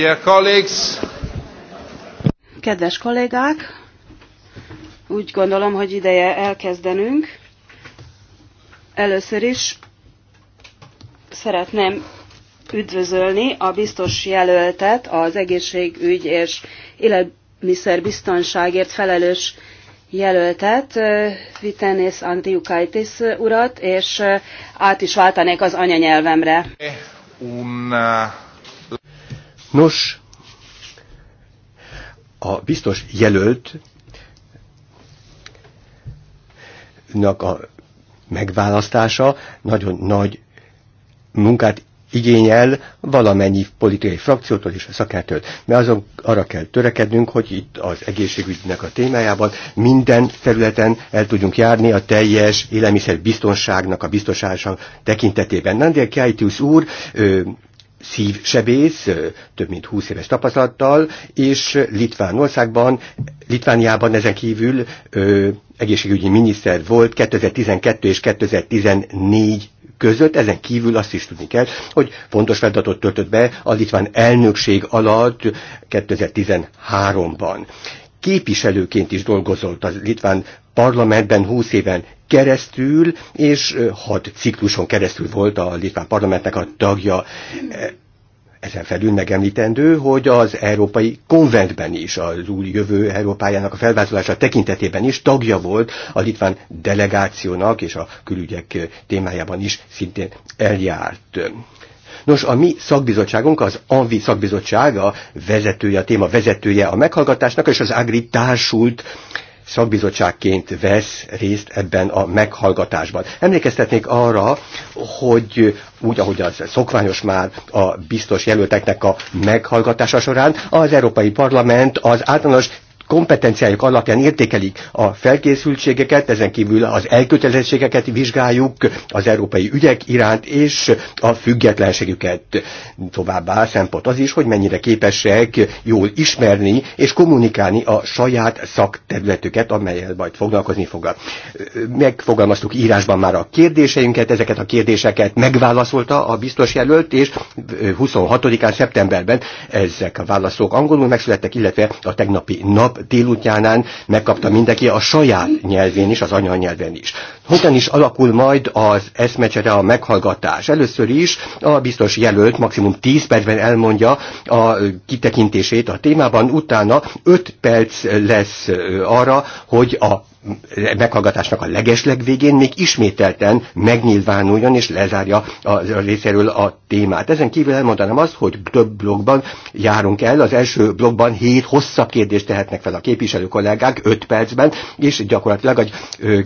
Dear colleagues. Kedves kollégák, úgy gondolom, hogy ideje elkezdenünk. Először is szeretném üdvözölni a biztos jelöltet, az egészségügy és élelmiszerbiztonságért felelős jelöltet, Vitenis Antiukaitis urat, és át is váltanék az anyanyelvemre. Una uh, Nos, a biztos jelölt a megválasztása nagyon nagy munkát igényel valamennyi politikai frakciótól és szakértőt. Mert azon arra kell törekednünk, hogy itt az egészségügynek a témájában minden területen el tudjunk járni a teljes élelmiszer biztonságnak a biztosása tekintetében. Nandél Kajtius úr ö, szívsebész, több mint 20 éves tapasztalattal, és Litvánországban, Litvániában ezen kívül ö, egészségügyi miniszter volt 2012 és 2014 között, ezen kívül azt is tudni kell, hogy fontos feladatot töltött be a litván elnökség alatt 2013-ban képviselőként is dolgozott a litván parlamentben húsz éven keresztül, és hat cikluson keresztül volt a litván parlamentnek a tagja. E, ezen felül megemlítendő, hogy az Európai Konventben is, az új jövő Európájának a felvázolása tekintetében is tagja volt a litván delegációnak, és a külügyek témájában is szintén eljárt. Nos, a mi szakbizottságunk, az ANVI szakbizottsága vezetője, a téma vezetője a meghallgatásnak, és az Agri társult szakbizottságként vesz részt ebben a meghallgatásban. Emlékeztetnék arra, hogy úgy, ahogy az szokványos már a biztos jelölteknek a meghallgatása során, az Európai Parlament az általános kompetenciájuk alapján értékelik a felkészültségeket, ezen kívül az elkötelezettségeket vizsgáljuk az európai ügyek iránt, és a függetlenségüket. Továbbá szempont az is, hogy mennyire képesek jól ismerni és kommunikálni a saját szakterületüket, amelyel majd foglalkozni fog. Megfogalmaztuk írásban már a kérdéseinket, ezeket a kérdéseket megválaszolta a biztos jelölt, és 26-án szeptemberben ezek a válaszok angolul megszülettek, illetve a tegnapi nap délutánán megkapta mindenki a saját nyelvén is, az anyanyelven is. Hogyan is alakul majd az eszmecsere, a meghallgatás? Először is a biztos jelölt maximum 10 percben elmondja a kitekintését a témában, utána 5 perc lesz arra, hogy a meghallgatásnak a legesleg végén még ismételten megnyilvánuljon és lezárja a részéről a témát. Ezen kívül elmondanám azt, hogy több blogban járunk el. Az első blogban hét hosszabb kérdést tehetnek fel a képviselő kollégák 5 percben, és gyakorlatilag egy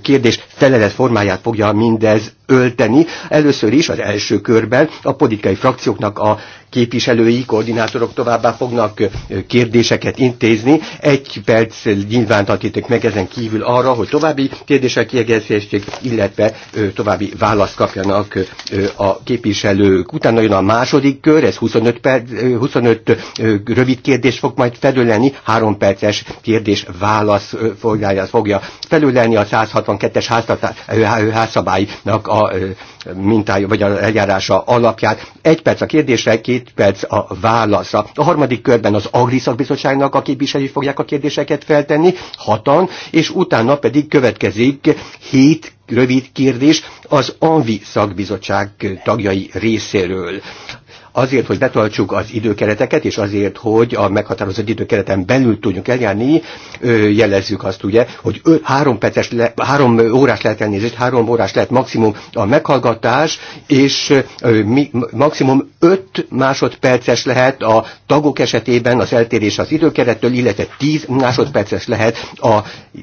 kérdés felelet formáját fogja mindez ölteni. Először is az első körben a politikai frakcióknak a képviselői, koordinátorok továbbá fognak kérdéseket intézni. Egy perc nyilván meg ezen kívül arra, hogy további kérdések kiegészítsék, illetve további választ kapjanak a képviselők. Utána jön a második kör, ez 25, perc, 25 rövid kérdés fog majd felülleni, három perces kérdés válasz fogja, fogja felülleni a 162-es házszabálynak a mintája, vagy a eljárása alapján. Egy perc a kérdésre, két két perc a válasza. A harmadik körben az Agri Szakbizottságnak a képviselői fogják a kérdéseket feltenni, hatan, és utána pedig következik hét rövid kérdés az ANVI szakbizottság tagjai részéről azért, hogy betartsuk az időkereteket, és azért, hogy a meghatározott időkereten belül tudjunk eljárni, jelezzük azt ugye, hogy 3 perces, le, 3 órás lehet elnézést, 3 órás lehet maximum a meghallgatás, és mi, maximum 5 másodperces lehet a tagok esetében az eltérés az időkerettől, illetve 10 másodperces lehet a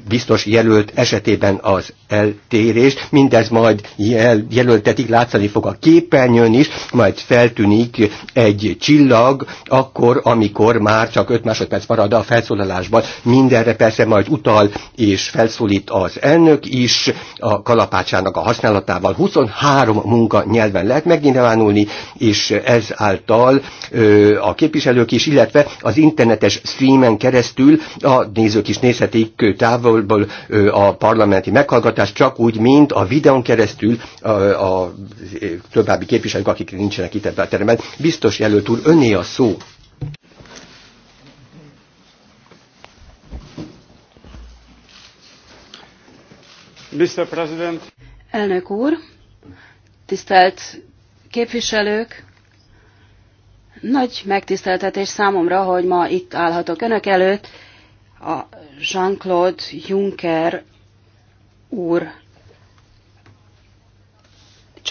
biztos jelölt esetében az eltérés. Mindez majd jel, jelöltetik, látszani fog a képernyőn is, majd feltűnik egy csillag, akkor, amikor már csak 5 másodperc marad a felszólalásban. Mindenre persze majd utal és felszólít az elnök is a kalapácsának a használatával. 23 munka nyelven lehet megnyilvánulni, és ezáltal ö, a képviselők is, illetve az internetes streamen keresztül a nézők is nézhetik távolból ö, a parlamenti meghallgatást, csak úgy, mint a videón keresztül a, a további képviselők, akik nincsenek itt ebben a teremben, Biztos jelölt úr, öné a szó. Mr. President. Elnök úr, tisztelt képviselők, nagy megtiszteltetés számomra, hogy ma itt állhatok önök előtt a Jean-Claude Juncker úr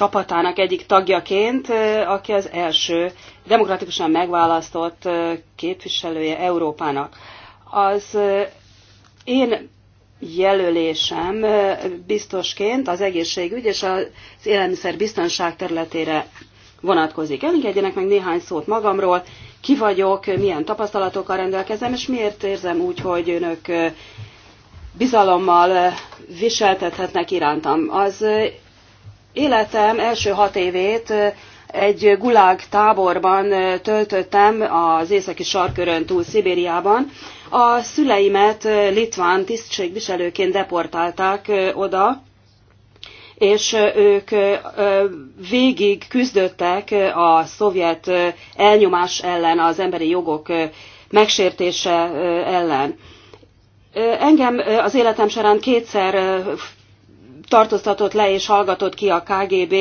csapatának egyik tagjaként, aki az első demokratikusan megválasztott képviselője Európának. Az én jelölésem biztosként az egészségügy és az élelmiszerbiztonság területére vonatkozik. Engedjenek meg néhány szót magamról, ki vagyok, milyen tapasztalatokkal rendelkezem, és miért érzem úgy, hogy önök bizalommal viseltethetnek irántam. Az Életem első hat évét egy gulág táborban töltöttem az északi sarkörön túl Szibériában. A szüleimet litván tisztségviselőként deportálták oda, és ők végig küzdöttek a szovjet elnyomás ellen, az emberi jogok megsértése ellen. Engem az életem során kétszer tartóztatott le és hallgatott ki a KGB,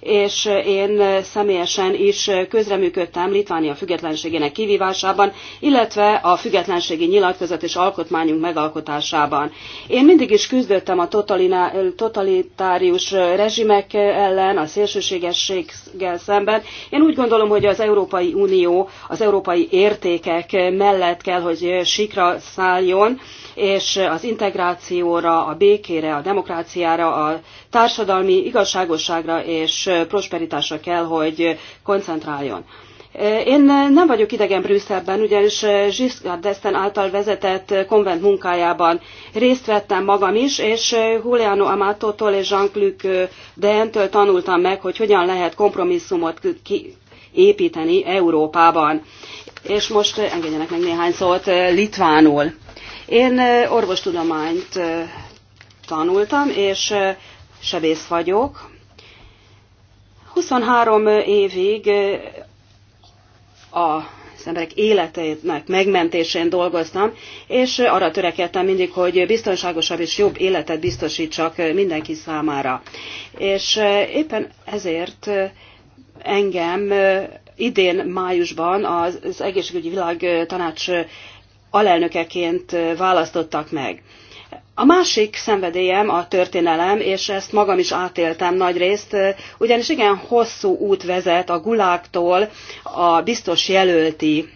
és én személyesen is közreműködtem Litvánia függetlenségének kivívásában, illetve a függetlenségi nyilatkozat és alkotmányunk megalkotásában. Én mindig is küzdöttem a totalitárius rezsimek ellen, a szélsőségességgel szemben. Én úgy gondolom, hogy az Európai Unió az európai értékek mellett kell, hogy sikra szálljon, és az integrációra, a békére, a demokráciára, a társadalmi igazságosságra és prosperitásra kell, hogy koncentráljon. Én nem vagyok idegen Brüsszelben, ugyanis Giscard d'Estaing által vezetett konvent munkájában részt vettem magam is, és Juliano Amato-tól és Jean-Luc Dehentől tanultam meg, hogy hogyan lehet kompromisszumot építeni Európában. És most engedjenek meg néhány szót eh, litvánul. Én orvostudományt tanultam, és sebész vagyok. 23 évig az emberek életének megmentésén dolgoztam, és arra törekedtem mindig, hogy biztonságosabb és jobb életet biztosítsak mindenki számára. És éppen ezért engem idén májusban az egészségügyi világ tanács alelnökeként választottak meg. A másik szenvedélyem a történelem, és ezt magam is átéltem nagy részt. ugyanis igen hosszú út vezet a guláktól a biztos jelölti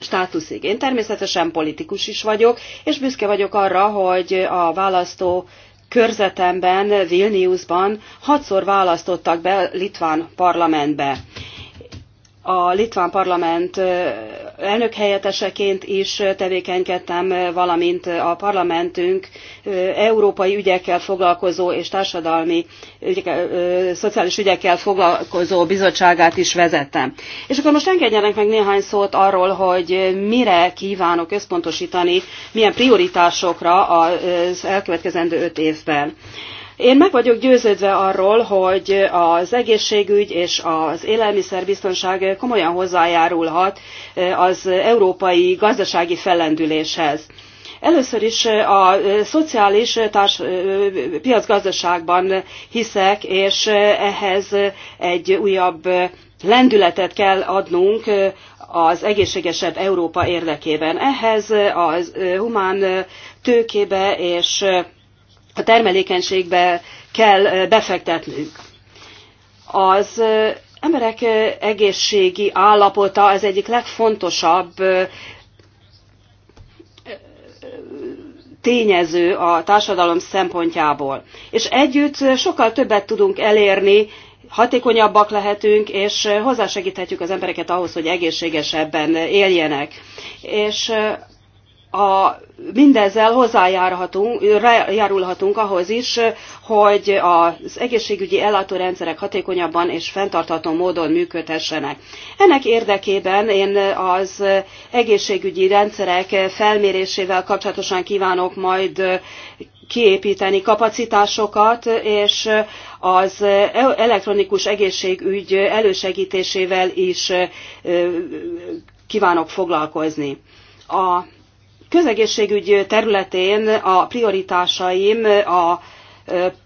státuszig. Én természetesen politikus is vagyok, és büszke vagyok arra, hogy a választó körzetemben, Vilniusban hatszor választottak be a litván parlamentbe a litván parlament elnökhelyetteseként is tevékenykedtem, valamint a parlamentünk európai ügyekkel foglalkozó és társadalmi ügyekkel, szociális ügyekkel foglalkozó bizottságát is vezettem. És akkor most engedjenek meg néhány szót arról, hogy mire kívánok összpontosítani, milyen prioritásokra az elkövetkezendő öt évben. Én meg vagyok győződve arról, hogy az egészségügy és az élelmiszerbiztonság komolyan hozzájárulhat eh, az európai gazdasági fellendüléshez. Először is eh, a eh, szociális társ, piacgazdaságban hiszek, és ehhez egy újabb lendületet kell adnunk az egészségesebb Európa érdekében. Ehhez a humán tőkébe és a termelékenységbe kell befektetnünk. Az emberek egészségi állapota az egyik legfontosabb tényező a társadalom szempontjából. És együtt sokkal többet tudunk elérni, hatékonyabbak lehetünk, és hozzásegíthetjük az embereket ahhoz, hogy egészségesebben éljenek. És a, mindezzel hozzájárhatunk, járulhatunk ahhoz is, hogy az egészségügyi ellátórendszerek hatékonyabban és fenntartható módon működhessenek. Ennek érdekében én az egészségügyi rendszerek felmérésével kapcsolatosan kívánok majd kiépíteni kapacitásokat, és az elektronikus egészségügy elősegítésével is kívánok foglalkozni. A közegészségügy területén a prioritásaim a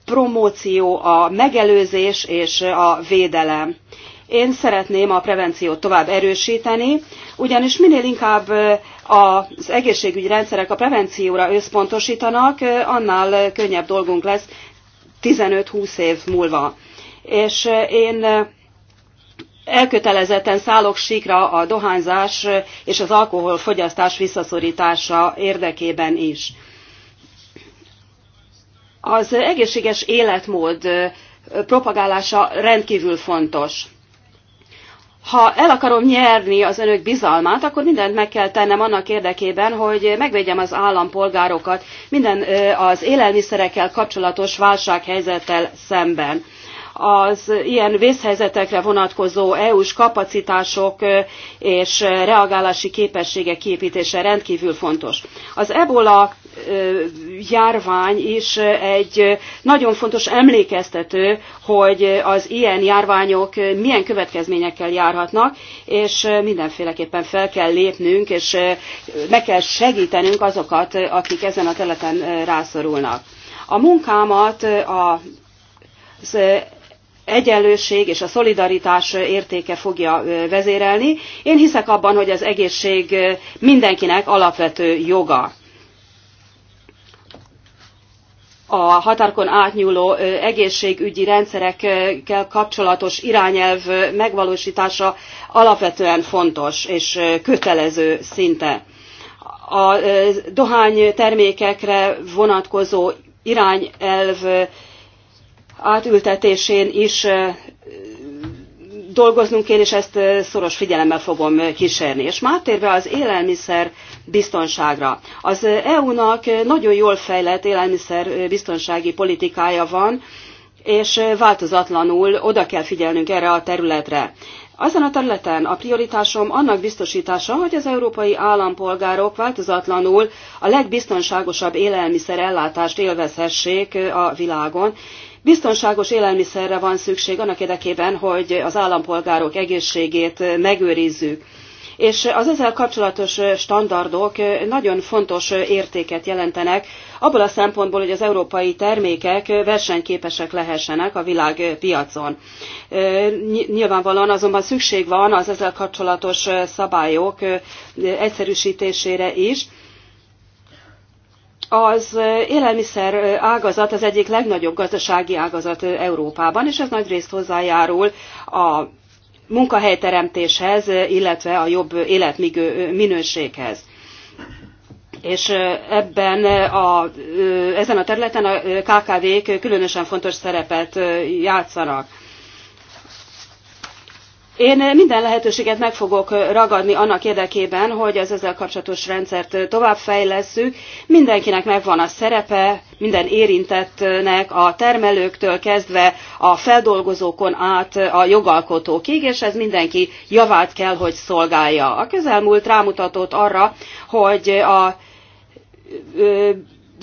promóció, a megelőzés és a védelem. Én szeretném a prevenciót tovább erősíteni, ugyanis minél inkább az egészségügyi rendszerek a prevencióra összpontosítanak, annál könnyebb dolgunk lesz 15-20 év múlva. És én elkötelezetten szállok síkra a dohányzás és az alkoholfogyasztás visszaszorítása érdekében is. Az egészséges életmód propagálása rendkívül fontos. Ha el akarom nyerni az önök bizalmát, akkor mindent meg kell tennem annak érdekében, hogy megvédjem az állampolgárokat minden az élelmiszerekkel kapcsolatos válsághelyzettel szemben az ilyen vészhelyzetekre vonatkozó EU-s kapacitások és reagálási képességek kiépítése rendkívül fontos. Az ebola járvány is egy nagyon fontos emlékeztető, hogy az ilyen járványok milyen következményekkel járhatnak, és mindenféleképpen fel kell lépnünk, és meg kell segítenünk azokat, akik ezen a területen rászorulnak. A munkámat a az egyenlőség és a szolidaritás értéke fogja vezérelni. Én hiszek abban, hogy az egészség mindenkinek alapvető joga. A határkon átnyúló egészségügyi rendszerekkel kapcsolatos irányelv megvalósítása alapvetően fontos és kötelező szinte. A dohány termékekre vonatkozó irányelv átültetésén is dolgoznunk kell, és ezt szoros figyelemmel fogom kísérni. És már térve az élelmiszer biztonságra. Az EU-nak nagyon jól fejlett élelmiszer biztonsági politikája van, és változatlanul oda kell figyelnünk erre a területre. Azon a területen a prioritásom annak biztosítása, hogy az európai állampolgárok változatlanul a legbiztonságosabb élelmiszerellátást élvezhessék a világon, Biztonságos élelmiszerre van szükség annak érdekében, hogy az állampolgárok egészségét megőrizzük. És az ezzel kapcsolatos standardok nagyon fontos értéket jelentenek, abból a szempontból, hogy az európai termékek versenyképesek lehessenek a világpiacon. Nyilvánvalóan azonban szükség van az ezzel kapcsolatos szabályok egyszerűsítésére is, az élelmiszer ágazat az egyik legnagyobb gazdasági ágazat Európában, és ez nagy részt hozzájárul a munkahelyteremtéshez, illetve a jobb életminőséghez. És ebben a, ezen a területen a KKV-k különösen fontos szerepet játszanak én minden lehetőséget meg fogok ragadni annak érdekében, hogy az ezzel kapcsolatos rendszert továbbfejlesszük. Mindenkinek megvan a szerepe, minden érintettnek a termelőktől kezdve a feldolgozókon át a jogalkotókig, és ez mindenki javát kell, hogy szolgálja. A közelmúlt rámutatott arra, hogy a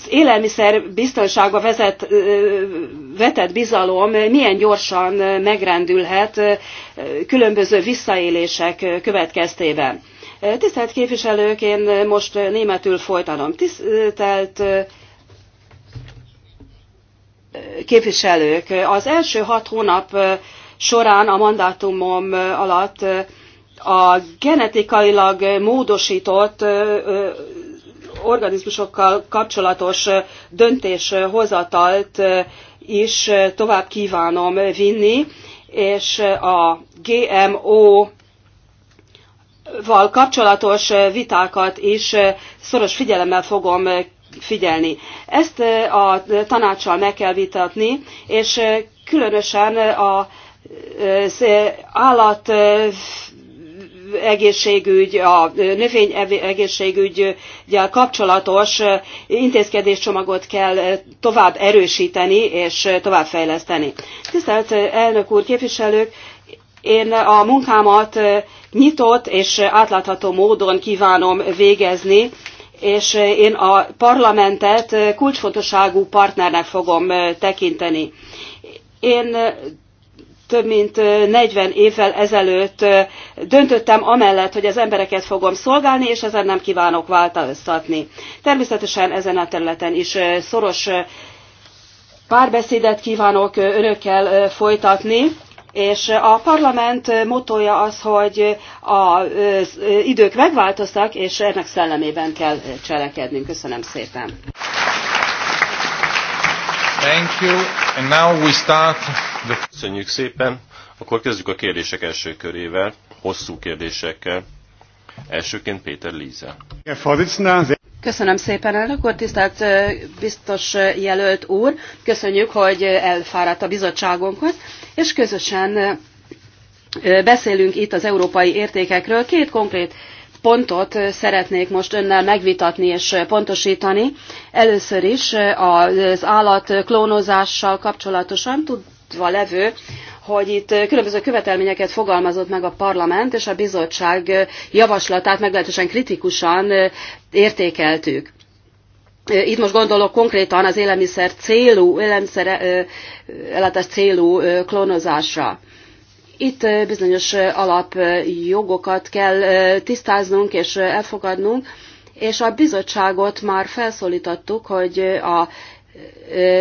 élelmiszer biztonsága vezet, vetett bizalom milyen gyorsan megrendülhet különböző visszaélések következtében. Tisztelt képviselők, én most németül folytatom. Tisztelt képviselők, az első hat hónap során a mandátumom alatt a genetikailag módosított organizmusokkal kapcsolatos döntéshozatalt is tovább kívánom vinni, és a GMO val kapcsolatos vitákat is szoros figyelemmel fogom figyelni. Ezt a tanácssal meg kell vitatni, és különösen az állat egészségügy, a növény egészségügyel kapcsolatos intézkedéscsomagot kell tovább erősíteni és továbbfejleszteni. Tisztelt elnök úr, képviselők, én a munkámat nyitott és átlátható módon kívánom végezni, és én a parlamentet kulcsfontosságú partnernek fogom tekinteni. Én több mint 40 évvel ezelőtt döntöttem amellett, hogy az embereket fogom szolgálni, és ezen nem kívánok változtatni. Természetesen ezen a területen is szoros párbeszédet kívánok önökkel folytatni, és a parlament motója az, hogy az idők megváltoztak, és ennek szellemében kell cselekednünk. Köszönöm szépen! Thank you. And now we start the... Köszönjük szépen. Akkor kezdjük a kérdések első körével, hosszú kérdésekkel. Elsőként Péter Líze. Köszönöm szépen, elnök úr, tisztelt biztos jelölt úr. Köszönjük, hogy elfáradt a bizottságunkhoz, és közösen beszélünk itt az európai értékekről. Két konkrét pontot szeretnék most önnel megvitatni és pontosítani. Először is az állat klónozással kapcsolatosan tudva levő, hogy itt különböző követelményeket fogalmazott meg a parlament, és a bizottság javaslatát meglehetősen kritikusan értékeltük. Itt most gondolok konkrétan az élelmiszer célú, élelmiszer ellátás célú klónozásra. Itt bizonyos alapjogokat kell tisztáznunk és elfogadnunk, és a bizottságot már felszólítottuk, hogy a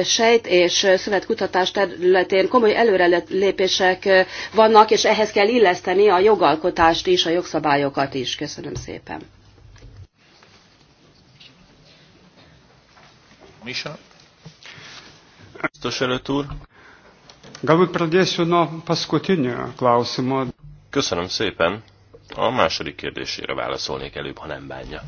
sejt és szövetkutatás területén komoly előrelépések vannak, és ehhez kell illeszteni a jogalkotást is, a jogszabályokat is. Köszönöm szépen. Misa. Biztos előtt úr. Galbūt pradėsiu nuo paskutinio klausimo. Köszönöm szépen. A második kérdésére válaszolnék előbb, ha nem bánja.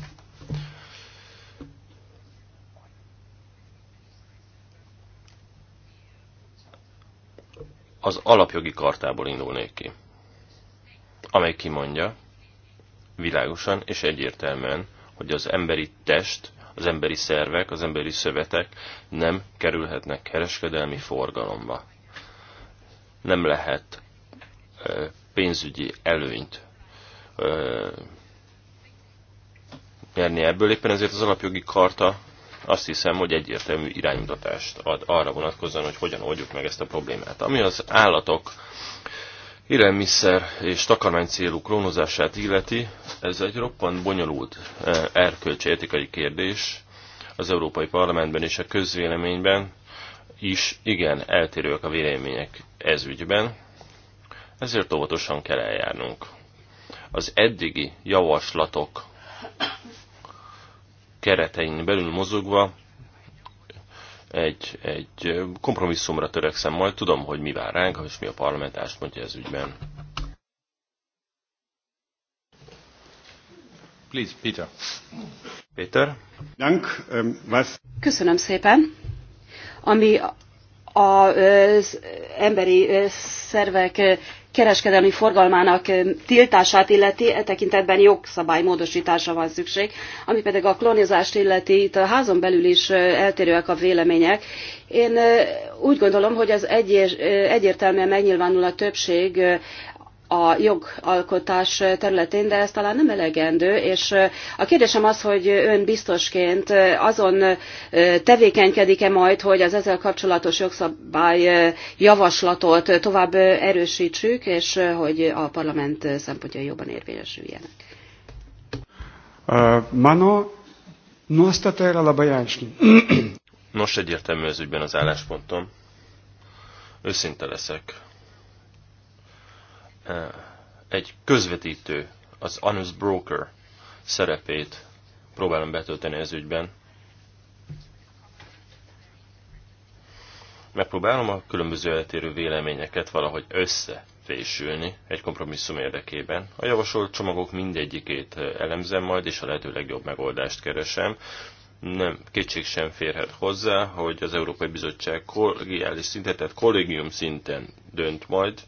Az alapjogi kartából indulnék ki, amely kimondja világosan és egyértelműen, hogy az emberi test, az emberi szervek, az emberi szövetek nem kerülhetnek kereskedelmi forgalomba nem lehet pénzügyi előnyt nyerni ebből. Éppen ezért az alapjogi karta azt hiszem, hogy egyértelmű iránymutatást ad arra vonatkozóan, hogy hogyan oldjuk meg ezt a problémát. Ami az állatok élelmiszer és takarmány célú klónozását illeti, ez egy roppant bonyolult erkölcsi etikai kérdés az Európai Parlamentben és a közvéleményben is igen eltérőek a vélemények ez ügyben, ezért óvatosan kell eljárnunk. Az eddigi javaslatok keretein belül mozogva egy, egy kompromisszumra törekszem majd, tudom, hogy mi vár ránk, és mi a parlamentást mondja ez ügyben. Please, Peter. Peter. Dank, um, was... Köszönöm szépen ami az emberi szervek kereskedelmi forgalmának tiltását illeti, e tekintetben jogszabály módosítása van szükség, ami pedig a klonizást illeti, itt a házon belül is eltérőek a vélemények. Én úgy gondolom, hogy az egyértelműen megnyilvánul a többség a jogalkotás területén, de ez talán nem elegendő, és a kérdésem az, hogy ön biztosként azon tevékenykedik-e majd, hogy az ezzel kapcsolatos jogszabály javaslatot tovább erősítsük, és hogy a parlament szempontjai jobban érvényesüljenek. Mano Nos, egyértelmű az ügyben az álláspontom. Őszinte leszek egy közvetítő, az honest broker szerepét próbálom betölteni ez ügyben. Megpróbálom a különböző eltérő véleményeket valahogy összefésülni egy kompromisszum érdekében. A javasolt csomagok mindegyikét elemzem majd, és a lehető legjobb megoldást keresem. Nem, kétség sem férhet hozzá, hogy az Európai Bizottság kollégiális szinten, tehát kollégium szinten dönt majd,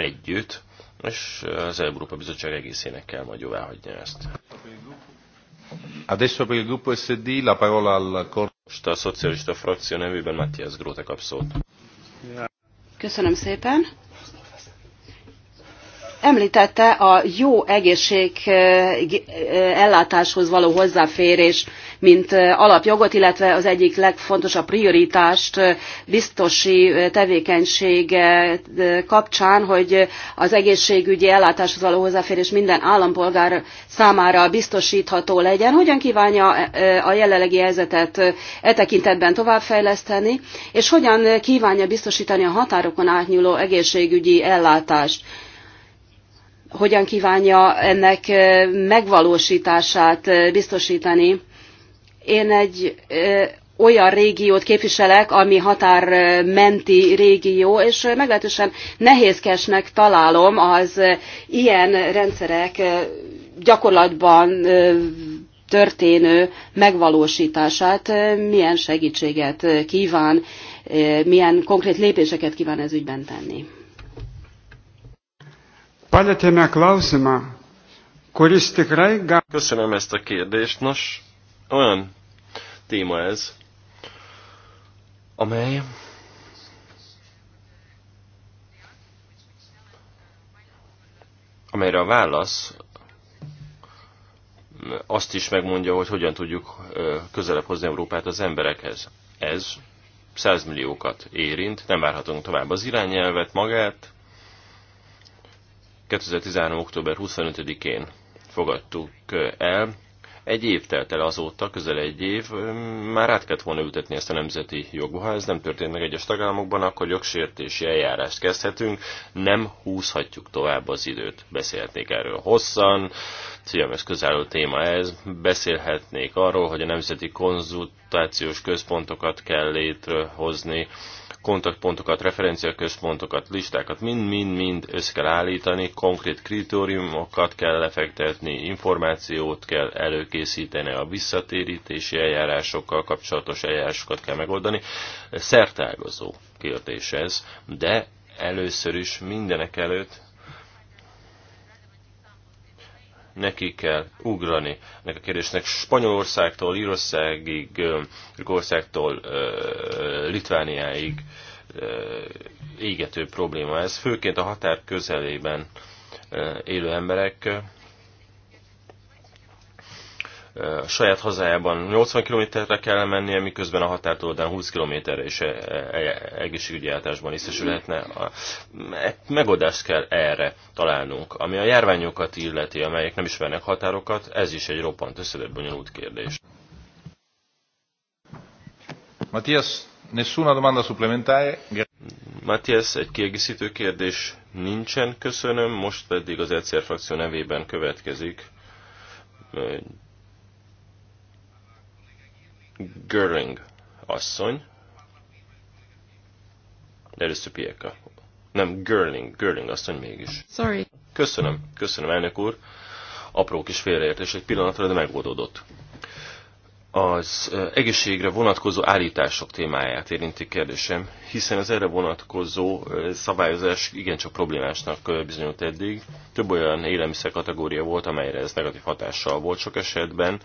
együtt, és az Európa Bizottság egészének kell majd jóvá hagyni ezt. Adesso per il gruppo SD la parola al Most a szocialista frakció nevében Matthias Gróte kap szót. Köszönöm szépen. Említette a jó egészség eh, ellátáshoz való hozzáférés, mint eh, alapjogot, illetve az egyik legfontosabb prioritást eh, biztosi tevékenység kapcsán, hogy az egészségügyi ellátáshoz való hozzáférés minden állampolgár számára biztosítható legyen. Hogyan kívánja a jelenlegi helyzetet e tekintetben továbbfejleszteni, és hogyan kívánja biztosítani a határokon átnyúló egészségügyi ellátást? hogyan kívánja ennek megvalósítását biztosítani. Én egy olyan régiót képviselek, ami határmenti régió, és meglehetősen nehézkesnek találom az ilyen rendszerek gyakorlatban történő megvalósítását. Milyen segítséget kíván, milyen konkrét lépéseket kíván ez ügyben tenni? palėtėme klausimą, kuris tikrai gali. Köszönöm ezt a kérdést. Nos, olyan téma ez, amely amelyre a válasz azt is megmondja, hogy hogyan tudjuk közelebb hozni Európát az emberekhez. Ez 100 milliókat érint, nem várhatunk tovább az irányelvet magát, 2013. október 25-én fogadtuk el. Egy év telt el azóta, közel egy év, már át kellett volna ültetni ezt a nemzeti jogba. Ha ez nem történt meg egyes tagállamokban, akkor jogsértési eljárást kezdhetünk, nem húzhatjuk tovább az időt. Beszélhetnék erről hosszan, ez közálló téma ez, beszélhetnék arról, hogy a nemzeti konzultációs központokat kell létrehozni, kontaktpontokat, referenciaközpontokat, listákat, mind-mind-mind össze kell állítani, konkrét kritériumokat kell lefektetni, információt kell előkészíteni, a visszatérítési eljárásokkal kapcsolatos eljárásokat kell megoldani. Szertágozó kérdés ez, de először is mindenek előtt neki kell ugrani ennek a kérdésnek. Spanyolországtól, Írországig, Görögországtól Litvániáig égető probléma ez, főként a határ közelében élő emberek a saját hazájában 80 km-re kell mennie, miközben a határtól 20 km-re is e, egészségügyi ellátásban részesülhetne. E, megoldást kell erre találnunk. Ami a járványokat illeti, amelyek nem ismernek határokat, ez is egy roppant összetett bonyolult kérdés. Matthias, nessuna domanda supplementare. Matthias, egy kiegészítő kérdés nincsen, köszönöm. Most pedig az ECR frakció nevében következik Görling asszony. De először Pieka. Nem, Görling, Görling asszony mégis. Sorry. Köszönöm, köszönöm elnök úr. Apró kis félreértés egy pillanatra, de megoldódott. Az egészségre vonatkozó állítások témáját érinti kérdésem, hiszen az erre vonatkozó szabályozás igencsak problémásnak bizonyult eddig. Több olyan élelmiszer kategória volt, amelyre ez negatív hatással volt sok esetben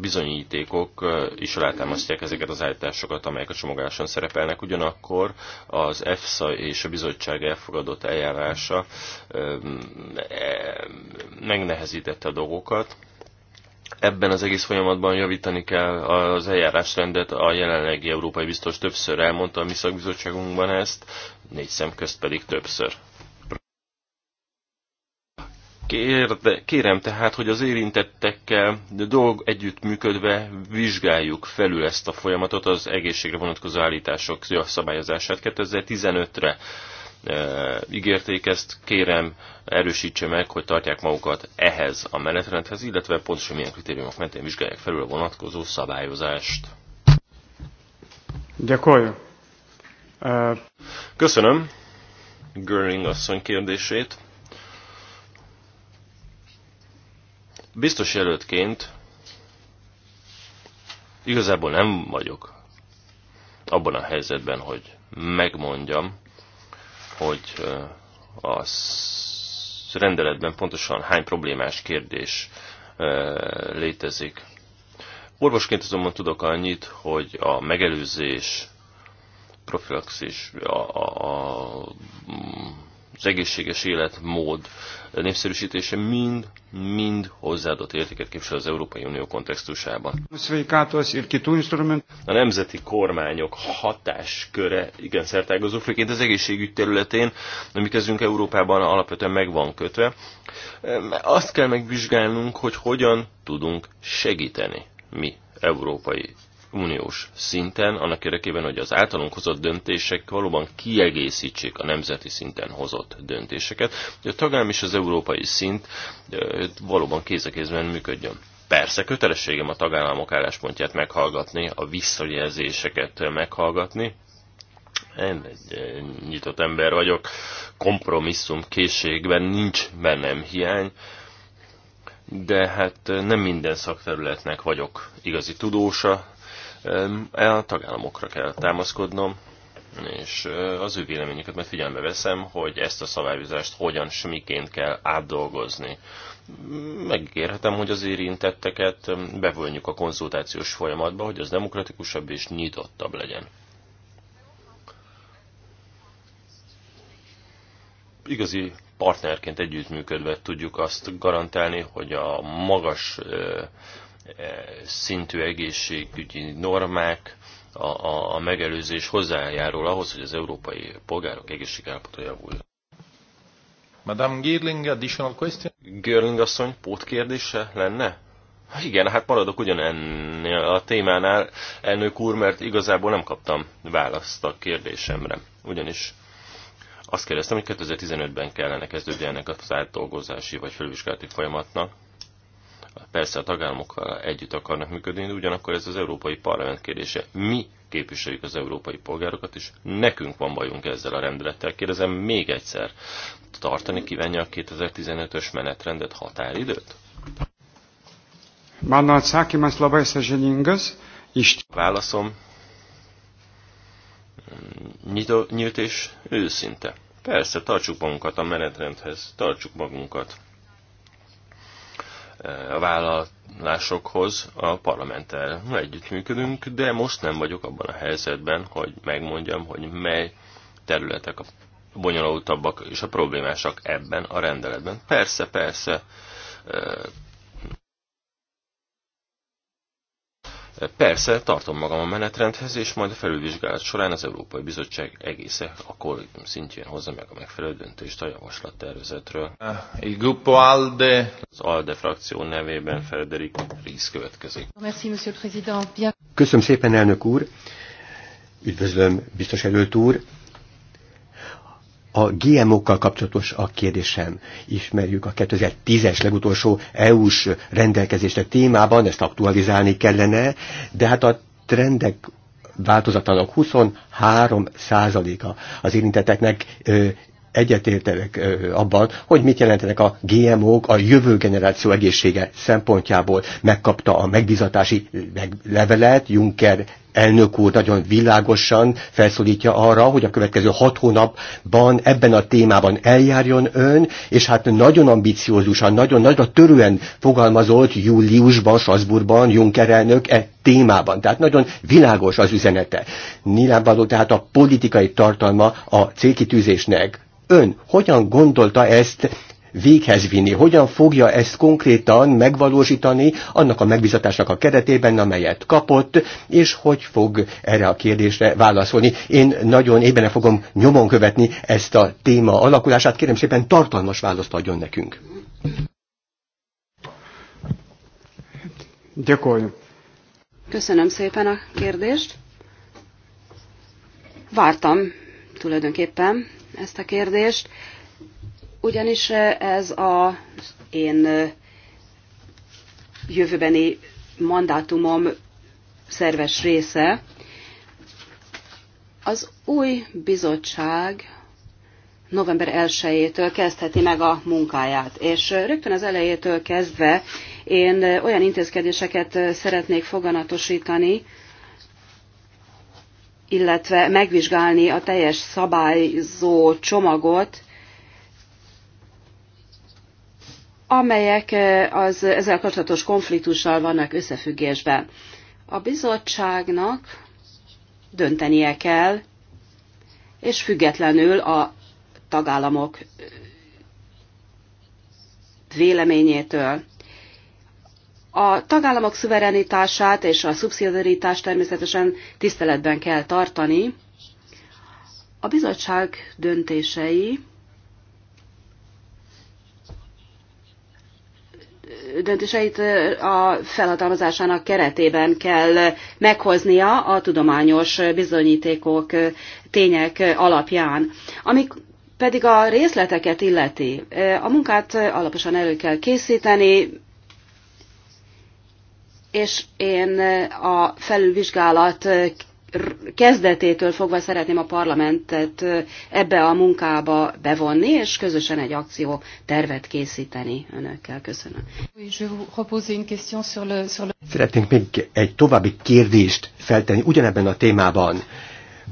bizonyítékok is alátámasztják ezeket az állításokat, amelyek a csomagoláson szerepelnek. Ugyanakkor az EFSA és a bizottság elfogadott eljárása e, megnehezítette a dolgokat, ebben az egész folyamatban javítani kell az eljárásrendet, a jelenlegi európai biztos többször elmondta a mi szakbizottságunkban ezt, négy szem közt pedig többször. Kérde, kérem tehát, hogy az érintettekkel dolg együttműködve vizsgáljuk felül ezt a folyamatot, az egészségre vonatkozó állítások szabályozását 2015-re e, ígérték ezt, kérem erősítse meg, hogy tartják magukat ehhez a menetrendhez, illetve pontosan milyen kritériumok mentén vizsgálják felül a vonatkozó szabályozást. Gyakorlja. Uh... Köszönöm Görling asszony kérdését. Biztos jelöltként igazából nem vagyok abban a helyzetben, hogy megmondjam, hogy a rendeletben pontosan hány problémás kérdés létezik. Orvosként azonban tudok annyit, hogy a megelőzés, profilaxis, a, a, a az egészséges életmód népszerűsítése mind, mind hozzáadott értéket képvisel az Európai Unió kontextusában. A nemzeti kormányok hatásköre igen szertágazó, főként az egészségügy területén, ami kezdünk Európában alapvetően meg van kötve. Azt kell megvizsgálnunk, hogy hogyan tudunk segíteni mi, európai uniós szinten, annak érdekében, hogy az általunk hozott döntések valóban kiegészítsék a nemzeti szinten hozott döntéseket, hogy a tagállam és az európai szint valóban kéz a kézben működjön. Persze kötelességem a tagállamok álláspontját meghallgatni, a visszajelzéseket meghallgatni. Én egy nyitott ember vagyok, kompromisszum készségben nincs bennem hiány, de hát nem minden szakterületnek vagyok igazi tudósa, E a tagállamokra kell támaszkodnom, és az ő véleményüket meg figyelembe veszem, hogy ezt a szabályozást hogyan, miként kell átdolgozni. Megígérhetem, hogy az érintetteket bevonjuk a konzultációs folyamatba, hogy az demokratikusabb és nyitottabb legyen. Igazi partnerként együttműködve tudjuk azt garantálni, hogy a magas szintű egészségügyi normák, a, a, a megelőzés hozzájárul ahhoz, hogy az európai polgárok egészségállapota javul. Madame Girling, additional question? Girling asszony, pótkérdése lenne? Ha igen, hát maradok ugyanennél a témánál, elnök úr, mert igazából nem kaptam választ a kérdésemre. Ugyanis azt kérdeztem, hogy 2015-ben kellene kezdődjenek a dolgozási vagy felvizsgálati folyamatnak, persze a tagállamokkal együtt akarnak működni, de ugyanakkor ez az Európai Parlament kérdése. Mi képviseljük az európai polgárokat, és nekünk van bajunk ezzel a rendelettel. Kérdezem még egyszer, tartani kívánja a 2015-ös menetrendet határidőt? Válaszom nyitó, nyílt és őszinte. Persze, tartsuk magunkat a menetrendhez, tartsuk magunkat a vállalásokhoz a parlamenttel együttműködünk, de most nem vagyok abban a helyzetben, hogy megmondjam, hogy mely területek a bonyolultabbak és a problémásak ebben a rendeletben. Persze, persze, Persze, tartom magam a menetrendhez, és majd a felülvizsgálat során az Európai Bizottság egésze a kollégium szintjén hozza meg a megfelelő döntést a javaslattervezetről. Eh, il ALDE. Az ALDE frakció nevében Frederik Ries következik. Köszönöm szépen, elnök úr! Üdvözlöm, biztos előtt úr! a GMO-kkal kapcsolatos a kérdésem. Ismerjük a 2010-es legutolsó EU-s rendelkezésre témában, ezt aktualizálni kellene, de hát a trendek változatlanok 23 százaléka az érintetteknek egyetértelek abban, hogy mit jelentenek a GMO-k a jövő generáció egészsége szempontjából. Megkapta a megbizatási levelet Juncker elnök úr nagyon világosan felszólítja arra, hogy a következő hat hónapban ebben a témában eljárjon ön, és hát nagyon ambiciózusan, nagyon nagyra törően fogalmazott júliusban, Strasbourgban Juncker elnök e témában. Tehát nagyon világos az üzenete. Nyilvánvaló tehát a politikai tartalma a célkitűzésnek, ön hogyan gondolta ezt véghez vinni, hogyan fogja ezt konkrétan megvalósítani annak a megbizatásnak a keretében, amelyet kapott, és hogy fog erre a kérdésre válaszolni. Én nagyon ébene fogom nyomon követni ezt a téma alakulását. Kérem szépen tartalmas választ adjon nekünk. Gyakorljunk. Köszönöm szépen a kérdést. Vártam tulajdonképpen ezt a kérdést, ugyanis ez az én jövőbeni mandátumom szerves része. Az új bizottság november 1-től kezdheti meg a munkáját. És rögtön az elejétől kezdve én olyan intézkedéseket szeretnék foganatosítani, illetve megvizsgálni a teljes szabályzó csomagot, amelyek eh, az ezzel kapcsolatos konfliktussal vannak összefüggésben. A bizottságnak döntenie kell, és függetlenül a tagállamok eh, véleményétől. A tagállamok szuverenitását és a szubszidiaritást természetesen tiszteletben kell tartani. A bizottság döntései döntéseit a felhatalmazásának keretében kell meghoznia a tudományos bizonyítékok, tények alapján. Amik pedig a részleteket illeti, a munkát alaposan elő kell készíteni, és én eh, a felülvizsgálat eh, kezdetétől fogva szeretném a parlamentet eh, ebbe a munkába bevonni, és közösen egy akció tervet készíteni önökkel. Köszönöm. Szeretnénk még egy további kérdést feltenni ugyanebben a témában.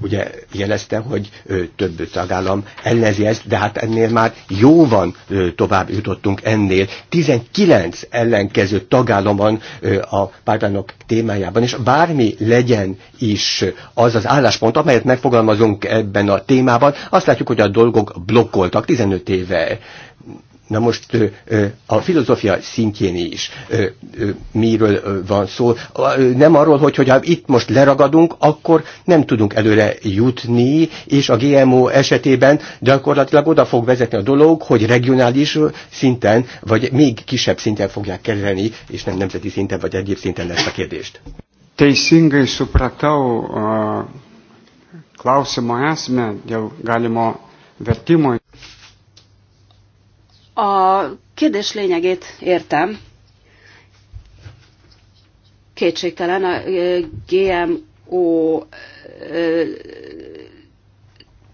Ugye jelezte, hogy több tagállam ellenzi ezt, de hát ennél már jó van tovább jutottunk ennél. 19 ellenkező tagállam van a pártánok témájában, és bármi legyen is az az álláspont, amelyet megfogalmazunk ebben a témában, azt látjuk, hogy a dolgok blokkoltak 15 éve Na most a filozófia szintjén is miről van szó. Nem arról, hogy hogyha itt most leragadunk, akkor nem tudunk előre jutni, és a GMO esetében gyakorlatilag oda fog vezetni a dolog, hogy regionális szinten, vagy még kisebb szinten fogják kezelni, és nem nemzeti szinten, vagy egyéb szinten ezt a kérdést. szingai supratau klausimą esmę dėl galimo vertimo a kérdés lényegét értem. Kétségtelen a GMO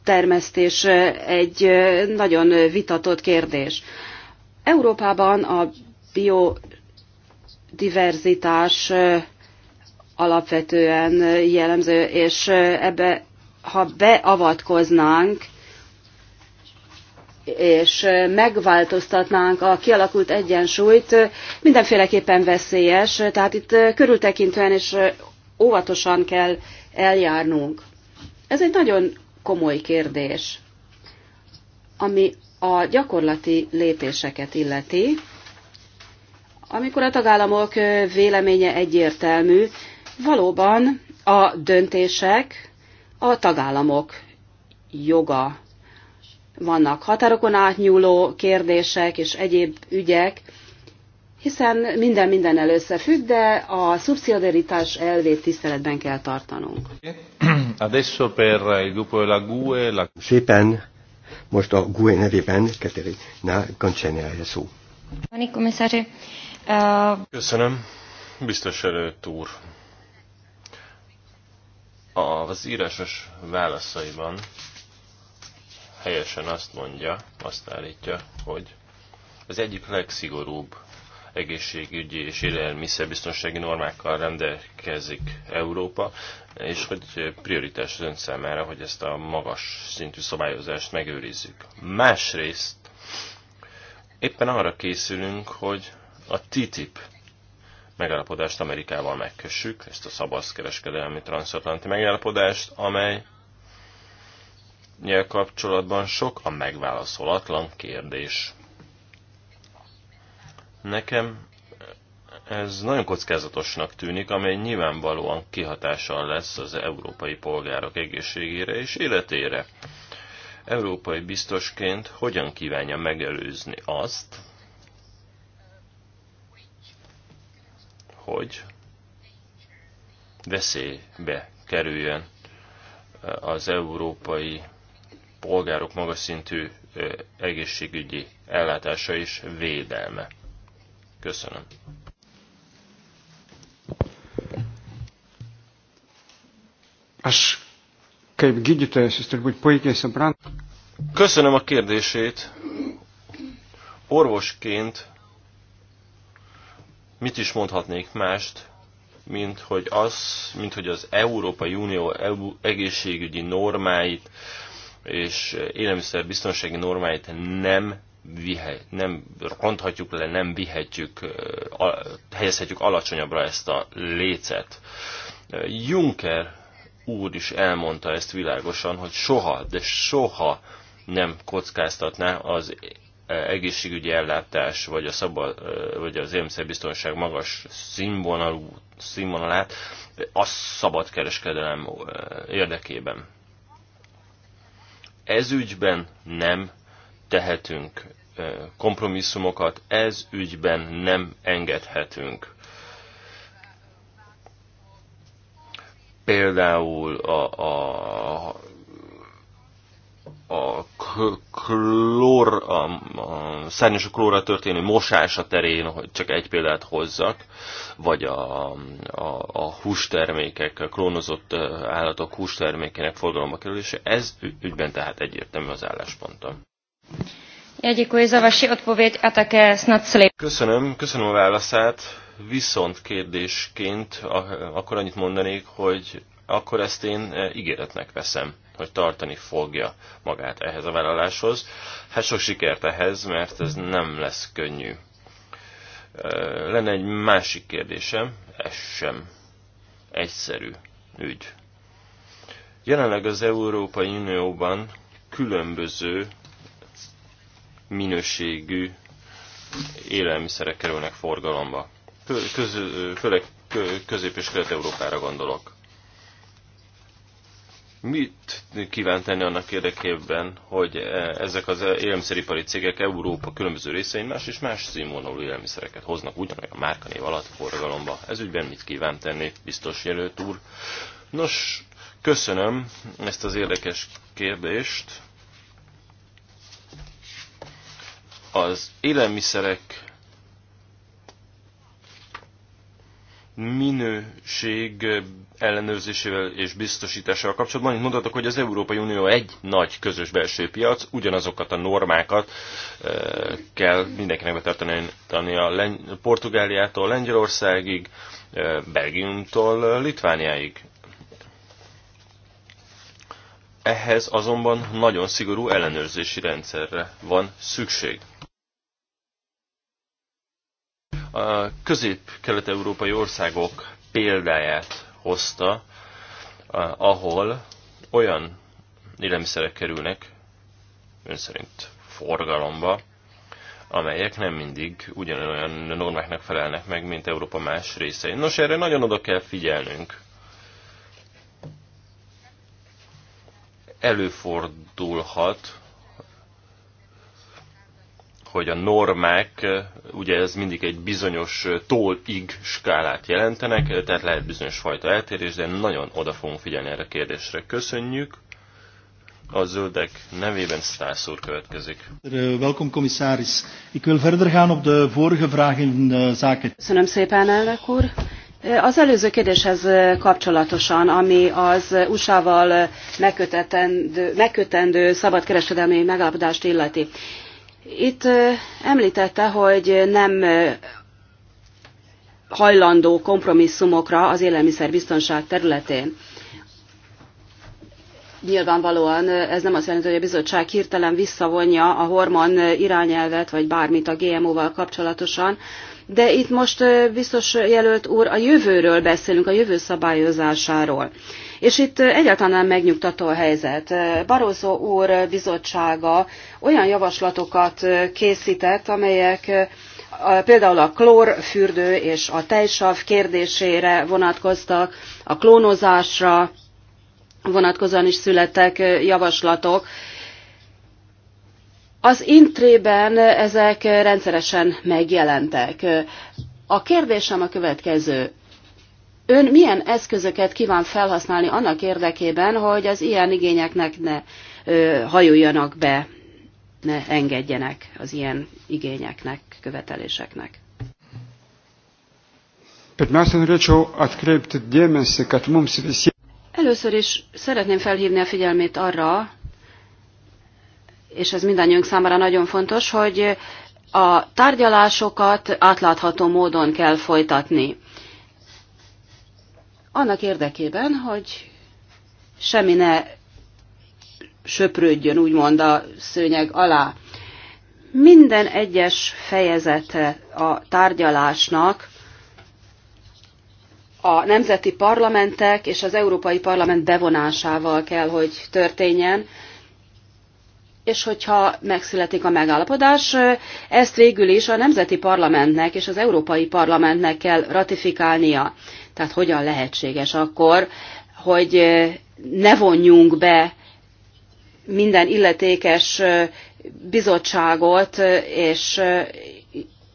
termesztés egy nagyon vitatott kérdés. Európában a biodiverzitás alapvetően jellemző, és ebbe, ha beavatkoznánk, és megváltoztatnánk a kialakult egyensúlyt, mindenféleképpen veszélyes, tehát itt körültekintően és óvatosan kell eljárnunk. Ez egy nagyon komoly kérdés, ami a gyakorlati lépéseket illeti, amikor a tagállamok véleménye egyértelmű, valóban a döntések a tagállamok joga vannak határokon átnyúló kérdések és egyéb ügyek, hiszen minden minden összefügg, de a szubszidiaritás elvét tiszteletben kell tartanunk. Adesso per il gruppo della GUE... La... Szépen most a GUE nevében Katerina Gancsenelje szó. E, Köszönöm. Biztos előtt úr. Az írásos válaszaiban helyesen azt mondja, azt állítja, hogy az egyik legszigorúbb egészségügyi és élelmiszerbiztonsági normákkal rendelkezik Európa, és hogy prioritás az ön számára, hogy ezt a magas szintű szabályozást megőrizzük. Másrészt éppen arra készülünk, hogy a TTIP megállapodást Amerikával megkössük, ezt a szabadkereskedelmi transatlanti megállapodást, amely nyel kapcsolatban sok a megválaszolatlan kérdés. Nekem ez nagyon kockázatosnak tűnik, amely nyilvánvalóan kihatással lesz az európai polgárok egészségére és életére. Európai biztosként hogyan kívánja megelőzni azt, hogy veszélybe kerüljön az európai polgárok magas szintű egészségügyi ellátása és védelme. Köszönöm. Aš kaip gydytojas jūs turbūt puikiai suprantat. Köszönöm a kérdését. Orvosként mit is mondhatnék mást, mint hogy az, mint hogy az Európai Unió egészségügyi normáit és élelmiszer biztonsági normáit nem vihet, nem ronthatjuk le, nem vihetjük, helyezhetjük alacsonyabbra ezt a lécet. Juncker úr is elmondta ezt világosan, hogy soha, de soha nem kockáztatná az egészségügyi ellátás, vagy, a szaba, vagy az élelmiszerbiztonság magas színvonalú, színvonalát a szabad kereskedelem érdekében. Ez ügyben nem tehetünk kompromisszumokat, ez ügyben nem engedhetünk. Például a, a a klór, a, a szárnyas klóra történő a terén, hogy csak egy példát hozzak, vagy a, a, a hústermékek, a klónozott állatok hústermékének forgalomba kerülése, ez ügyben tehát egyértelmű az álláspontom. Köszönöm, köszönöm a válaszát. Viszont kérdésként akkor annyit mondanék, hogy akkor ezt én ígéretnek veszem hogy tartani fogja magát ehhez a vállaláshoz. Hát sok sikert ehhez, mert ez nem lesz könnyű. Lenne egy másik kérdésem, ez sem egyszerű ügy. Jelenleg az Európai Unióban különböző minőségű élelmiszerek kerülnek forgalomba. főleg közép- és kelet-európára gondolok. Mit kíván tenni annak érdekében, hogy e, ezek az élelmiszeripari cégek Európa különböző részein más és más színvonalú élelmiszereket hoznak ugyanolyan márkanév alatt forgalomba? Ez ügyben mit kíván tenni, biztos jelölt úr? Nos, köszönöm ezt az érdekes kérdést. Az élelmiszerek minőség ellenőrzésével és biztosításával kapcsolatban, annyit mondhatok, hogy az Európai Unió egy nagy közös belső piac, ugyanazokat a normákat e, kell mindenkinek betartani a Len- Portugáliától Lengyelországig, e, Belgiumtól Litvániáig. Ehhez azonban nagyon szigorú ellenőrzési rendszerre van szükség a közép-kelet-európai országok példáját hozta, ahol olyan élelmiszerek kerülnek ön szerint forgalomba, amelyek nem mindig ugyanolyan normáknak felelnek meg, mint Európa más részein. Nos, erre nagyon oda kell figyelnünk. Előfordulhat, hogy a normák, ugye ez mindig egy bizonyos tól-ig skálát jelentenek, tehát lehet bizonyos fajta eltérés, de nagyon oda fogunk figyelni erre a kérdésre. Köszönjük! A zöldek nevében Stász úr következik. Eh, welkom, komisáris. Ik wil verder gaan op de vorige vraag in eh, zake. Köszönöm szépen, elnök úr. Eh, az előző kérdéshez kapcsolatosan, ami az USA-val megkötendő, megkötendő szabadkereskedelmi megállapodást illeti. Itt említette, hogy nem hajlandó kompromisszumokra az élelmiszerbiztonság területén. Nyilvánvalóan ez nem azt jelenti, hogy a bizottság hirtelen visszavonja a hormon irányelvet, vagy bármit a GMO-val kapcsolatosan, de itt most biztos jelölt úr, a jövőről beszélünk, a jövő szabályozásáról. És itt egyáltalán nem megnyugtató a helyzet. Barroso úr bizottsága olyan javaslatokat készített, amelyek például a klórfürdő és a tejsav kérdésére vonatkoztak, a klónozásra vonatkozóan is születtek javaslatok. Az intrében ezek rendszeresen megjelentek. A kérdésem a következő. Ön milyen eszközöket kíván felhasználni annak érdekében, hogy az ilyen igényeknek ne ö, hajuljanak be, ne engedjenek az ilyen igényeknek, követeléseknek? Először is szeretném felhívni a figyelmét arra, és ez mindannyiunk számára nagyon fontos, hogy a tárgyalásokat átlátható módon kell folytatni annak érdekében, hogy semmi ne söprődjön úgymond a szőnyeg alá. Minden egyes fejezete a tárgyalásnak a nemzeti parlamentek és az Európai Parlament bevonásával kell, hogy történjen, és hogyha megszületik a megállapodás, ezt végül is a Nemzeti Parlamentnek és az Európai Parlamentnek kell ratifikálnia. Tehát hogyan lehetséges akkor, hogy ne vonjunk be minden illetékes bizottságot, és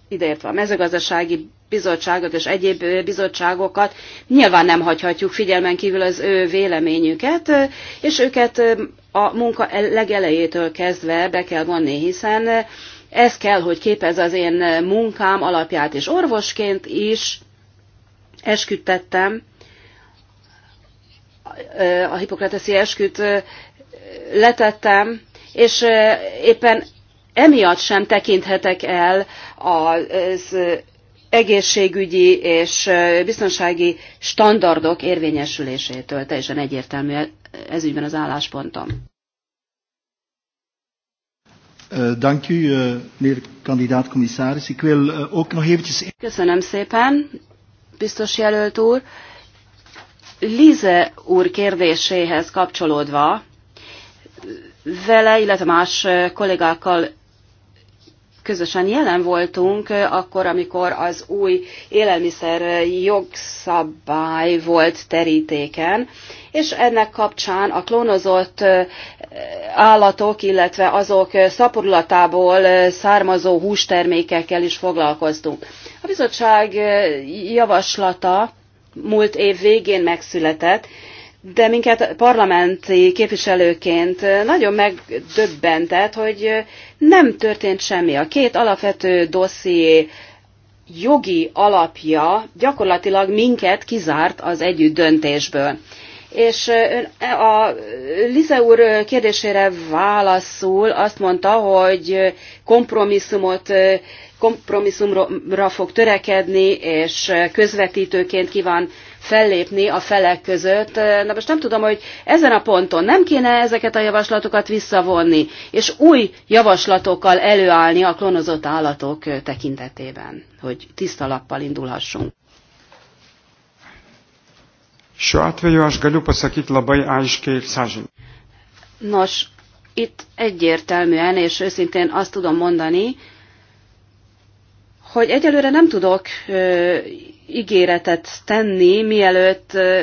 ideértve a mezőgazdasági bizottságot és egyéb bizottságokat, nyilván nem hagyhatjuk figyelmen kívül az ő véleményüket, és őket a munka legelejétől kezdve be kell vonni, hiszen ez kell, hogy képez az én munkám alapját, és orvosként is esküdtettem, a hipokrateszi esküt letettem, és éppen emiatt sem tekinthetek el az egészségügyi és biztonsági standardok érvényesülésétől. Teljesen egyértelmű ezügyben az álláspontom. Dank u, meneer kandidaat-commissaris. Ik wil ook nog eventjes... Köszönöm szépen biztos jelölt úr. Lize úr kérdéséhez kapcsolódva, vele, illetve más kollégákkal közösen jelen voltunk, eh, akkor, amikor az új élelmiszer jogszabály volt terítéken, és ennek kapcsán a klónozott eh, állatok, illetve azok szaporulatából eh, származó hústermékekkel is foglalkoztunk. A bizottság javaslata múlt év végén megszületett, de minket parlamenti képviselőként nagyon megdöbbentett, hogy nem történt semmi. A két alapvető dosszié jogi alapja gyakorlatilag minket kizárt az együtt döntésből. És e, a Lize úr kérdésére válaszul azt mondta, hogy kompromisszumot kompromisszumra fog törekedni, és közvetítőként kíván fellépni a felek között. Na most nem tudom, hogy ezen a ponton nem kéne ezeket a javaslatokat visszavonni, és új javaslatokkal előállni a klonozott állatok tekintetében, hogy tiszta lappal indulhassunk. Nos, itt egyértelműen és őszintén azt tudom mondani, hogy egyelőre nem tudok ö, ígéretet tenni, mielőtt ö,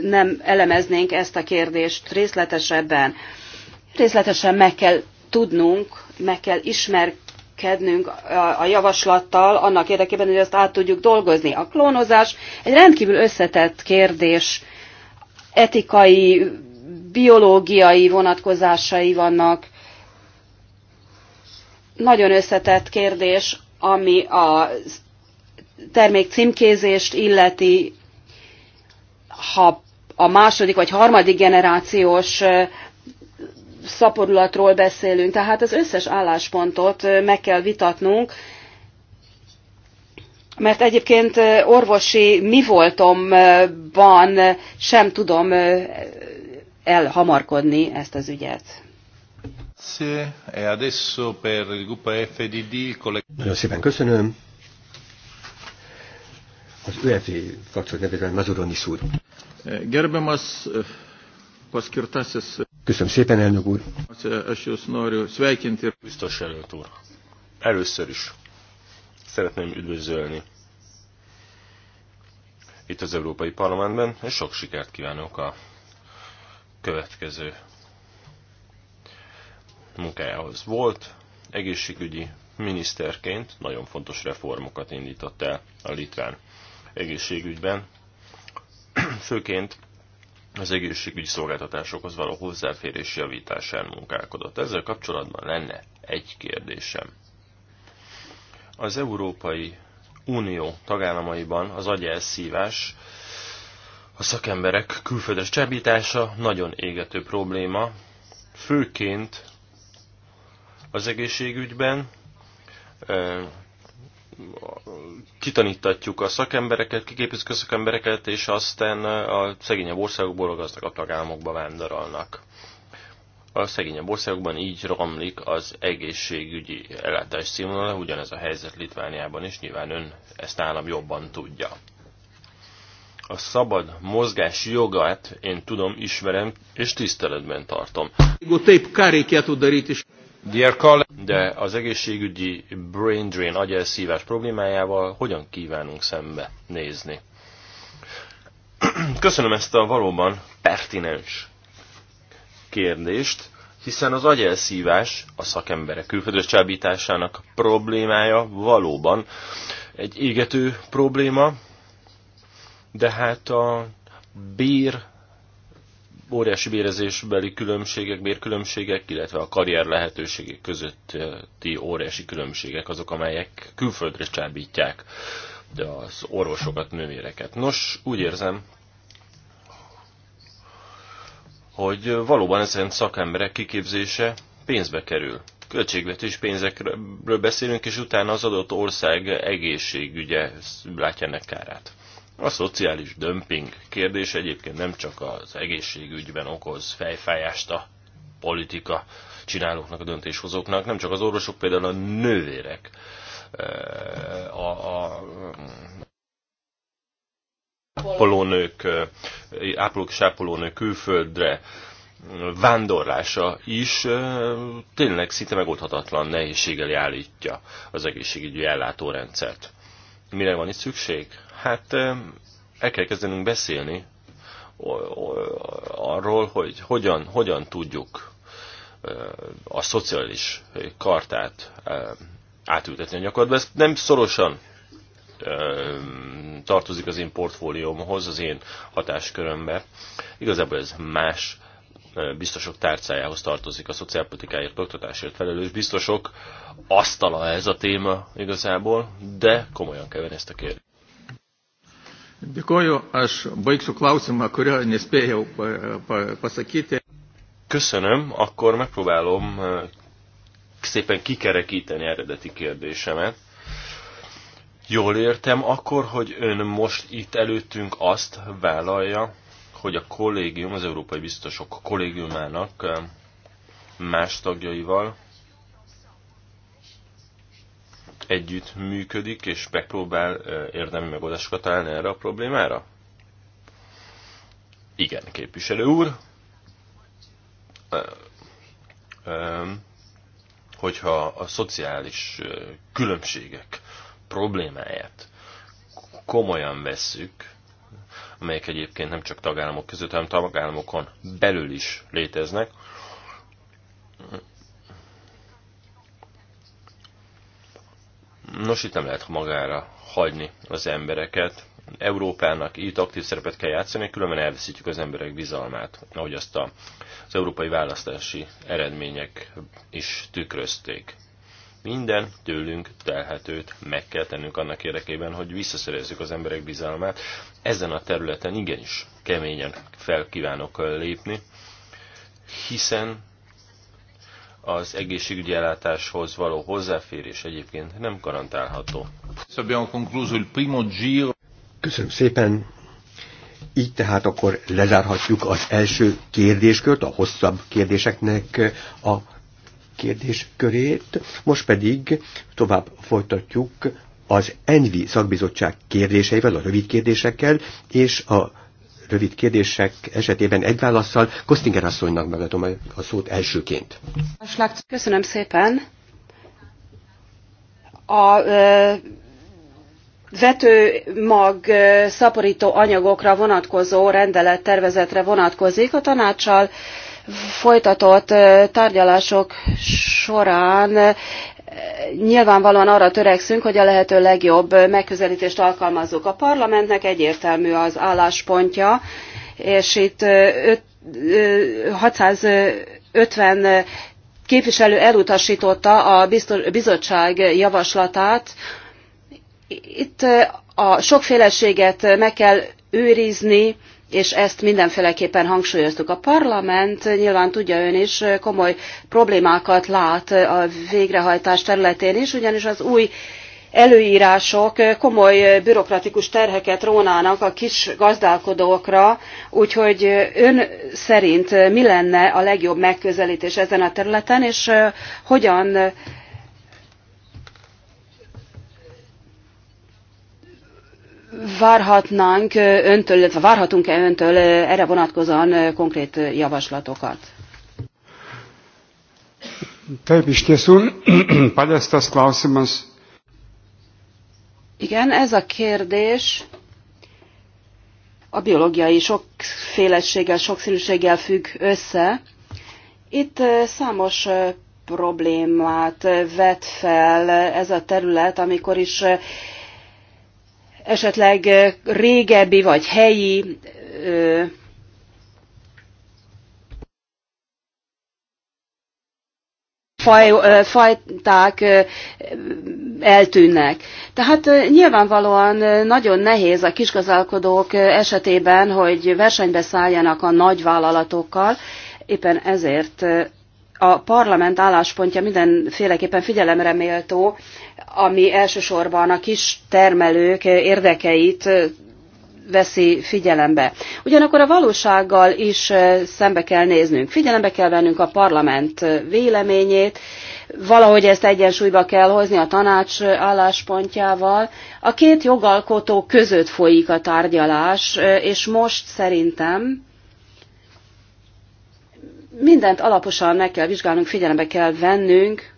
nem elemeznénk ezt a kérdést részletesebben. Részletesen meg kell tudnunk, meg kell ismerkednünk a, a javaslattal annak érdekében, hogy ezt át tudjuk dolgozni. A klónozás egy rendkívül összetett kérdés, etikai, biológiai vonatkozásai vannak, nagyon összetett kérdés ami a termék címkézést illeti, ha a második vagy harmadik generációs szaporulatról beszélünk, tehát az összes álláspontot meg kell vitatnunk, mert egyébként orvosi mi voltomban sem tudom elhamarkodni ezt az ügyet. E Nagyon szépen köszönöm. Az UFD frakció nevében Mazuroni úr. Eh, Gerbemas eh, paskirtasis. Köszönöm szépen, elnök úr. Eh, Biztos jelölt úr. Először is szeretném üdvözölni itt az Európai Parlamentben, és sok sikert kívánok a következő munkájához volt, egészségügyi miniszterként nagyon fontos reformokat indított el a litván egészségügyben, főként az egészségügyi szolgáltatásokhoz való hozzáférés javításán munkálkodott. Ezzel kapcsolatban lenne egy kérdésem. Az Európai Unió tagállamaiban az agyelszívás, a szakemberek külföldes csábítása nagyon égető probléma, főként az egészségügyben, kitanítatjuk a szakembereket, kiképezzük a szakembereket, és aztán a szegényebb országokból a gazdagabb tagállamokba vándorolnak. A szegényebb országokban így romlik az egészségügyi ellátás színvonala, ugyanez a helyzet Litvániában is, nyilván ön ezt nálam jobban tudja. A szabad mozgás jogát én tudom, ismerem és tiszteletben tartom. De az egészségügyi brain drain, agyelszívás problémájával hogyan kívánunk szembe nézni? Köszönöm ezt a valóban pertinens kérdést, hiszen az agyelszívás a szakemberek külföldös csábításának problémája valóban egy égető probléma, de hát a bír óriási bérezésbeli különbségek, bérkülönbségek, illetve a karrier lehetőségek közötti óriási különbségek azok, amelyek külföldre csábítják az orvosokat, nővéreket. Nos, úgy érzem, hogy valóban ezen szakemberek kiképzése pénzbe kerül. Költségvetés pénzekről beszélünk, és utána az adott ország egészségügye látja ennek kárát. A szociális dömping kérdés egyébként nem csak az egészségügyben okoz fejfájást a politika csinálóknak, a döntéshozóknak, nem csak az orvosok, például a nővérek, e, a, a ápolónők, e, ápolók és ápolónők külföldre vándorlása is e, tényleg szinte megoldhatatlan nehézséggel állítja az egészségügyi ellátórendszert. Mire van itt szükség? Hát el kell kezdenünk beszélni arról, hogy hogyan, hogyan tudjuk a szociális kartát átültetni a gyakorlatba. Ez nem szorosan tartozik az én portfóliómhoz, az én hatáskörömbe. Igazából ez más biztosok tárcájához tartozik a szociálpolitikáért, oktatásért felelős biztosok asztala ez a téma igazából, de komolyan kell ezt a kérdést. Köszönöm, akkor megpróbálom szépen kikerekíteni eredeti kérdésemet. Jól értem akkor, hogy ön most itt előttünk azt vállalja, hogy a kollégium, az európai biztosok kollégiumának eh, más tagjaival együtt működik, és megpróbál eh, érdemi megoldásokat találni erre a problémára? Igen, képviselő úr. Eh, hogyha a szociális különbségek problémáját komolyan vesszük, amelyek egyébként nem csak tagállamok között, hanem tagállamokon belül is léteznek. Nos, itt nem lehet magára hagyni az embereket. Európának itt aktív szerepet kell játszani, különben elveszítjük az emberek bizalmát, ahogy azt az európai választási eredmények is tükrözték. Minden tőlünk telhetőt meg kell tennünk annak érdekében, hogy visszaszerezzük az emberek bizalmát. Ezen a területen igenis keményen fel kívánok lépni, hiszen az egészségügyi ellátáshoz való hozzáférés egyébként nem garantálható. Köszönöm szépen! Így tehát akkor lezárhatjuk az első kérdéskört, a hosszabb kérdéseknek a kérdéskörét, most pedig tovább folytatjuk az ENVI szakbizottság kérdéseivel, a rövid kérdésekkel, és a rövid kérdések esetében egy válaszsal Kostinger asszonynak megadom a szót elsőként. Köszönöm szépen. A ö, vetőmag szaporító anyagokra vonatkozó rendelet tervezetre vonatkozik a tanácssal folytatott tárgyalások során nyilvánvalóan arra törekszünk, hogy a lehető legjobb megközelítést alkalmazzuk. A parlamentnek egyértelmű az álláspontja, és itt 650 képviselő elutasította a bizottság javaslatát. Itt a sokféleséget meg kell őrizni, és ezt mindenféleképpen hangsúlyoztuk. A parlament nyilván tudja ön is komoly problémákat lát a végrehajtás területén is, ugyanis az új előírások komoly bürokratikus terheket rónának a kis gazdálkodókra, úgyhogy ön szerint mi lenne a legjobb megközelítés ezen a területen, és hogyan várhatnánk öntől, illetve várhatunk-e öntől erre vonatkozóan konkrét javaslatokat? Taip, iš tiesų, paliestas klausimas. Igen, ez a kérdés a biológiai sokféleséggel, sokszínűséggel függ össze. Itt számos problémát vet fel ez a terület, amikor is esetleg régebbi vagy helyi faj, fajták eltűnnek. Tehát nyilvánvalóan nagyon nehéz a kisgazdálkodók esetében, hogy versenybe szálljanak a nagyvállalatokkal, éppen ezért a parlament álláspontja mindenféleképpen figyelemre méltó, ami elsősorban a kis termelők érdekeit veszi figyelembe. Ugyanakkor a valósággal is eh, szembe kell néznünk. Figyelembe kell vennünk a parlament eh, véleményét, valahogy ezt egyensúlyba kell hozni a tanács eh, álláspontjával. A két jogalkotó között folyik a tárgyalás, és most szerintem mindent alaposan meg kell vizsgálnunk, figyelembe kell vennünk,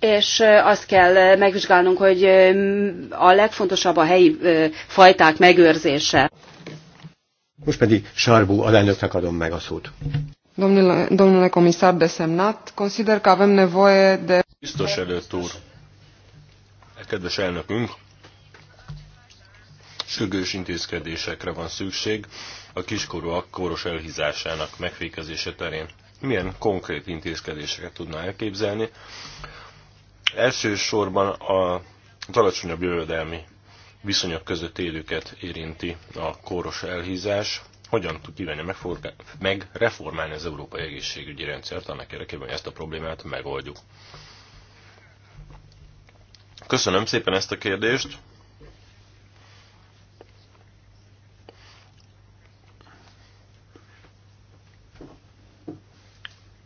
és azt kell megvizsgálnunk, hogy a legfontosabb a helyi fajták megőrzése. Most pedig Sarbú alelnöknek adom meg a szót. Domnule, domnule de semnat, consider că avem nevoie de... Biztos előtt úr, kedves elnökünk, sürgős intézkedésekre van szükség a kiskorúak kóros elhízásának megfékezése terén. Milyen konkrét intézkedéseket tudná elképzelni? Elsősorban a, alacsonyabb jövedelmi viszonyok között élőket érinti a kóros elhízás, hogyan tud kívánni megreformálni az európai egészségügyi rendszert annak érdekében, hogy ezt a problémát megoldjuk. Köszönöm szépen ezt a kérdést.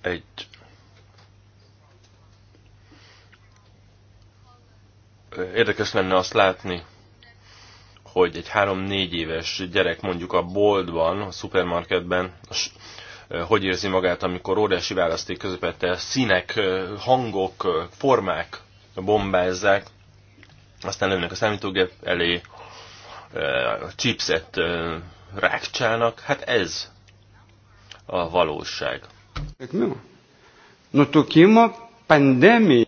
egy érdekes lenne azt látni, hogy egy három-négy éves gyerek mondjuk a boltban, a szupermarketben, hogy érzi magát, amikor óriási választék közepette színek, hangok, formák bombázzák, aztán lőnek a számítógép elé, a chipset rákcsálnak, hát ez a valóság. Nutukimo pandemija.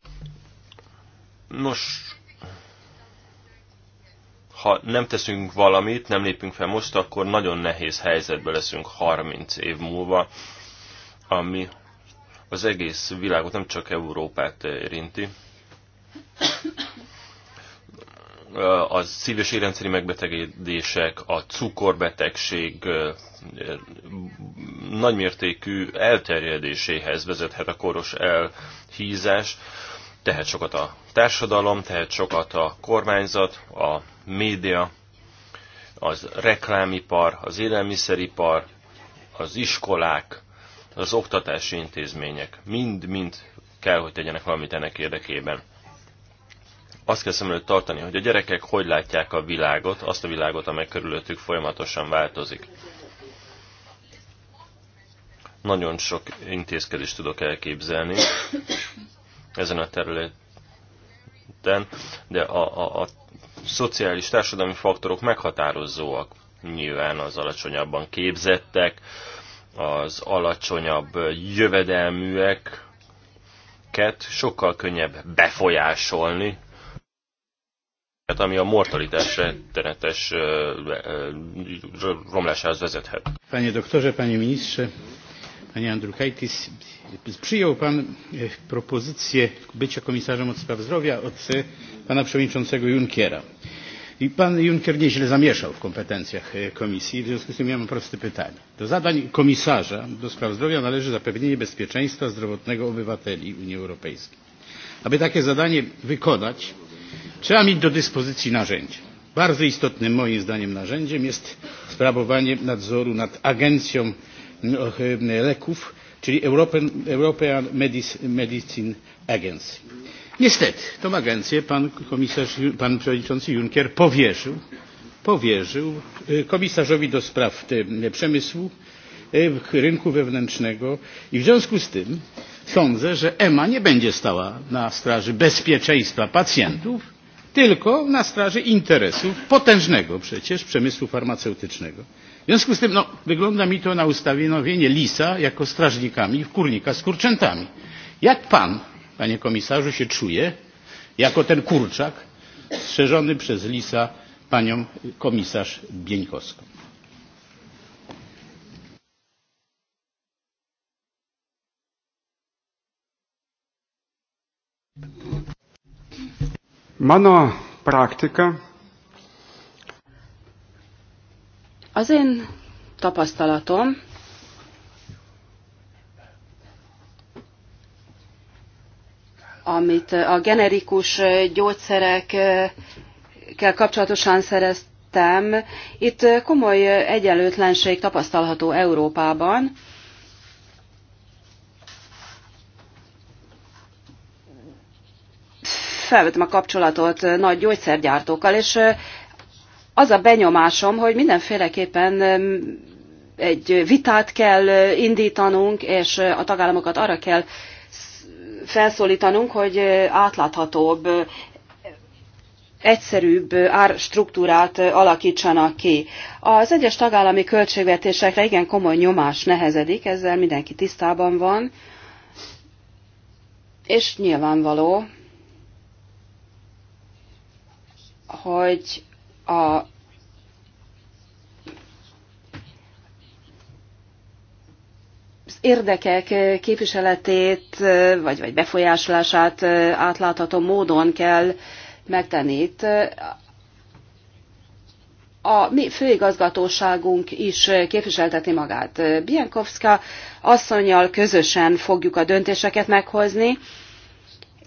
Nos, ha nem teszünk valamit, nem lépünk fel most, akkor nagyon nehéz helyzetbe leszünk 30 év múlva, ami az egész világot, nem csak Európát érinti a szív- érrendszeri megbetegedések, a cukorbetegség nagymértékű elterjedéséhez vezethet a koros elhízás. Tehet sokat a társadalom, tehet sokat a kormányzat, a média, az reklámipar, az élelmiszeripar, az iskolák, az oktatási intézmények. Mind-mind kell, hogy tegyenek valamit ennek érdekében azt kell szem előtt tartani, hogy a gyerekek hogy látják a világot, azt a világot, amely körülöttük folyamatosan változik. Nagyon sok intézkedést tudok elképzelni ezen a területen, de a, a, a szociális, társadalmi faktorok meghatározóak. Nyilván az alacsonyabban képzettek, az alacsonyabb jövedelműeket sokkal könnyebb befolyásolni, Hát, ami a mortalitás rettenetes romlásához vezethet. Panie doktorze, panie ministrze, panie Andrukaitis, przyjął pan e, propozycję bycia komisarzem od spraw zdrowia od e, pana przewodniczącego Junckera. I pan Juncker nieźle zamieszał w kompetencjach e, komisji, w związku z tym ja mam proste pytanie. Do zadań komisarza do spraw zdrowia należy zapewnienie bezpieczeństwa zdrowotnego obywateli Unii Europejskiej. Aby takie zadanie wykonać, Trzeba mieć do dyspozycji narzędzie. Bardzo istotnym moim zdaniem narzędziem jest sprawowanie nadzoru nad agencją mm, mm, leków, czyli European, European Medicine Agency. Niestety, tą agencję pan, komisarz, pan przewodniczący Juncker powierzył, powierzył komisarzowi do spraw przemysłu, rynku wewnętrznego i w związku z tym sądzę, że EMA nie będzie stała na straży bezpieczeństwa pacjentów, tylko na straży interesów potężnego przecież przemysłu farmaceutycznego. W związku z tym no, wygląda mi to na ustanowienie lisa jako strażnikami kurnika z kurczętami. Jak pan, panie komisarzu, się czuje jako ten kurczak strzeżony przez lisa panią komisarz Bieńkowską? Mano praktika. Az én tapasztalatom amit a generikus gyógyszerekkel kapcsolatosan szereztem, itt komoly egyenlőtlenség tapasztalható Európában. felvettem a kapcsolatot nagy gyógyszergyártókkal, és az a benyomásom, hogy mindenféleképpen egy vitát kell indítanunk, és a tagállamokat arra kell felszólítanunk, hogy átláthatóbb, egyszerűbb árstruktúrát alakítsanak ki. Az egyes tagállami költségvetésekre igen komoly nyomás nehezedik, ezzel mindenki tisztában van, és nyilvánvaló, hogy a érdekek képviseletét, vagy, vagy befolyásolását átlátható módon kell megtenni. Itt a mi főigazgatóságunk is képviselteti magát. Bienkowska asszonyjal közösen fogjuk a döntéseket meghozni,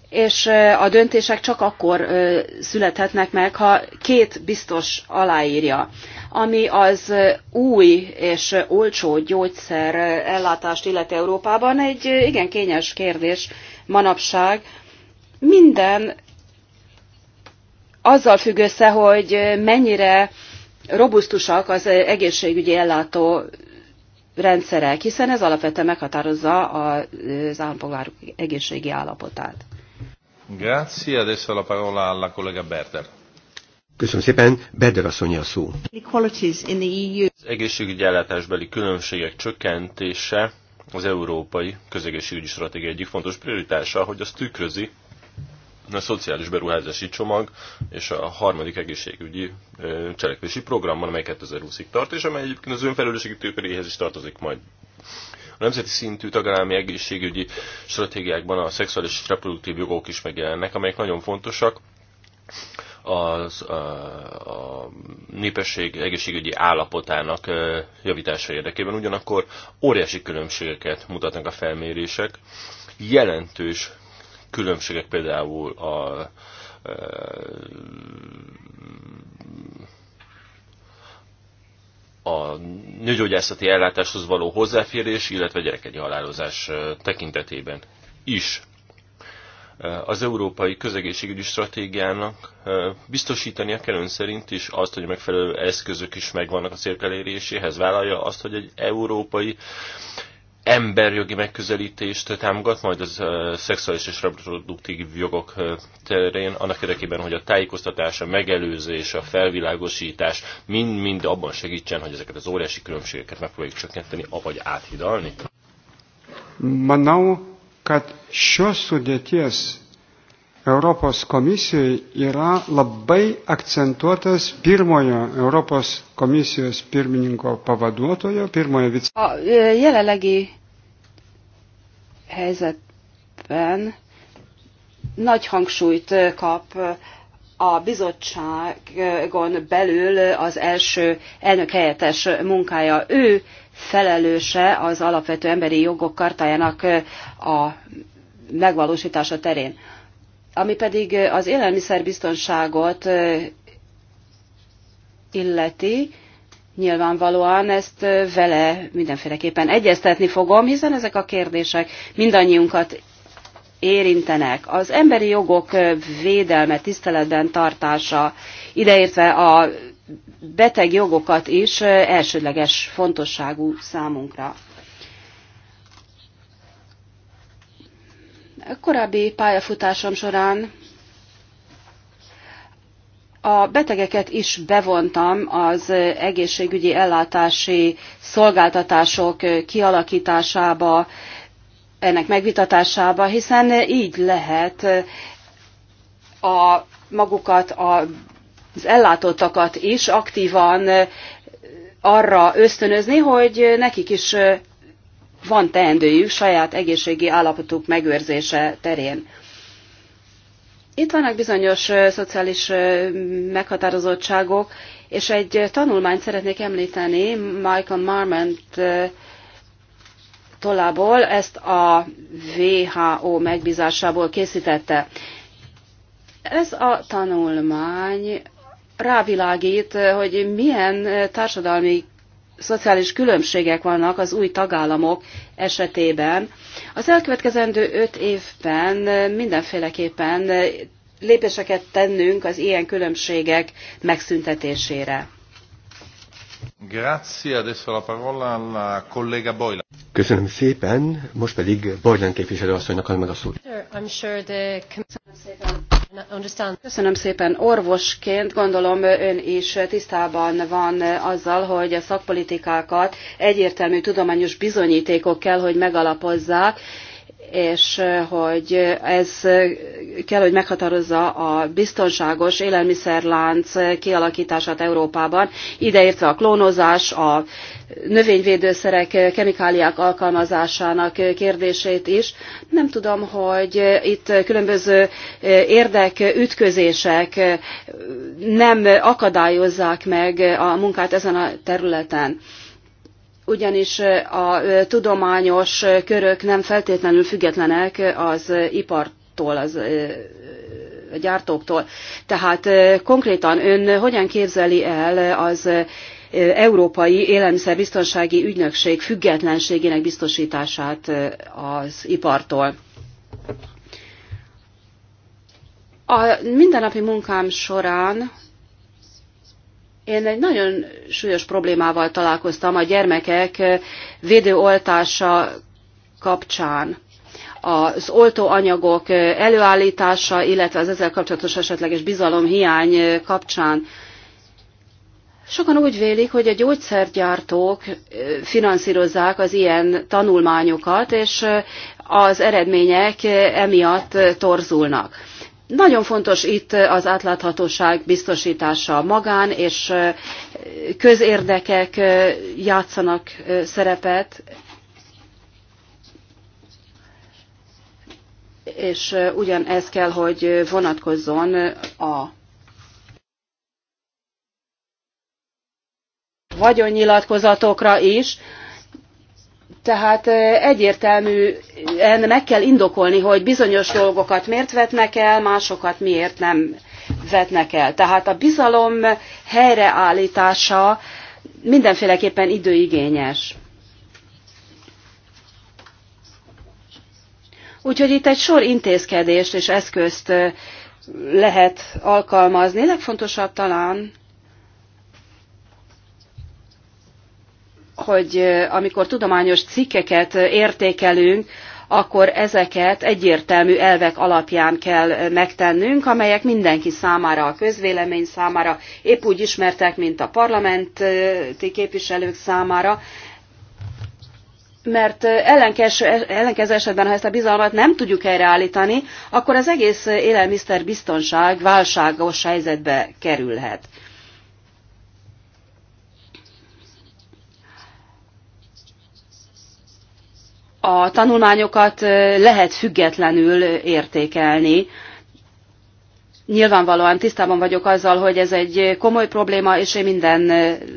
és a döntések csak akkor születhetnek meg, ha két biztos aláírja. Ami az új és olcsó gyógyszer ellátást illeti Európában egy igen kényes kérdés manapság. Minden azzal függ össze, hogy mennyire robusztusak az egészségügyi ellátó rendszerek, hiszen ez alapvetően meghatározza az állampolgárok egészségi állapotát. Grazie, adesso la parola alla collega Köszönöm szépen, Berder asszony a szó. E az egészségügyi ellátásbeli különbségek csökkentése az európai közegészségügyi stratégia egyik fontos prioritása, hogy az tükrözi a szociális beruházási csomag és a harmadik egészségügyi cselekvési programban, amely 2020-ig tart, és amely egyébként az önfelelősségi tőkeréhez is tartozik majd. A nemzeti szintű tagállami egészségügyi stratégiákban a szexuális és reproduktív jogok is megjelennek, amelyek nagyon fontosak az a, a népesség egészségügyi állapotának javítása érdekében. Ugyanakkor óriási különbségeket mutatnak a felmérések. Jelentős különbségek például a, a, a a nőgyógyászati ellátáshoz való hozzáférés, illetve gyerekegyi halálozás tekintetében is. Az Európai Közegészségügyi Stratégiának biztosítania kell ön szerint is azt, hogy megfelelő eszközök is megvannak a célkeléréséhez, vállalja azt, hogy egy európai emberjogi megközelítést támogat, majd az szexuális és reproduktív jogok terén, annak érdekében, hogy a tájékoztatás, a megelőzés, a felvilágosítás mind-mind abban segítsen, hogy ezeket az óriási különbségeket megpróbáljuk csökkenteni, avagy áthidalni? Manau, kad šios sudėties Europos komisijai yra labai akcentuotas pirmojo Europos komisijos pirmininko pavaduotojo, pirmojo vice. A e, jelenlegi helyzetben nagy hangsúlyt kap a bizottságon belül az első elnök helyettes munkája. Ő felelőse az alapvető emberi jogok kartájának a megvalósítása terén. Ami pedig az élelmiszerbiztonságot illeti, nyilvánvalóan ezt vele mindenféleképpen egyeztetni fogom, hiszen ezek a kérdések mindannyiunkat érintenek. Az emberi jogok védelme, tiszteletben tartása, ideértve a beteg jogokat is elsődleges fontosságú számunkra. Korábbi pályafutásom során a betegeket is bevontam az egészségügyi ellátási szolgáltatások kialakításába, ennek megvitatásába, hiszen így lehet a magukat, az ellátottakat is aktívan arra ösztönözni, hogy nekik is van teendőjük saját egészségi állapotuk megőrzése terén. Itt vannak bizonyos szociális meghatározottságok, és egy tanulmányt szeretnék említeni Michael Marmont tollából, ezt a WHO megbízásából készítette. Ez a tanulmány rávilágít, hogy milyen társadalmi szociális különbségek vannak az új tagállamok esetében. Az elkövetkezendő öt évben mindenféleképpen lépéseket tennünk az ilyen különbségek megszüntetésére. Köszönöm szépen, most pedig Boylan képviselő asszonynak adom meg a szót. Köszönöm szépen. Köszönöm szépen. Orvosként gondolom ön is tisztában van azzal, hogy a szakpolitikákat egyértelmű tudományos bizonyítékok kell, hogy megalapozzák, és eh, hogy ez kell, hogy meghatározza a biztonságos élelmiszerlánc kialakítását Európában, ideértve a klónozás, a növényvédőszerek, kemikáliák alkalmazásának kérdését is. Nem tudom, hogy itt különböző eh, érdekütközések eh, nem akadályozzák meg a munkát ezen a területen ugyanis a tudományos körök nem feltétlenül függetlenek az ipartól, az a gyártóktól. Tehát konkrétan ön hogyan képzeli el az Európai Élelmiszerbiztonsági Ügynökség függetlenségének biztosítását az ipartól? A mindennapi munkám során én egy nagyon súlyos problémával találkoztam a gyermekek védőoltása kapcsán. Az oltóanyagok előállítása, illetve az ezzel kapcsolatos esetleges bizalomhiány kapcsán. Sokan úgy vélik, hogy a gyógyszergyártók finanszírozzák az ilyen tanulmányokat, és az eredmények emiatt torzulnak. Nagyon fontos itt az átláthatóság biztosítása. Magán és közérdekek játszanak szerepet, és ugyanez kell, hogy vonatkozzon a vagyonnyilatkozatokra is, tehát egyértelműen meg kell indokolni, hogy bizonyos dolgokat miért vetnek el, másokat miért nem vetnek el. Tehát a bizalom helyreállítása mindenféleképpen időigényes. Úgyhogy itt egy sor intézkedést és eszközt lehet alkalmazni. Legfontosabb talán hogy amikor tudományos cikkeket értékelünk, akkor ezeket egyértelmű elvek alapján kell megtennünk, amelyek mindenki számára, a közvélemény számára épp úgy ismertek, mint a parlamenti képviselők számára, mert e, ellenkező esetben, ha ezt a bizalmat nem tudjuk helyreállítani, akkor az egész élelmiszerbiztonság válságos helyzetbe kerülhet. a tanulmányokat lehet függetlenül értékelni. Nyilvánvalóan tisztában vagyok azzal, hogy ez egy komoly probléma, és én minden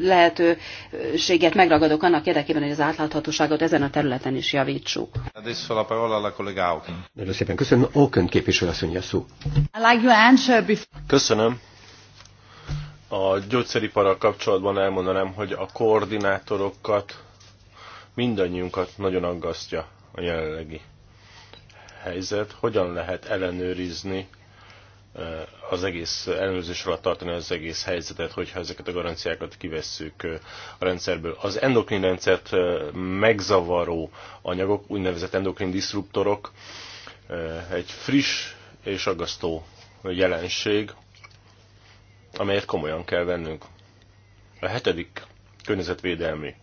lehetőséget megragadok annak érdekében, hogy az átláthatóságot ezen a területen is javítsuk. Nagyon szépen köszönöm. képviselő asszony a szó. Köszönöm. A gyógyszeriparral kapcsolatban elmondanám, hogy a koordinátorokat mindannyiunkat nagyon aggasztja a jelenlegi helyzet. Hogyan lehet ellenőrizni az egész ellenőrzés alatt tartani az egész helyzetet, hogyha ezeket a garanciákat kivesszük a rendszerből. Az endokrin rendszert megzavaró anyagok, úgynevezett endokrin diszruptorok, egy friss és aggasztó jelenség, amelyet komolyan kell vennünk. A hetedik környezetvédelmi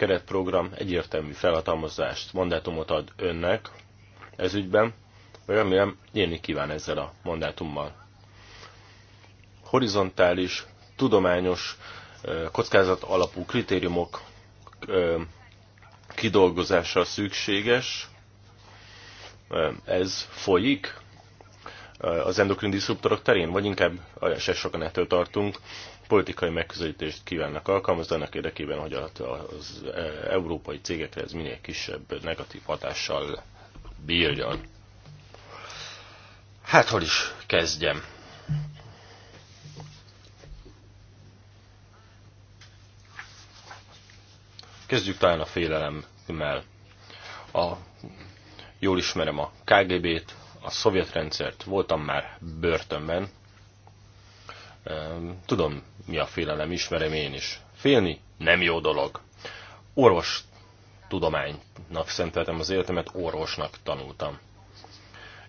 keretprogram egyértelmű felhatalmazást, mandátumot ad önnek ez ügyben, remélem élni kíván ezzel a mandátummal. Horizontális, tudományos, kockázat alapú kritériumok kidolgozása szükséges. Ez folyik az endokrin diszruptorok terén, vagy inkább se sokan ettől tartunk, politikai megközelítést kívánnak alkalmazni annak érdekében, hogy az e, európai cégekre ez minél kisebb negatív hatással bírjon. Hát hol is kezdjem? Kezdjük talán a félelemmel. A, jól ismerem a KGB-t, a szovjet rendszert, voltam már börtönben. Tudom, mi a félelem, ismerem én is. Félni nem jó dolog. Orvos tudománynak szenteltem az életemet, orvosnak tanultam.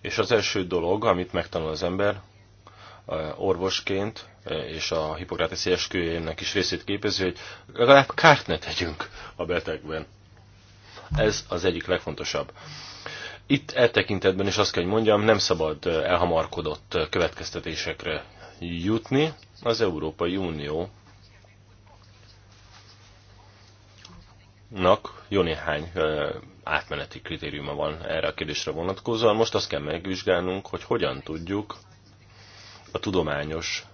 És az első dolog, amit megtanul az ember, orvosként, és a hipokrátiszi esküjének is részét képező, hogy legalább kárt ne tegyünk a betegben. Ez az egyik legfontosabb. Itt e tekintetben is azt kell, hogy mondjam, nem szabad elhamarkodott következtetésekre jutni. Az Európai Unió nak jó néhány átmeneti kritériuma van erre a kérdésre vonatkozóan. Most azt kell megvizsgálnunk, hogy hogyan tudjuk a tudományos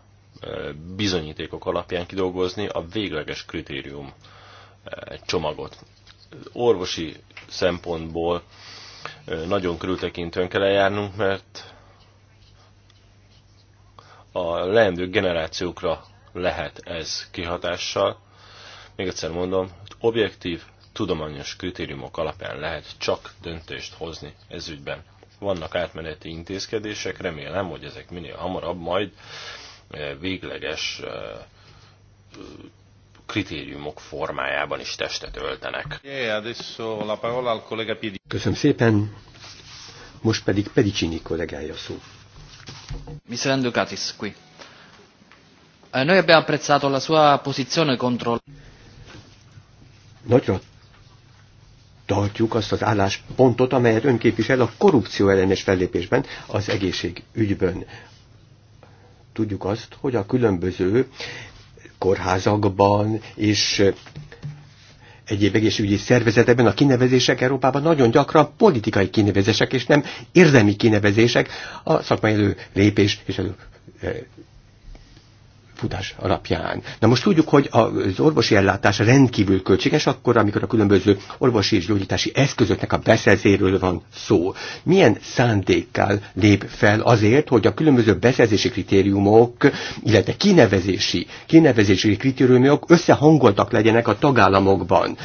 bizonyítékok alapján kidolgozni a végleges kritérium csomagot. Orvosi szempontból nagyon körültekintően kell eljárnunk, mert a leendő generációkra lehet ez kihatással. Még egyszer mondom, objektív, tudományos kritériumok alapján lehet csak döntést hozni ez ügyben. Vannak átmeneti intézkedések, remélem, hogy ezek minél hamarabb majd e, végleges e, kritériumok formájában is testet öltenek. Köszönöm szépen, most pedig Pedicini kollégája szó. Mr. Andukatis, qui. Eh, noi abbiamo apprezzato la sua posizione contro... Nagyra tartjuk azt az álláspontot, amelyet ön képvisel a korrupció ellenes fellépésben az egészségügyben. Tudjuk azt, hogy a különböző kórházakban és egyéb egészségügyi szervezetekben a kinevezések Európában nagyon gyakran politikai kinevezések, és nem érdemi kinevezések a szakmai elő lépés és elő eh, tudás alapján. Na most tudjuk, hogy az orvosi ellátás rendkívül költséges akkor, amikor a különböző orvosi és gyógyítási eszközöknek a beszerzéről van szó. Milyen szándékkal lép fel azért, hogy a különböző beszerzési kritériumok, illetve kinevezési, kinevezési kritériumok összehangoltak legyenek a tagállamokban?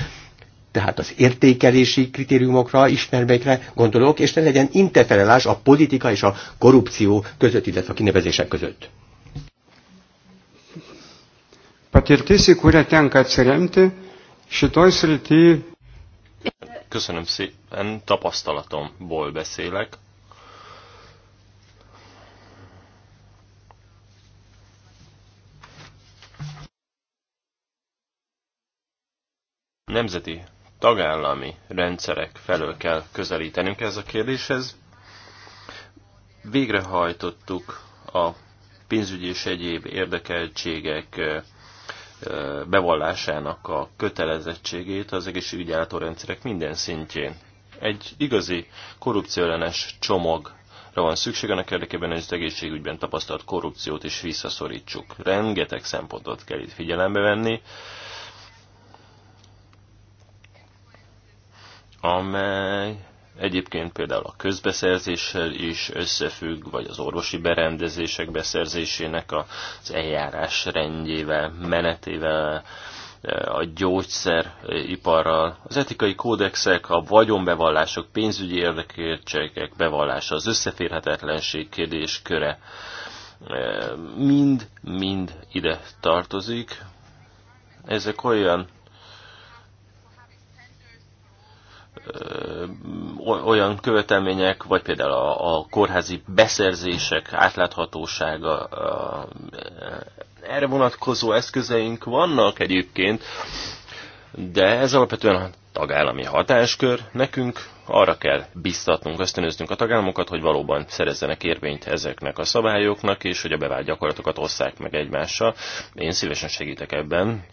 tehát az értékelési kritériumokra, ismerveikre gondolok, és ne legyen interferelás a politika és a korrupció között, illetve a kinevezések között patirtis, į kurią tenka atsiremti, šitoj srity. Köszönöm szépen, tapasztalatomból beszélek. Nemzeti tagállami rendszerek felől kell közelítenünk ez a kérdéshez. Végrehajtottuk a pénzügyi és egyéb érdekeltségek bevallásának a kötelezettségét az egészségügyi rendszerek minden szintjén. Egy igazi korrupcióellenes csomagra van szükség, annak érdekében, hogy az egészségügyben tapasztalt korrupciót is visszaszorítsuk. Rengeteg szempontot kell itt figyelembe venni, amely Egyébként például a közbeszerzéssel is összefügg, vagy az orvosi berendezések beszerzésének az eljárás rendjével, menetével, eh, a gyógyszeriparral, az etikai kódexek, a vagyonbevallások, pénzügyi érdekértségek bevallása, az összeférhetetlenség kérdésköre, eh, mind-mind ide tartozik. Ezek olyan olyan követelmények, vagy például a, a kórházi beszerzések átláthatósága, erre vonatkozó eszközeink vannak egyébként, de ez alapvetően a tagállami hatáskör. Nekünk arra kell biztatnunk, ösztönöznünk a tagállamokat, hogy valóban szerezzenek érvényt ezeknek a szabályoknak, és hogy a bevált gyakorlatokat osszák meg egymással. Én szívesen segítek ebben,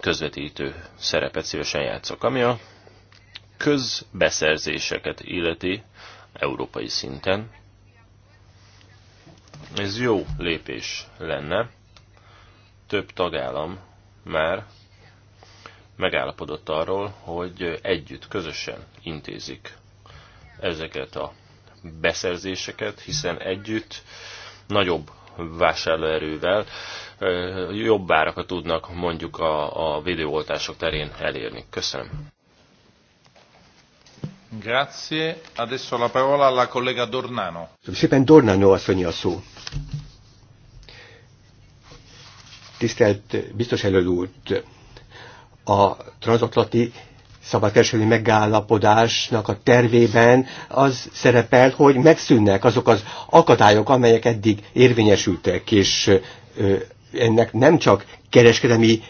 közvetítő szerepet szívesen játszok. Ami a közbeszerzéseket illeti európai szinten. Ez jó lépés lenne. Több tagállam már megállapodott arról, hogy együtt, közösen intézik ezeket a beszerzéseket, hiszen együtt nagyobb vásárlóerővel jobb árakat tudnak mondjuk a, a védőoltások terén elérni. Köszönöm. Grazie. Adesso la parola alla collega Dornano. Szépen Dornano asszonyi a szó. Tisztelt biztos előtt a transatlanti szabadkereskedelmi megállapodásnak a tervében az szerepel, hogy megszűnnek azok az akadályok, amelyek eddig érvényesültek, és ennek nem csak kereskedelmi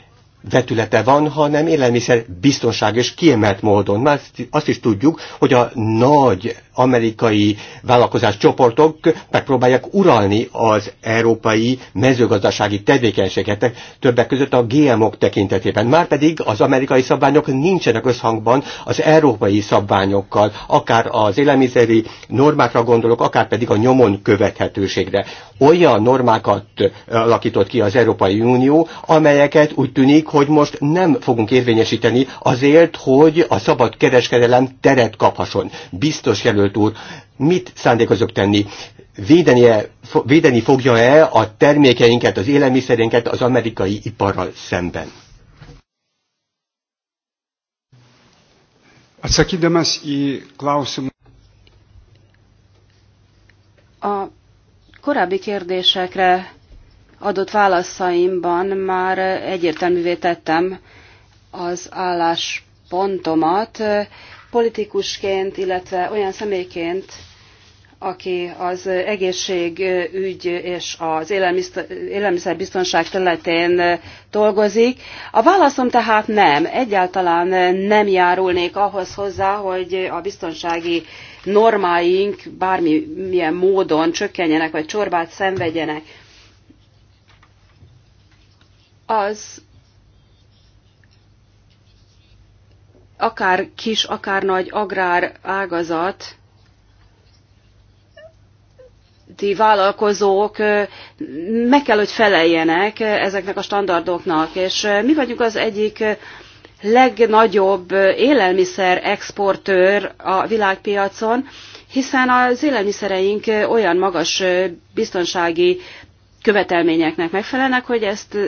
vetülete van, hanem élelmiszer biztonság és kiemelt módon. Már azt is tudjuk, hogy a nagy amerikai vállalkozás csoportok megpróbálják uralni az európai mezőgazdasági tevékenységet, többek között a GMO-k tekintetében. Márpedig az amerikai szabványok nincsenek összhangban az európai szabványokkal, akár az élelmiszeri normákra gondolok, akár pedig a nyomon követhetőségre. Olyan normákat alakított ki az Európai Unió, amelyeket úgy tűnik, pedig, hogy most nem fogunk érvényesíteni azért, hogy a szabad kereskedelem teret kaphasson. Biztos jelölt úr, mit szándékozok tenni? Védenie, védeni fogja-e a termékeinket, az élelmiszerénket az amerikai iparral szemben? A korábbi kérdésekre adott válaszaimban már egyértelművé tettem az álláspontomat politikusként, illetve olyan személyként, aki az egészségügy és az élelmiszerbiztonság területén dolgozik. A válaszom tehát nem, egyáltalán nem járulnék ahhoz hozzá, hogy a biztonsági normáink bármilyen módon csökkenjenek vagy csorbát szenvedjenek az akár kis, akár nagy agrár ágazat, vállalkozók meg kell, hogy feleljenek ezeknek a standardoknak, és mi vagyunk az egyik legnagyobb élelmiszer exportőr a világpiacon, hiszen az élelmiszereink olyan magas biztonsági követelményeknek megfelelnek, hogy ezt, e,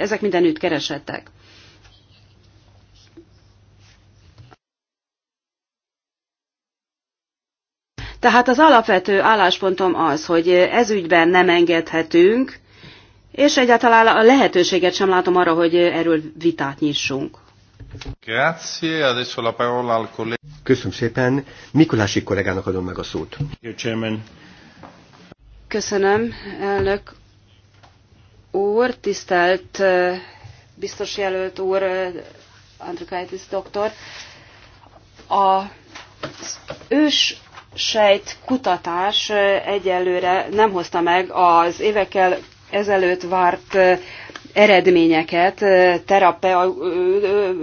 ezek mindenütt keresettek. Tehát az alapvető álláspontom az, hogy ez ügyben nem engedhetünk, és egyáltalán a lehetőséget sem látom arra, hogy erről vitát nyissunk. Köszönöm szépen. Mikulási kollégának adom meg a szót. Köszönöm, elnök úr, tisztelt biztos jelölt úr, Andrikaitis doktor, a ős sejt kutatás egyelőre nem hozta meg az évekkel ezelőtt várt eredményeket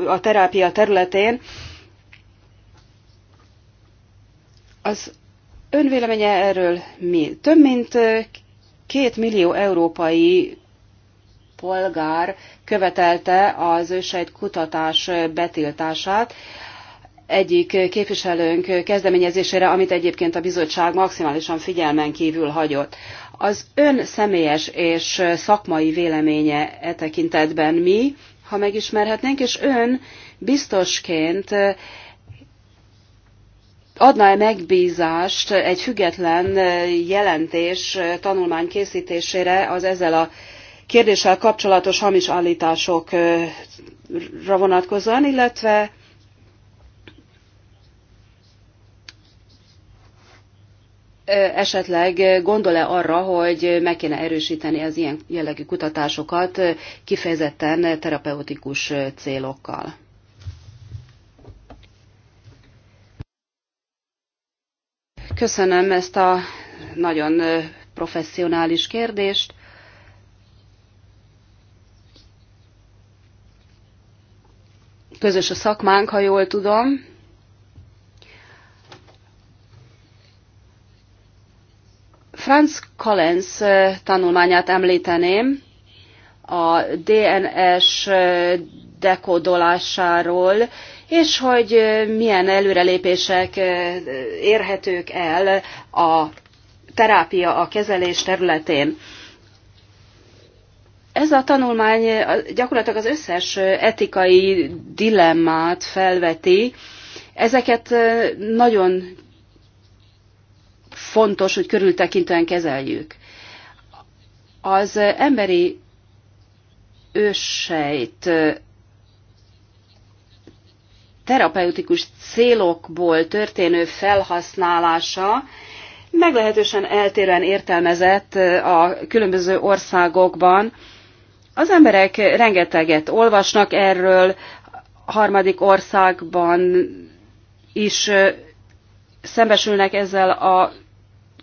a terápia területén. Az önvéleménye erről mi? Több mint két millió európai polgár követelte az ősejt kutatás betiltását egyik képviselőnk kezdeményezésére, amit egyébként a bizottság maximálisan figyelmen kívül hagyott. Az ön személyes és szakmai véleménye e tekintetben mi, ha megismerhetnénk, és ön biztosként adna-e megbízást egy független jelentés tanulmány készítésére az ezzel a kérdéssel kapcsolatos hamis állításokra vonatkozóan, illetve esetleg gondol-e arra, hogy meg kéne erősíteni az ilyen jellegű kutatásokat kifejezetten terapeutikus célokkal? Köszönöm ezt a nagyon professzionális kérdést. közös a szakmánk, ha jól tudom. Franz Kalens tanulmányát említeném, a DNS dekódolásáról, és hogy milyen előrelépések érhetők el a terápia, a kezelés területén. Ez a tanulmány gyakorlatilag az összes etikai dilemmát felveti. Ezeket nagyon fontos, hogy körültekintően kezeljük. Az emberi őssejt terapeutikus célokból történő felhasználása meglehetősen eltérően értelmezett a különböző országokban, az emberek rengeteget olvasnak erről, harmadik országban is szembesülnek ezzel a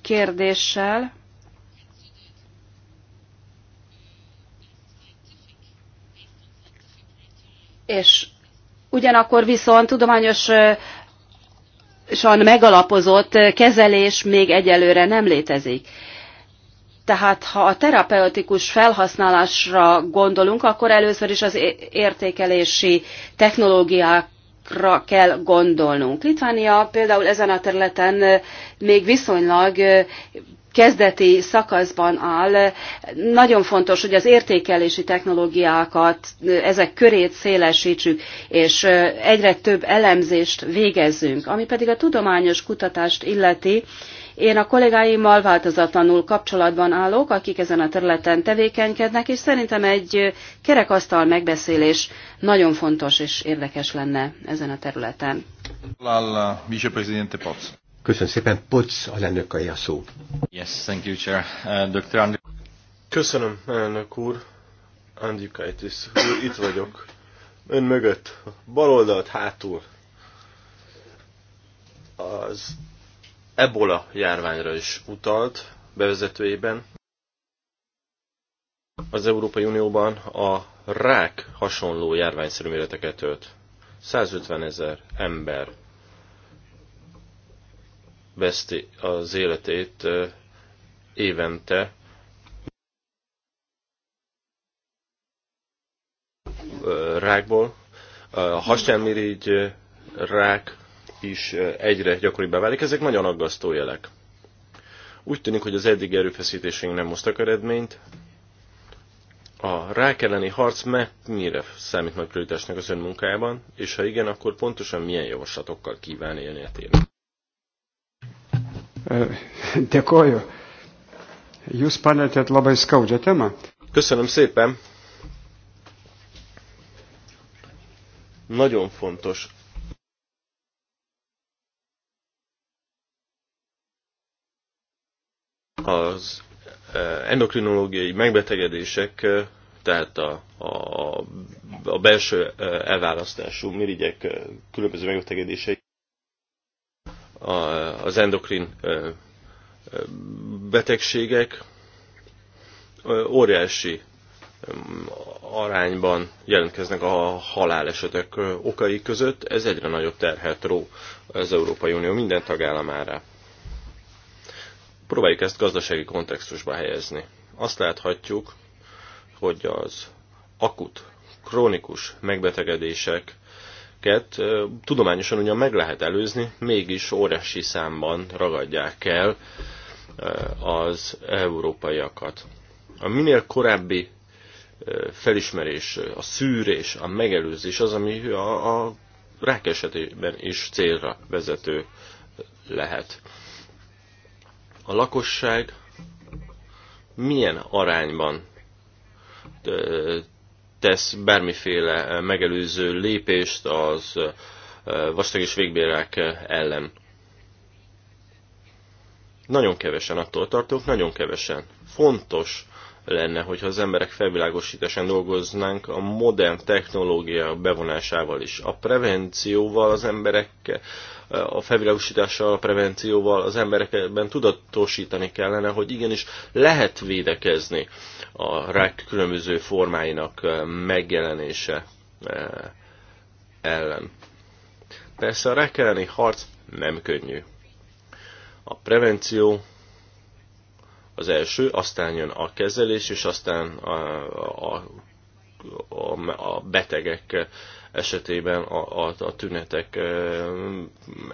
kérdéssel. És ugyanakkor viszont tudományosan megalapozott kezelés még egyelőre nem létezik. Tehát ha a terapeutikus felhasználásra gondolunk, akkor először is az értékelési technológiákra kell gondolnunk. Litvánia például ezen a területen még viszonylag kezdeti szakaszban áll. Nagyon fontos, hogy az értékelési technológiákat, ezek körét szélesítsük, és egyre több elemzést végezzünk. Ami pedig a tudományos kutatást illeti, én a kollégáimmal változatlanul kapcsolatban állok, akik ezen a területen tevékenykednek, és szerintem egy kerekasztal megbeszélés nagyon fontos és érdekes lenne ezen a területen. Köszönöm szépen, Poc, a lennök a szó. Yes, thank you, Chair. Uh, Dr. Andri... Köszönöm, elnök úr. Andriukaitis itt vagyok. Ön mögött, bal oldalt, hátul. Az ebola járványra is utalt bevezetőjében. Az Európai Unióban a rák hasonló járványszerű méreteket ölt. 150 ezer ember veszti az életét évente rákból. A hasnyálmirigy rák is egyre gyakoribbá válik. Ezek nagyon aggasztó jelek. Úgy tűnik, hogy az eddig erőfeszítéseink nem hoztak eredményt. A rák elleni harc mire számít nagy prioritásnak az ön munkájában, és ha igen, akkor pontosan milyen javaslatokkal kíván élni a témát? Dėkoju. Jūs palėtėt labai skaudžią Köszönöm szépen. Nagyon fontos az endokrinológiai megbetegedések, tehát a, a, a belső elválasztású mirigyek különböző megbetegedései az endokrin betegségek óriási arányban jelentkeznek a halálesetek okai között. Ez egyre nagyobb terhet ró az Európai Unió minden tagállamára. Próbáljuk ezt gazdasági kontextusba helyezni. Azt láthatjuk, hogy az akut, krónikus megbetegedéseket tudományosan ugyan meg lehet előzni, mégis óriási számban ragadják el az európaiakat. A minél korábbi felismerés, a szűrés, a megelőzés az, ami a, a rák esetében is célra vezető lehet a lakosság milyen arányban tesz bármiféle megelőző lépést az vastag és végbérák ellen. Nagyon kevesen attól tartunk. nagyon kevesen. Fontos lenne, hogyha az emberek felvilágosításán dolgoznánk a modern technológia bevonásával is. A prevencióval az emberek, a felvilágosítással, a prevencióval az emberekben tudatosítani kellene, hogy igenis lehet védekezni a rák különböző formáinak eh, megjelenése eh, ellen. Persze a rák elleni harc nem könnyű. A prevenció az első, aztán jön a kezelés, és aztán a, a, a, a betegek esetében a, a, a tünetek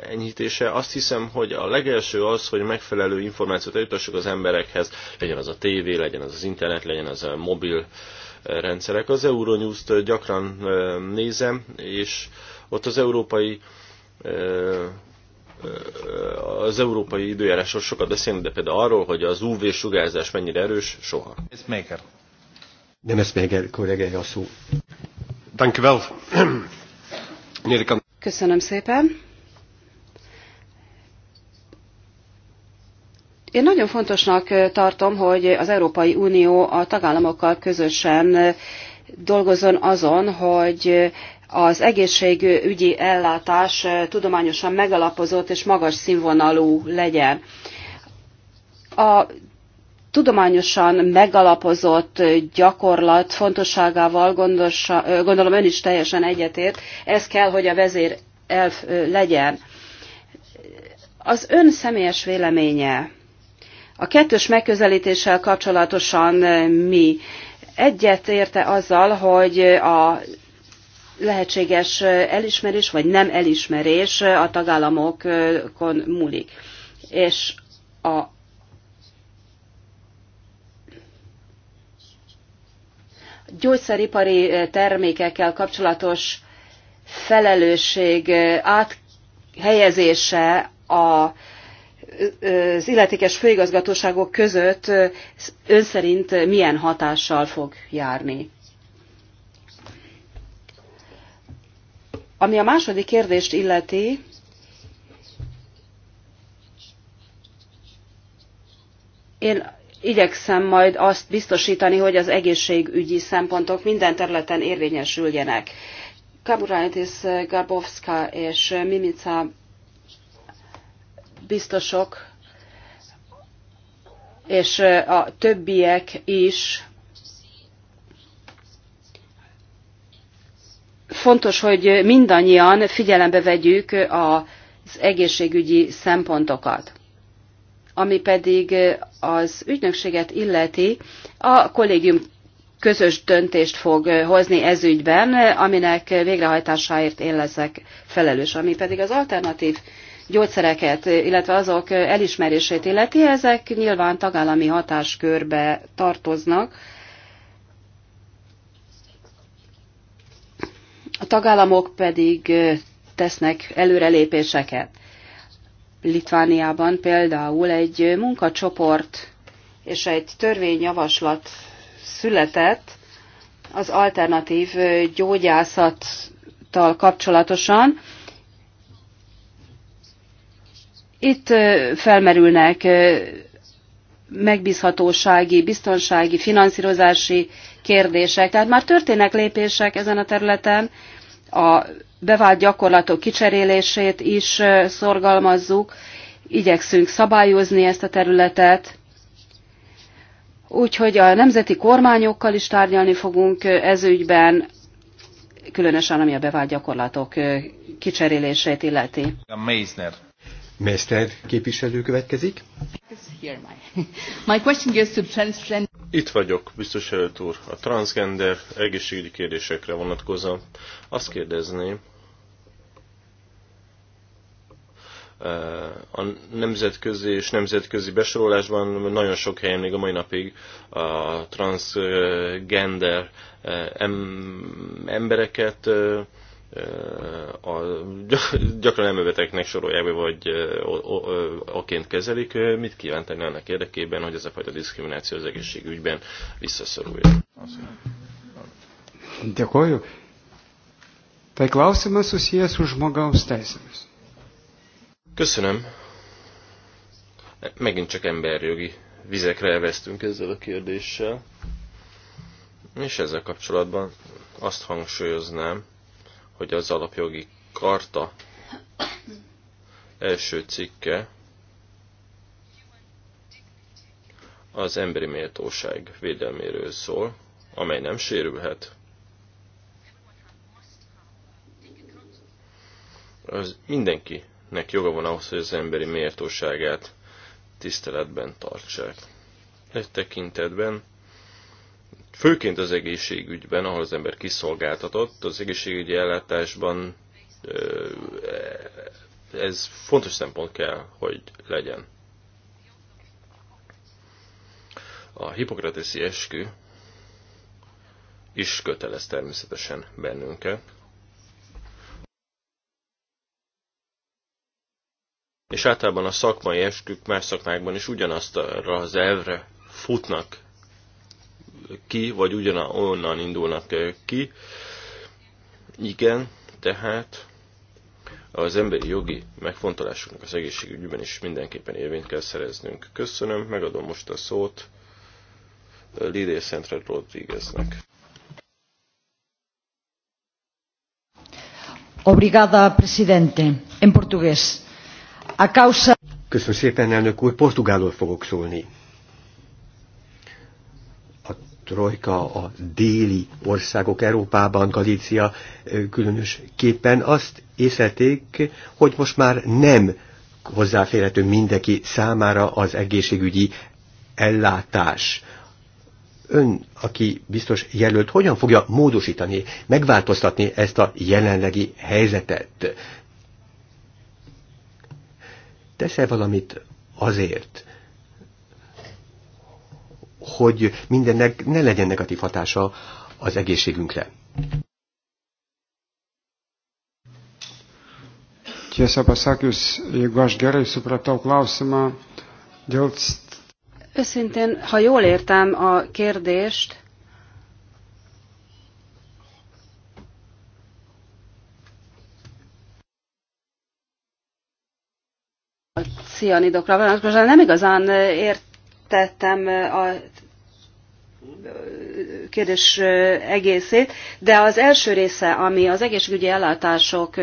enyhítése. Azt hiszem, hogy a legelső az, hogy megfelelő információt eljutassuk az emberekhez, legyen az a tévé, legyen az az internet, legyen az a mobil rendszerek. Az Euronews-t gyakran nézem, és ott az európai az európai időjárásról sokat beszélünk, de például arról, hogy az UV-sugárzás mennyire erős, soha. Ez Maker. Nem ez Maker, kollégája a szó. Köszönöm szépen. Én nagyon fontosnak tartom, hogy az Európai Unió a tagállamokkal közösen dolgozzon azon, hogy az egészségügyi ellátás tudományosan megalapozott és magas színvonalú legyen. A tudományosan megalapozott gyakorlat fontosságával gondosa, gondolom ön is teljesen egyetért, ez kell, hogy a vezér elf legyen. Az ön személyes véleménye a kettős megközelítéssel kapcsolatosan mi egyet érte azzal, hogy a lehetséges elismerés vagy nem elismerés a tagállamokon múlik. És a gyógyszeripari termékekkel kapcsolatos felelősség áthelyezése a az illetékes főigazgatóságok között ön szerint milyen hatással fog járni? Ami a második kérdést illeti, én igyekszem majd azt biztosítani, hogy az egészségügyi szempontok minden területen érvényesüljenek. Kaburaitis, Garbowska és Mimica biztosok, és a többiek is fontos, hogy mindannyian figyelembe vegyük az egészségügyi szempontokat. Ami pedig az ügynökséget illeti, a kollégium közös döntést fog hozni ez ügyben, aminek végrehajtásáért én leszek felelős. Ami pedig az alternatív gyógyszereket, illetve azok elismerését illeti, ezek nyilván tagállami hatáskörbe tartoznak, A tagállamok pedig tesznek előrelépéseket. Litvániában például egy munkacsoport és egy törvényjavaslat született az alternatív gyógyászattal kapcsolatosan. Itt felmerülnek megbízhatósági, biztonsági, finanszírozási kérdések. Tehát már történnek lépések ezen a területen, a bevált gyakorlatok kicserélését is szorgalmazzuk, igyekszünk szabályozni ezt a területet, úgyhogy a nemzeti kormányokkal is tárgyalni fogunk ez ügyben, különösen ami a bevált gyakorlatok kicserélését illeti. A Meisner. Mester képviselő következik. Itt vagyok, biztos előtt úr. A transgender egészségügyi kérdésekre vonatkozom. Azt kérdezném, eh, a nemzetközi és nemzetközi besorolásban nagyon sok helyen még a mai napig a transgender eh, embereket eh, a, gyakran elmebetegnek sorolják be, vagy aként kezelik. Mit kíván tenni annak érdekében, hogy ez a fajta diszkrimináció az egészségügyben visszaszoruljon? Dėkoju. Tai klausimas susijęs su žmogaus teisėmis. Köszönöm. Megint csak emberjogi vizekre elvesztünk ezzel a kérdéssel. És ezzel kapcsolatban azt hangsúlyoznám, hogy az alapjogi karta első cikke az emberi méltóság védelméről szól, amely nem sérülhet. Az mindenkinek joga van ahhoz, hogy az emberi méltóságát tiszteletben tartsák. Egy tekintetben főként az egészségügyben, ahol az ember kiszolgáltatott, az egészségügyi ellátásban e, ez fontos szempont kell, hogy legyen. A hipokrateszi eskü is kötelez természetesen bennünket. És általában a szakmai eskük más szakmákban is ugyanazt arra az elvre futnak ki, vagy ugyanonnan indulnak eh, ki. Igen, tehát az emberi jogi megfontolásoknak az egészségügyben is mindenképpen érvényt kell szereznünk. Köszönöm, megadom most a szót eh, Lidé Szentre Rodrigueznek. Obrigada, presidente. En portugués. A causa... Köszönöm szépen, elnök úr, portugálul fogok szólni trojka a déli országok Európában, Galícia különösképpen azt észlelték, hogy most már nem hozzáférhető mindenki számára az egészségügyi ellátás. Ön, aki biztos jelölt, hogyan fogja módosítani, megváltoztatni ezt a jelenlegi helyzetet? Tesz-e valamit azért, hogy mindennek ne legyen negatív hatása az egészségünkre. Tiesą pasakius, jeigu aš gerai supratau klausimą, dėl... Őszintén, ha jól értem a kérdést, a cianidokra vonatkozóan nem igazán ért értettem a kérdés egészét, de az első része, ami az egészségügyi ellátások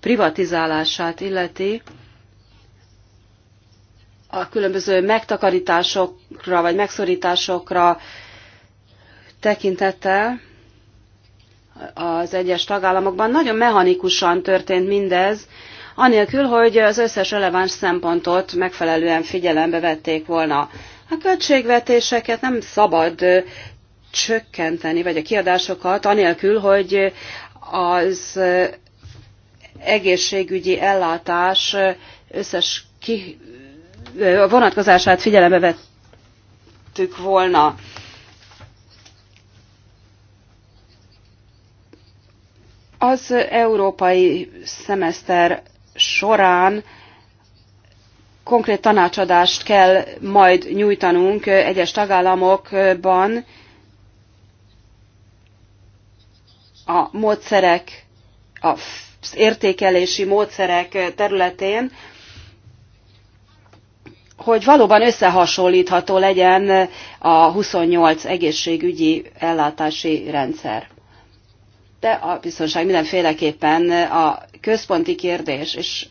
privatizálását illeti, a különböző megtakarításokra vagy megszorításokra tekintettel az egyes tagállamokban nagyon mechanikusan történt mindez, anélkül, hogy az összes releváns szempontot megfelelően figyelembe vették volna. A költségvetéseket nem szabad csökkenteni, vagy a kiadásokat, anélkül, hogy az egészségügyi ellátás összes ki, vonatkozását figyelembe vettük volna. Az európai szemeszter során konkrét tanácsadást kell majd nyújtanunk egyes tagállamokban a módszerek, az értékelési módszerek területén, hogy valóban összehasonlítható legyen a 28 egészségügyi ellátási rendszer. De a biztonság mindenféleképpen a központi kérdés, és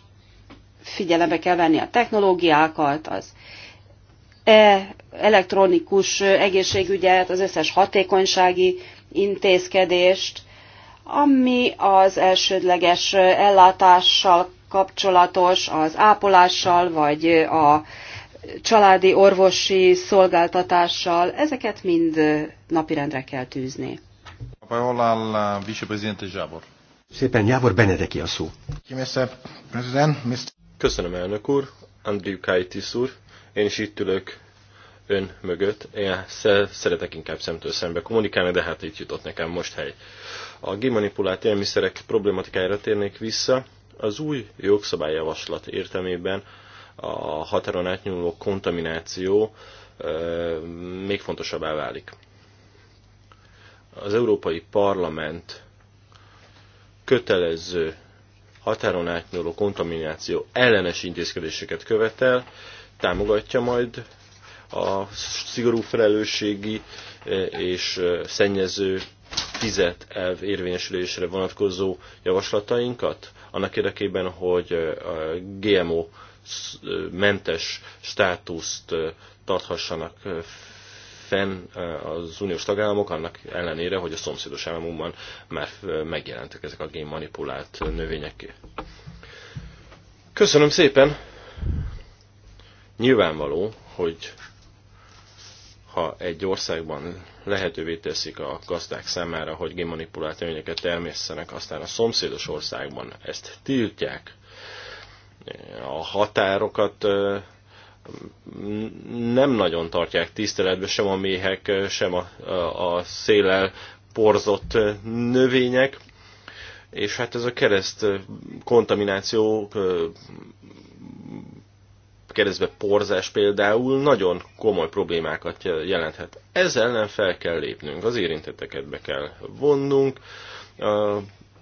figyelembe kell venni a technológiákat, az e elektronikus egészségügyet, az összes hatékonysági intézkedést, ami az elsődleges ellátással kapcsolatos, az ápolással, vagy a családi orvosi szolgáltatással, ezeket mind napirendre kell tűzni. A parola al vicepresidente Jábor. Szépen Jábor Benedeki a szó. Mr. President, Mr. Köszönöm, elnök úr, Andrew Kaitis úr, én is itt ülök ön mögött. Én szeretek inkább szemtől szembe kommunikálni, de hát itt jutott nekem most hely. A gimanipulált élmiszerek problématikájára térnék vissza. Az új jogszabályjavaslat értelmében a határon átnyúló kontamináció még fontosabbá válik. Az Európai Parlament kötelező határon átnyúló kontamináció ellenes intézkedéseket követel, támogatja majd a szigorú felelősségi eh, és eh, szennyező fizet elv érvényesülésre vonatkozó javaslatainkat, annak érdekében, hogy eh, a GMO mentes státuszt tarthassanak fenn az uniós tagállamok, annak ellenére, hogy a szomszédos államunkban már megjelentek ezek a gén manipulált növények. Köszönöm szépen! Nyilvánvaló, hogy ha egy országban lehetővé teszik a gazdák számára, hogy génmanipulált növényeket termesszenek, aztán a szomszédos országban ezt tiltják, a határokat nem nagyon tartják tiszteletbe sem a méhek, sem a, a szélel porzott növények, és hát ez a kereszt kontamináció, keresztbe porzás például nagyon komoly problémákat jelenthet. Ezzel nem fel kell lépnünk, az érintetteket be kell vonnunk,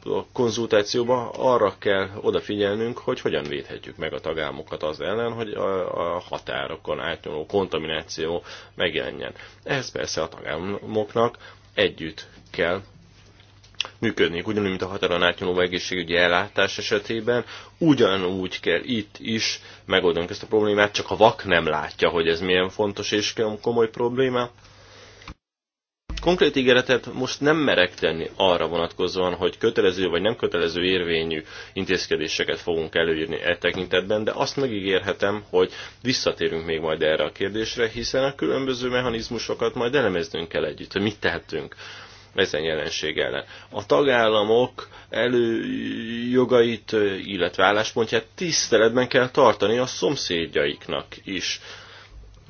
a konzultációban arra kell odafigyelnünk, hogy hogyan védhetjük meg a tagállamokat az ellen, hogy a, a határokon átnyúló kontamináció megjelenjen. Ehhez persze a tagállamoknak együtt kell működniük, ugyanúgy, mint a határon átnyúló egészségügyi ellátás esetében, ugyanúgy kell itt is megoldanunk ezt a problémát, csak a vak nem látja, hogy ez milyen fontos és komoly probléma, konkrét ígéretet most nem merek tenni arra vonatkozóan, hogy kötelező vagy nem kötelező érvényű intézkedéseket fogunk előírni e tekintetben, de azt megígérhetem, hogy visszatérünk még majd erre a kérdésre, hiszen a különböző mechanizmusokat majd elemeznünk kell együtt, hogy mit tehetünk ezen jelenség ellen. A tagállamok előjogait, illetve álláspontját tiszteletben kell tartani a szomszédjaiknak is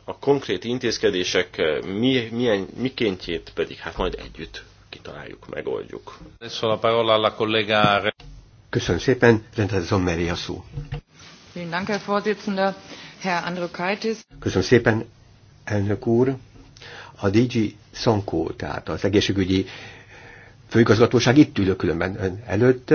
a konkrét intézkedések eh, mi, milyen, mikéntjét pedig hát majd együtt kitaláljuk, megoldjuk. Köszönöm szépen, rendhez Zommeri a szó. Köszönöm szépen, elnök úr. A DG Sankó, tehát az egészségügyi főigazgatóság itt ülök különben előtt,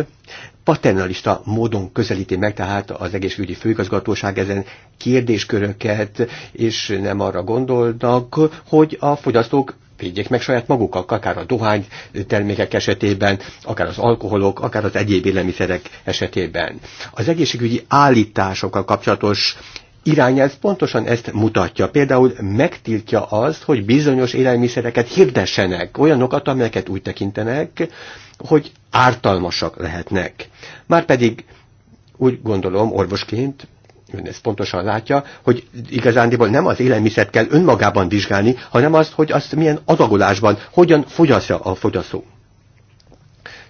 paternalista módon közelíti meg tehát az egészségügyi főigazgatóság ezen kérdésköröket, és nem arra gondolnak, hogy a fogyasztók védjék meg saját magukat, akár a dohány termékek esetében, akár az alkoholok, akár az egyéb élelmiszerek esetében. Az egészségügyi állításokkal kapcsolatos irányelv pontosan ezt mutatja. Például megtiltja azt, hogy bizonyos élelmiszereket hirdessenek, olyanokat, amelyeket úgy tekintenek, hogy ártalmasak lehetnek. Márpedig úgy gondolom, orvosként, ön ezt pontosan látja, hogy igazándiból nem az élelmiszert kell önmagában vizsgálni, hanem azt, hogy azt milyen adagolásban, hogyan fogyasztja a fogyasztó.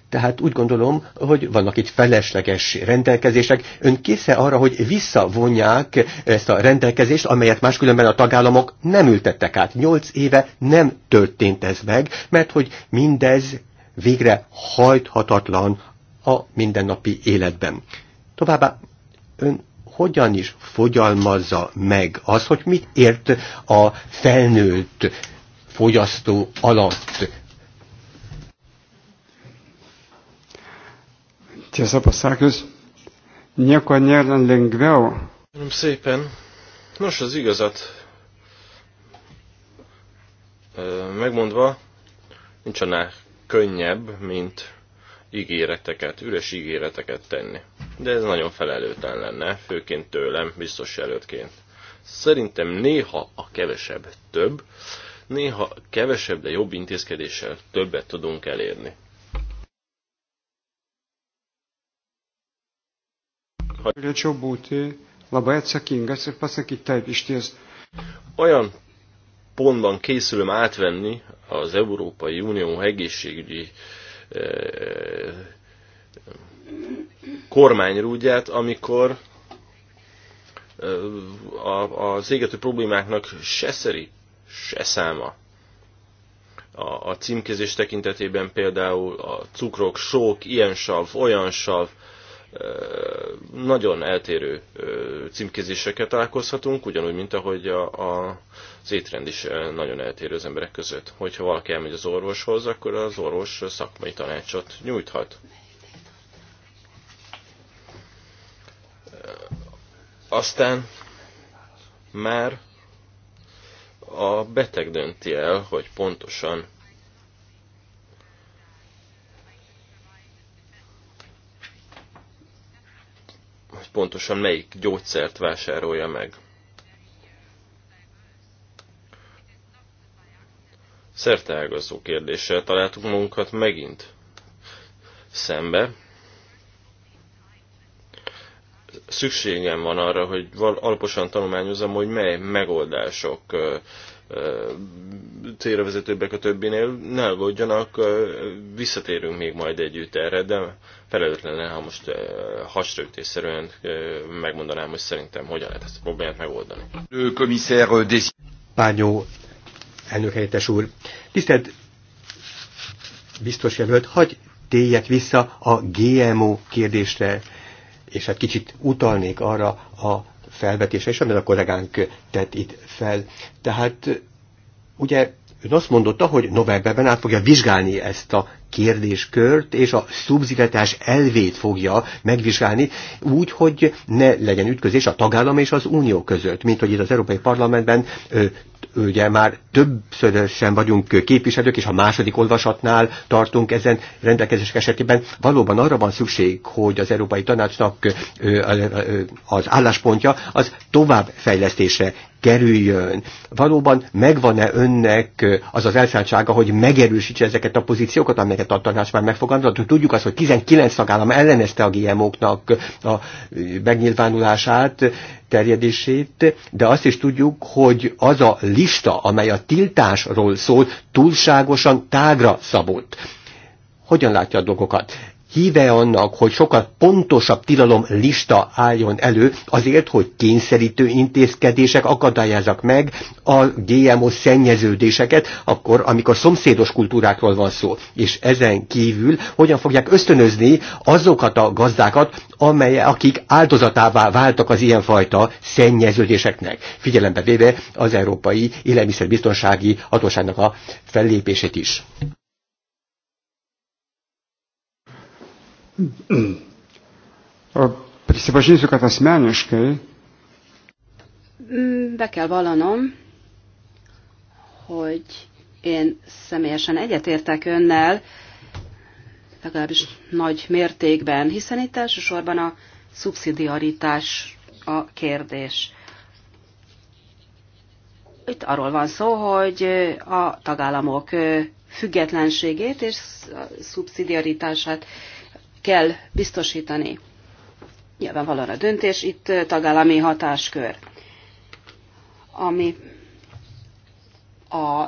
Tehát úgy gondolom, hogy vannak itt felesleges rendelkezések. Ön késze arra, hogy visszavonják ezt a rendelkezést, amelyet máskülönben a tagállamok nem ültettek át. Nyolc éve nem történt ez meg, mert hogy mindez végre hajthatatlan a mindennapi életben. Továbbá ön hogyan is fogyalmazza meg az, hogy mit ért a felnőtt fogyasztó alatt Tiesą pasakius, nieko nėra lengviau. Köszönöm szépen. Nos, az igazat megmondva, nincs annál könnyebb, mint ígéreteket, üres ígéreteket tenni. De ez nagyon felelőtlen lenne, főként tőlem, biztos előttként. Szerintem néha a kevesebb több, néha kevesebb, de jobb intézkedéssel többet tudunk elérni. Galėčiau būti labai atsakingas ir pasakyti taip, iš ties. Olyan pontban készülöm átvenni az Európai Unió egészségügyi e, kormányrúdját, amikor eh, az égető problémáknak se szeri, se száma. A, a címkézés tekintetében például a cukrok, sok, ilyen sav, olyan sav, nagyon eltérő címkézésekkel találkozhatunk, ugyanúgy, mint ahogy a, a, az étrend is nagyon eltérő az emberek között. Hogyha valaki elmegy az orvoshoz, akkor az orvos szakmai tanácsot nyújthat. Aztán már a beteg dönti el, hogy pontosan pontosan melyik gyógyszert vásárolja meg. ágazó kérdéssel találtuk magunkat megint szembe. Szükségem van arra, hogy alaposan tanulmányozom, hogy mely megoldások célra vezetőbbek a többinél, ne aggódjanak, visszatérünk még majd együtt erre, de felelőtlen lenne, ha most hasraütésszerűen megmondanám, hogy szerintem hogyan lehet ezt a problémát megoldani. Pányó euh, elnök helyettes úr, tisztelt biztos jelölt, hagy téljek vissza a GMO kérdésre, és hát kicsit utalnék arra a felvetése, és amit a kollégánk tett itt fel. Tehát ugye ön azt mondotta, hogy novemberben át fogja vizsgálni ezt a kérdéskört, és a szubzivetás elvét fogja megvizsgálni, úgy, hogy ne legyen ütközés a tagállam és az unió között, mint hogy itt az Európai Parlamentben ö, ugye már többszörösen vagyunk képviselők, és a második olvasatnál tartunk ezen rendelkezések esetében. Valóban arra van szükség, hogy az Európai Tanácsnak az álláspontja az továbbfejlesztésre kerüljön. Valóban megvan-e önnek az az elszántsága, hogy megerősítse ezeket a pozíciókat, amelyeket a tanács már megfogalmazott? Tudjuk azt, hogy 19 tagállam ellenezte a GMO-knak a megnyilvánulását, terjedését, de azt is tudjuk, hogy az a lista, amely a tiltásról szól, túlságosan tágra szabott. Hogyan látja a dolgokat? híve annak, hogy sokkal pontosabb tilalom lista álljon elő, azért, hogy kényszerítő intézkedések akadályázak meg a GMO szennyeződéseket, akkor, amikor szomszédos kultúrákról van szó. És ezen kívül hogyan fogják ösztönözni azokat a gazdákat, amely, akik áldozatává váltak az ilyenfajta szennyeződéseknek, figyelembe véve az Európai Élelmiszerbiztonsági Hatóságnak a fellépését is. Prisipažinsiu, kad asmeniškai. Mm, be kell vallanom, hogy én személyesen egyetértek önnel, legalábbis nagy mértékben, hiszen itt elsősorban a szubszidiaritás a kérdés. Itt arról van szó, hogy a tagállamok függetlenségét és szubszidiaritását kell biztosítani. Nyilvánvalóan a döntés itt tagállami hatáskör, ami a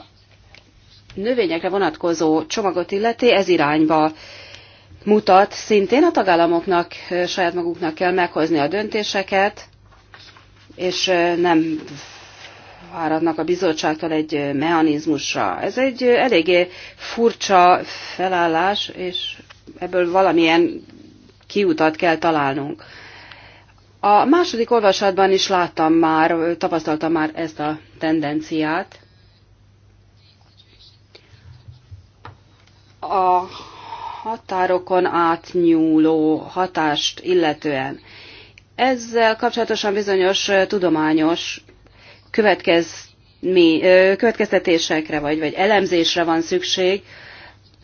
növényekre vonatkozó csomagot illeti, ez irányba mutat. Szintén a tagállamoknak, saját maguknak kell meghozni a döntéseket, és nem váradnak a bizottságtól egy mechanizmusra. Ez egy eléggé furcsa felállás, és ebből valamilyen kiutat kell találnunk. A második olvasatban is láttam már, tapasztaltam már ezt a tendenciát. A határokon átnyúló hatást illetően. Ezzel kapcsolatosan bizonyos tudományos következtetésekre vagy, vagy elemzésre van szükség,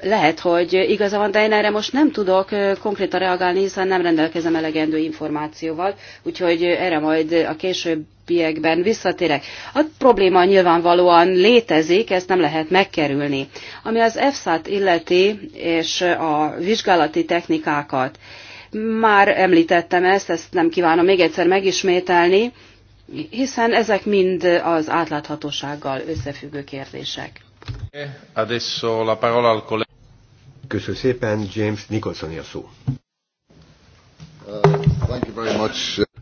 lehet, hogy igaza van, de én erre most nem tudok konkrétan reagálni, hiszen nem rendelkezem elegendő információval, úgyhogy erre majd a későbbiekben visszatérek. A probléma nyilvánvalóan létezik, ezt nem lehet megkerülni. Ami az EFSAT illeti, és a vizsgálati technikákat, már említettem ezt, ezt nem kívánom még egyszer megismételni, hiszen ezek mind az átláthatósággal összefüggő kérdések. Köszönöm szépen, James Nicholson a szó.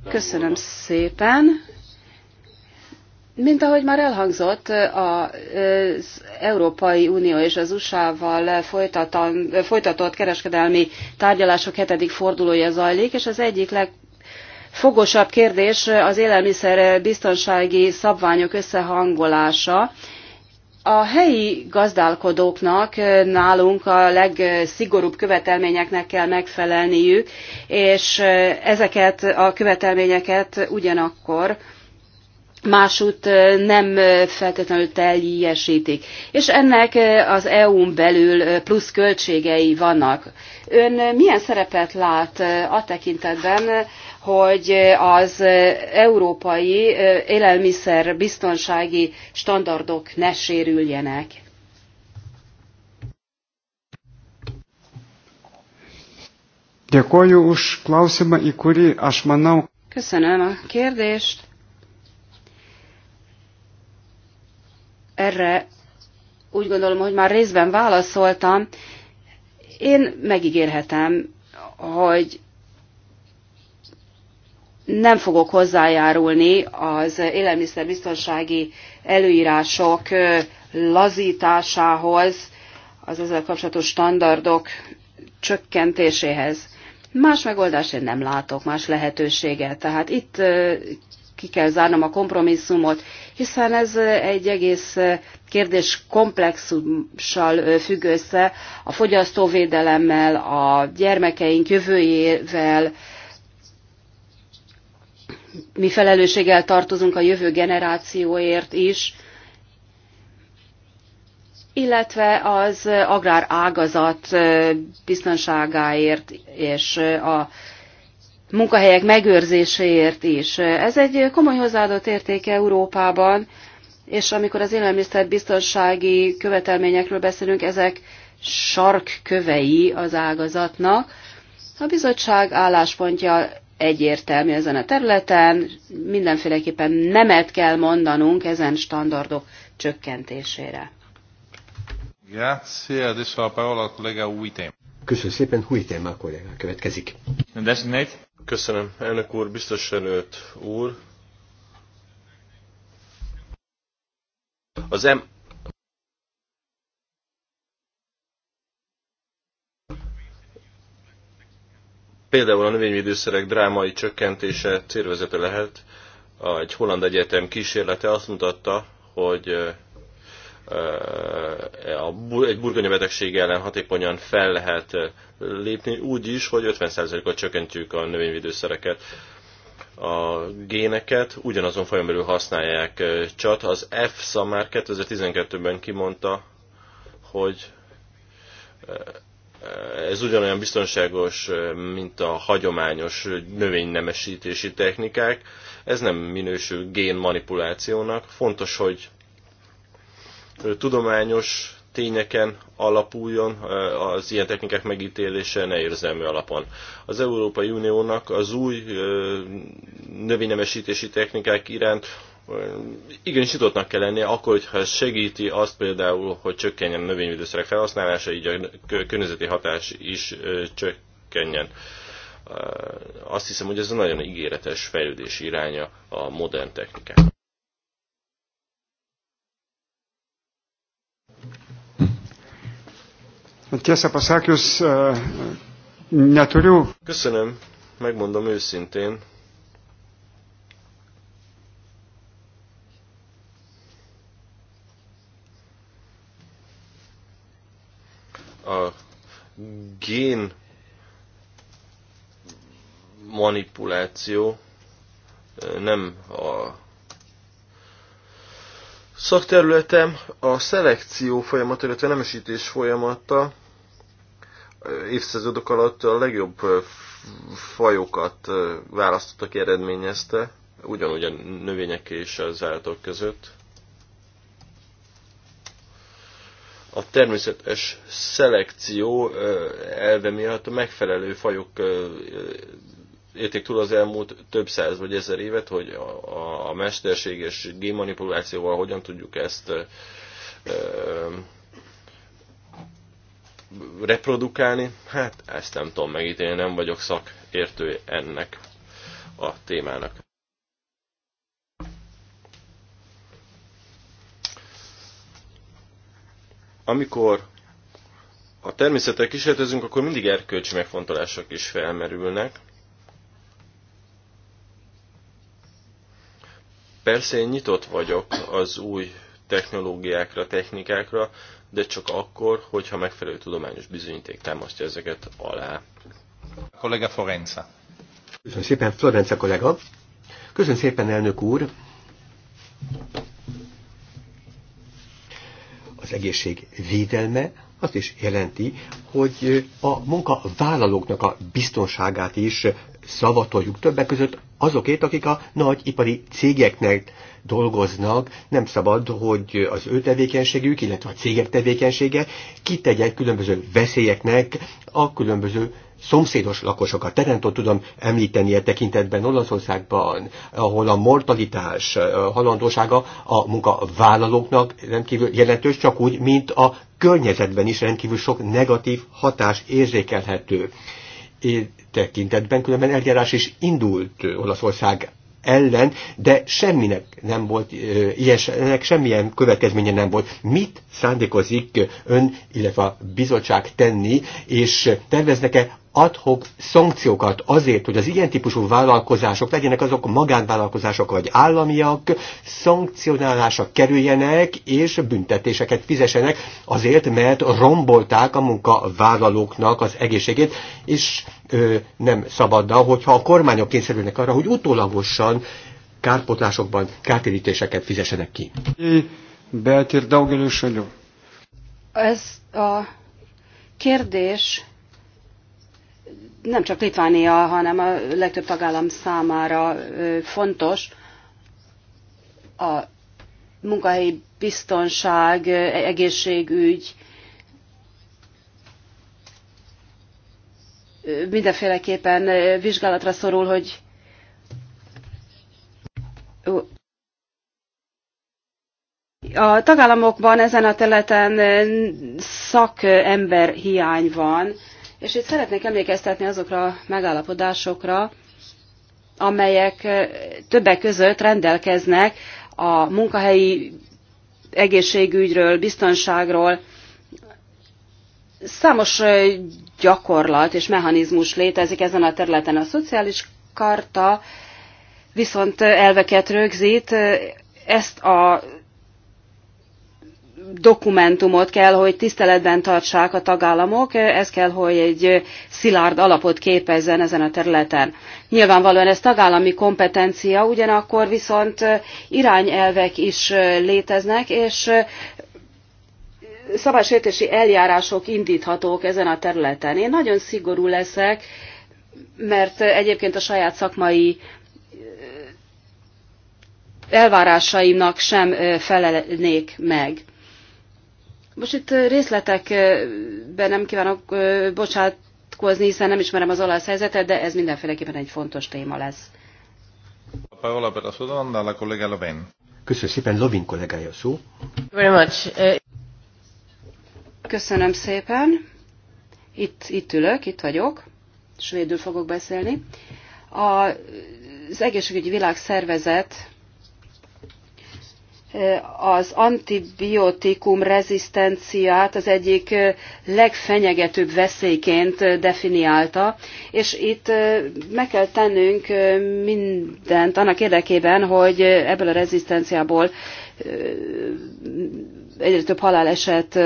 Köszönöm szépen. Mint ahogy már elhangzott, az Európai Unió és az USA-val folytatott kereskedelmi tárgyalások hetedik fordulója zajlik, és az egyik legfogosabb kérdés az élelmiszer biztonsági szabványok összehangolása, a helyi gazdálkodóknak nálunk a legszigorúbb követelményeknek kell megfelelniük, és ezeket a követelményeket ugyanakkor másút nem feltétlenül teljesítik. És ennek az EU-n belül plusz költségei vannak. Ön milyen szerepet lát a tekintetben, hogy az európai élelmiszer biztonsági standardok ne sérüljenek. Köszönöm a kérdést. Erre úgy gondolom, hogy már részben válaszoltam. Én megígérhetem, hogy nem fogok hozzájárulni az élelmiszerbiztonsági előírások lazításához, az ezzel kapcsolatos standardok csökkentéséhez. Más megoldást én nem látok, más lehetőséget. Tehát itt ki kell zárnom a kompromisszumot, hiszen ez egy egész kérdés komplexussal függ össze, a fogyasztóvédelemmel, a gyermekeink jövőjével, mi felelősséggel tartozunk a jövő generációért is, illetve az agrár ágazat biztonságáért és a munkahelyek megőrzéséért is. Ez egy komoly hozzáadott érték Európában, és amikor az élelmiszerbiztonsági követelményekről beszélünk, ezek sarkkövei az ágazatnak. A bizottság álláspontja egyértelmű ezen a területen, mindenféleképpen nemet kell mondanunk ezen standardok csökkentésére. Köszönöm szépen, téma a kollega következik. Köszönöm, elnök úr, biztos előtt úr. Az M Például a növényvédőszerek drámai csökkentése célvezető lehet. Egy holland egyetem kísérlete azt mutatta, hogy egy burgonya betegség ellen hatékonyan fel lehet lépni, úgy is, hogy 50 ot csökkentjük a növényvédőszereket. A géneket ugyanazon folyamon belül használják csat. Az EFSA már 2012-ben kimondta, hogy ez ugyanolyan biztonságos, mint a hagyományos növénynemesítési technikák. Ez nem minősül génmanipulációnak. Fontos, hogy tudományos tényeken alapuljon az ilyen technikák megítélése, ne érzelmi alapon. Az Európai Uniónak az új növénynemesítési technikák iránt igen, nyitottnak kell lennie, akkor, hogyha segíti azt például, hogy csökkenjen a növényvédőszerek felhasználása, így a környezeti hatás is csökkenjen. Azt hiszem, hogy ez a nagyon ígéretes fejlődés iránya a modern technikák. Köszönöm, megmondom őszintén, a gén manipuláció nem a szakterületem, a szelekció folyamat, illetve nemesítés folyamata évszázadok alatt a legjobb fajokat választottak eredményezte, ugyanúgy a növények és az állatok között. a természetes szelekció elve miatt a megfelelő fajok érték túl az elmúlt több száz vagy ezer évet, hogy a, mesterség mesterséges génmanipulációval hogyan tudjuk ezt reprodukálni, hát ezt nem tudom megítélni, nem vagyok szakértő ennek a témának. Amikor a természetek kísérletezünk, akkor mindig erkölcsi megfontolások is felmerülnek. Persze én nyitott vagyok az új technológiákra, technikákra, de csak akkor, hogyha megfelelő tudományos bizonyíték támasztja ezeket alá. Kollega Florenza. Köszönöm szépen, Florenza kollega. Köszönöm szépen, elnök úr az egészség védelme azt is jelenti, hogy a munkavállalóknak a biztonságát is szavatoljuk többek között azokért, akik a nagy ipari cégeknek dolgoznak, nem szabad, hogy az ő tevékenységük, illetve a cégek tevékenysége kitegye különböző veszélyeknek a különböző szomszédos lakosokat. Terentot tudom említeni a e tekintetben Olaszországban, ahol a mortalitás halandósága a munkavállalóknak rendkívül jelentős, csak úgy, mint a környezetben is rendkívül sok negatív hatás érzékelhető. É e tekintetben különben eljárás is indult Olaszország ellen, de semminek nem volt, ilyesnek semmilyen következménye nem volt. Mit szándékozik ön, illetve a bizottság tenni, és terveznek-e adhok szankciókat azért, hogy az ilyen típusú vállalkozások legyenek azok magánvállalkozások vagy államiak, szankcionálásra kerüljenek és büntetéseket fizessenek azért, mert rombolták a munkavállalóknak az egészségét, és ö, nem szabadna, hogyha a kormányok kényszerülnek arra, hogy utólagosan kárpotlásokban kártérítéseket fizessenek ki. Ez a kérdés nem csak Litvánia, hanem a legtöbb tagállam számára fontos a munkahelyi biztonság, egészségügy, mindenféleképpen vizsgálatra szorul, hogy a tagállamokban ezen a területen szakember hiány van, és itt szeretnék emlékeztetni azokra a megállapodásokra, amelyek eh, többek között rendelkeznek a munkahelyi egészségügyről, biztonságról. Számos eh, gyakorlat és mechanizmus létezik ezen a területen. A szociális karta viszont eh, elveket rögzít, ezt a dokumentumot kell, hogy tiszteletben tartsák a tagállamok, ez kell, hogy egy szilárd alapot képezzen ezen a területen. Nyilvánvalóan ez tagállami kompetencia, ugyanakkor viszont eh, irányelvek is eh, léteznek, és eh, szabálysértési eljárások indíthatók ezen a területen. Én nagyon szigorú leszek, mert egyébként a saját szakmai elvárásaimnak sem felelnék meg. Most itt részletekben nem kívánok bocsátkozni, hiszen nem ismerem az olasz helyzetet, de ez mindenféleképpen egy fontos téma lesz. Paola per la sua domanda, la collega Lovén. Köszönöm szépen, Lovin kollégája szó. Very much. Köszönöm szépen. Itt, itt ülök, itt vagyok. Svédül fogok beszélni. A, az Egészségügyi Világszervezet az antibiotikum rezisztenciát az egyik legfenyegetőbb veszélyként definiálta, és itt meg kell tennünk mindent annak érdekében, hogy ebből a rezisztenciából egyre több haláleset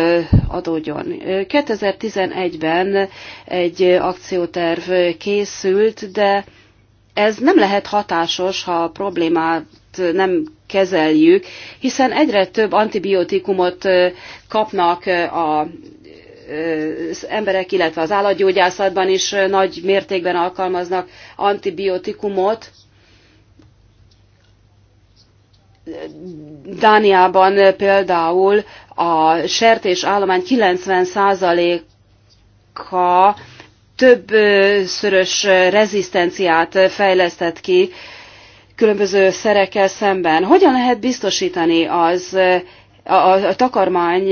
adódjon. 2011-ben egy akcióterv készült, de ez nem lehet hatásos, ha a problémát nem kezeljük, hiszen egyre több antibiotikumot kapnak a az emberek, illetve az állatgyógyászatban is nagy mértékben alkalmaznak antibiotikumot. Dániában például a sertés állomány 90%-a többszörös rezisztenciát fejlesztett ki különböző szerekkel szemben. Hogyan lehet biztosítani az a, a takarmány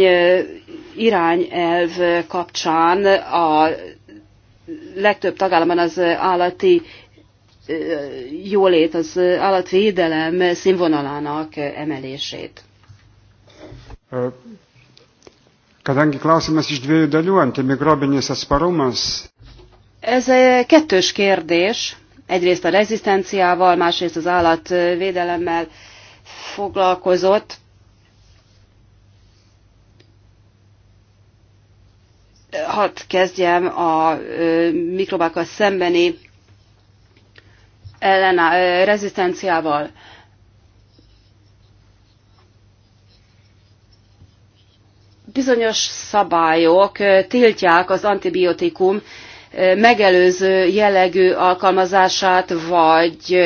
irányelv kapcsán a legtöbb tagállamban az állati jólét, az állatvédelem színvonalának emelését? Kadangi klausimas iš dviejų dalių, antimikrobinis atsparumas. Ez kettős kérdés egyrészt a rezisztenciával, másrészt az állatvédelemmel foglalkozott. Hadd kezdjem a mikrobákkal szembeni ellená, rezisztenciával. Bizonyos szabályok tiltják az antibiotikum megelőző jellegű alkalmazását, vagy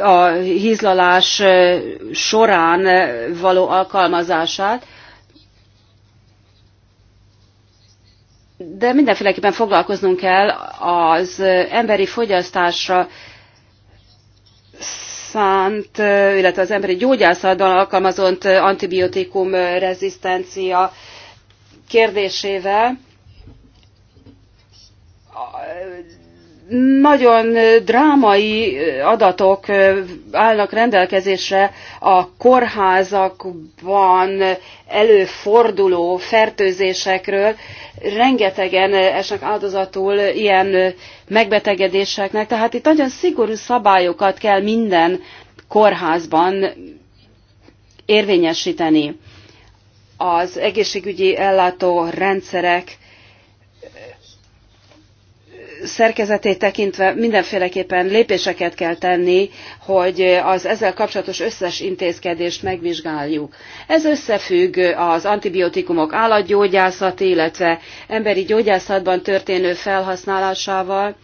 a hízlalás során való alkalmazását, de mindenféleképpen foglalkoznunk kell az emberi fogyasztásra szánt, illetve az emberi gyógyászatban alkalmazott antibiotikum rezisztencia kérdésével nagyon drámai adatok állnak rendelkezésre a kórházakban előforduló fertőzésekről. Rengetegen esnek áldozatul ilyen megbetegedéseknek, tehát itt nagyon szigorú szabályokat kell minden kórházban érvényesíteni. Az egészségügyi ellátó rendszerek szerkezetét tekintve mindenféleképpen lépéseket kell tenni, hogy az ezzel kapcsolatos összes intézkedést megvizsgáljuk. Ez összefügg az antibiotikumok állatgyógyászati, illetve emberi gyógyászatban történő felhasználásával.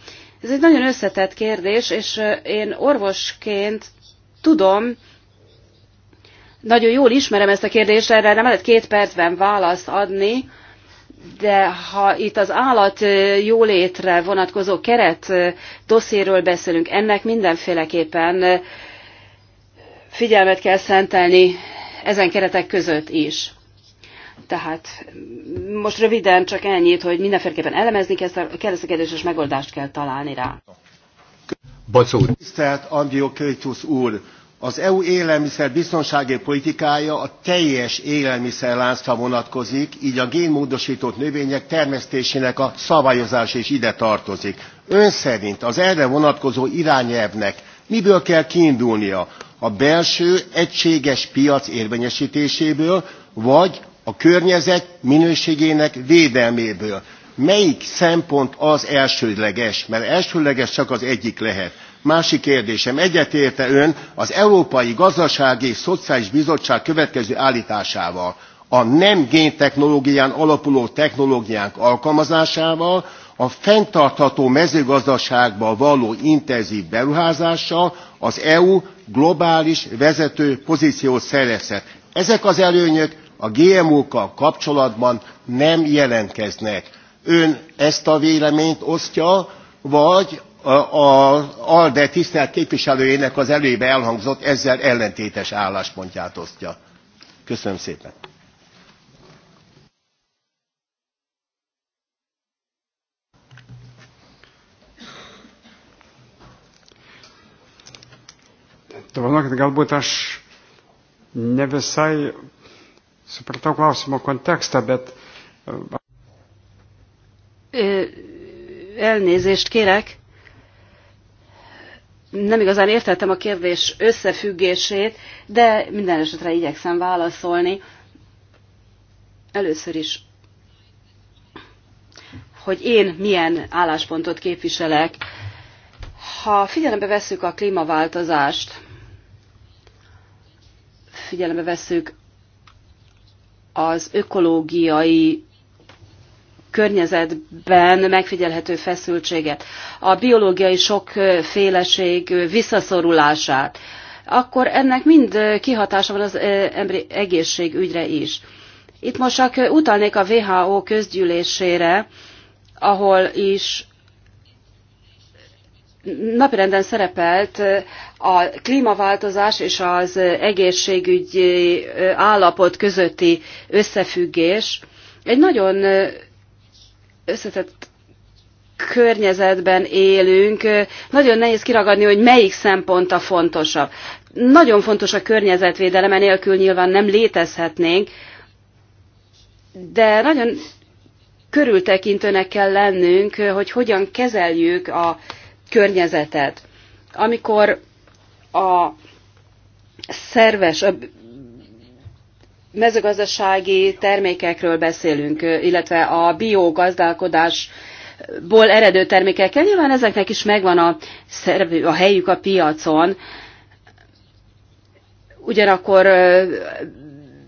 Ez egy nagyon összetett kérdés, és én orvosként tudom, nagyon jól ismerem ezt a kérdést, erre nem lehet két percben választ adni, de ha itt az állat jólétre vonatkozó keret dosszéről beszélünk, ennek mindenféleképpen figyelmet kell szentelni ezen keretek között is. Tehát most röviden csak ennyit, hogy mindenféleképpen elemezni kell ezt a kérdést, és megoldást kell találni rá. Bacó Tisztelt Angiokritus úr! az eu élelmiszerbiztonsági politikája a teljes élelmiszerláncra vonatkozik gy a génmódostott növények termesztésének a szabályozása is ide tartozik. ön szerint az erre vonatkozó irányelvnek miből kell kiindulnia a belső egységes piac érvényestéséből vagy a környezet minőségének védelméből? melyik szempont az elsődleges mert elsődleges csak az egyik lehet másik kérdésem egyetért e ön az európai gazdasági és szociális bizottság következő álltásával a nem géntechnológián alapuló technológiák alkalmazásával a fenntartható mezőgazdaságba való intenzv beruházással az eu globális vezető pozciót szerezhet. ezek az előnyök a gmo kkal kapcsolatban nem jelentkeznek. ön ezt a véleményt osztja vagy az ALDE tisztelt képviselőjének az előbe elhangzott, ezzel ellentétes álláspontját osztja. Köszönöm szépen. Dovanokit, galbūt aš ne visai supratau klausimo kontekstą, bet... Elnézést kérek, nem igazán értettem a kérdés összefüggését, de minden esetre igyekszem válaszolni. Először is, hogy én milyen álláspontot képviselek. Ha figyelembe vesszük a klímaváltozást, figyelembe vesszük az ökológiai környezetben megfigyelhető feszültséget, a biológiai sokféleség visszaszorulását, akkor ennek mind kihatása van az emberi egészségügyre is. Itt most csak utalnék a WHO közgyűlésére, ahol is napirenden szerepelt a klímaváltozás és az egészségügyi állapot közötti összefüggés. Egy nagyon összetett környezetben élünk, nagyon nehéz kiragadni, hogy melyik szempont a fontosabb. Nagyon fontos a környezetvédelem, nélkül nyilván nem létezhetnénk, de nagyon körültekintőnek kell lennünk, hogy hogyan kezeljük a környezetet. Amikor a szerves, a mezőgazdasági termékekről beszélünk, illetve a biogazdálkodásból eredő termékekkel. Nyilván ezeknek is megvan a, a helyük a piacon, ugyanakkor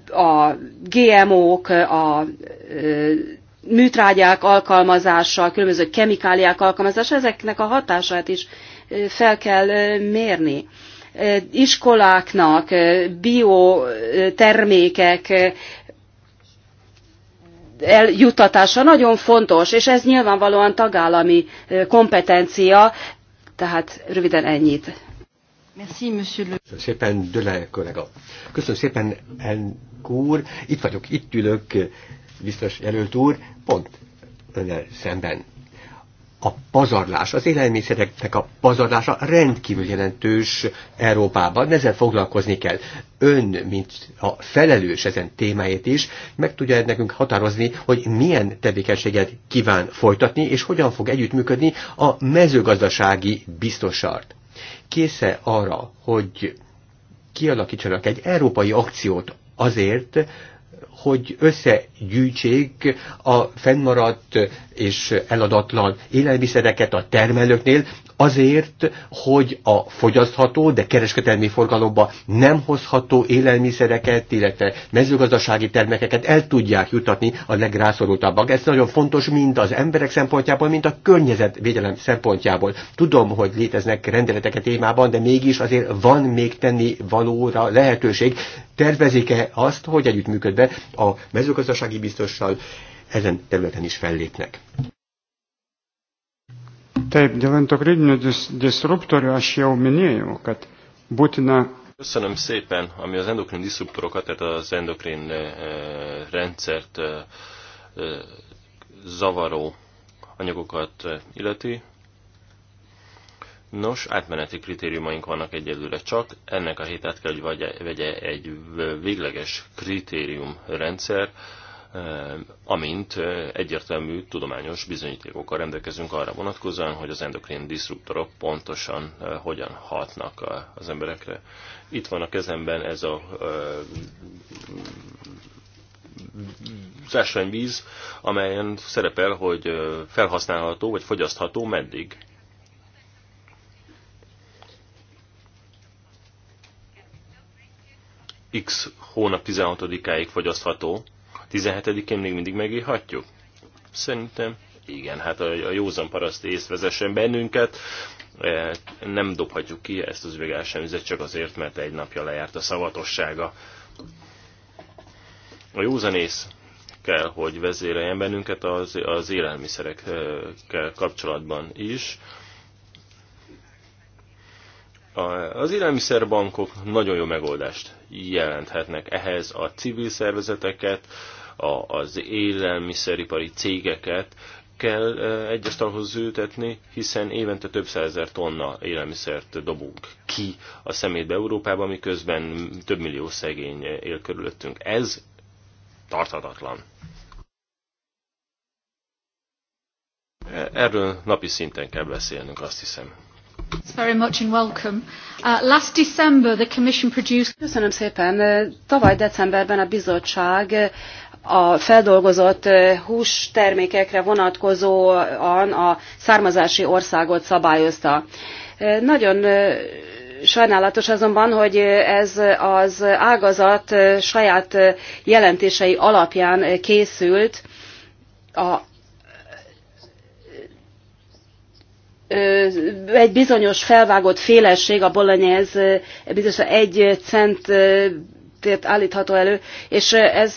a GMO-k, a műtrágyák alkalmazása, különböző kemikáliák alkalmazása, ezeknek a hatását is fel kell mérni iskoláknak, biotermékek eljuttatása nagyon fontos, és ez nyilvánvalóan tagállami kompetencia, tehát röviden ennyit. Merci, monsieur le... Köszönöm szépen, Döle kollega. Köszönöm szépen, elnök úr. Itt vagyok, itt ülök, biztos jelölt úr, pont önnel szemben a pazarlás, az élelmiszereknek a pazarlása rendkívül jelentős Európában, ezzel foglalkozni kell. Ön, mint a felelős ezen témáért is, meg tudja nekünk határozni, hogy milyen tevékenységet kíván folytatni, és hogyan fog együttműködni a mezőgazdasági biztosart. Késze arra, hogy kialakítsanak egy európai akciót azért, hogy összegyűjtsék a fennmaradt és eladatlan élelmiszereket a termelőknél, azért, hogy a fogyasztható, de kereskedelmi forgalomba nem hozható élelmiszereket, illetve mezőgazdasági termékeket el tudják jutatni a legrászorultabbak. Ez nagyon fontos mind az emberek szempontjából, mind a környezetvédelem szempontjából. Tudom, hogy léteznek rendeletek a témában, de mégis azért van még tenni valóra lehetőség. Tervezik-e azt, hogy együttműködve a mezőgazdasági biztossal ezen területen is fellépnek? Taip, dėl endokrininių dis disruptorių aš jau minėjau, kad būtina. Köszönöm szépen, ami az endokrin disruptorokat, tehát az endokrin eh, eh, rendszert eh, zavaró anyagokat illeti. Nos, átmeneti kritériumaink vannak egyelőre csak. Ennek a hét át kell, hogy vegye egy végleges kritériumrendszer, rendszer Eh, amint eh, egyértelmű tudományos bizonyítékokkal rendelkezünk arra vonatkozóan, hogy az endokrin diszruptorok pontosan eh, hogyan hatnak az emberekre. Itt van a kezemben ez a zásványvíz, amelyen szerepel, hogy felhasználható vagy fogyasztható meddig. X hónap 16-áig fogyasztható, 17-én még mindig megírhatjuk? Szerintem igen, hát a, a józan paraszt ész vezessen bennünket, e, nem dobhatjuk ki ezt az üvegásányüzet csak azért, mert egy napja lejárt a szavatossága. A józan ész kell, hogy vezéreljen bennünket az, az élelmiszerekkel kapcsolatban is. Az élelmiszerbankok nagyon jó megoldást jelenthetnek ehhez a civil szervezeteket, a, az élelmiszeripari cégeket kell egyes talhoz ültetni, hiszen évente több százezer tonna élelmiszert dobunk ki a szemétbe Európában, miközben több millió szegény él körülöttünk. Ez tarthatatlan. Erről napi szinten kell beszélnünk, azt hiszem. Köszönöm szépen. Tavaly decemberben a bizottság a feldolgozott hústermékekre vonatkozóan a származási országot szabályozta. Nagyon sajnálatos azonban, hogy ez az ágazat saját jelentései alapján készült a egy bizonyos felvágott félesség, a bolonyez bizonyos egy cent tért álltható elő, és ez,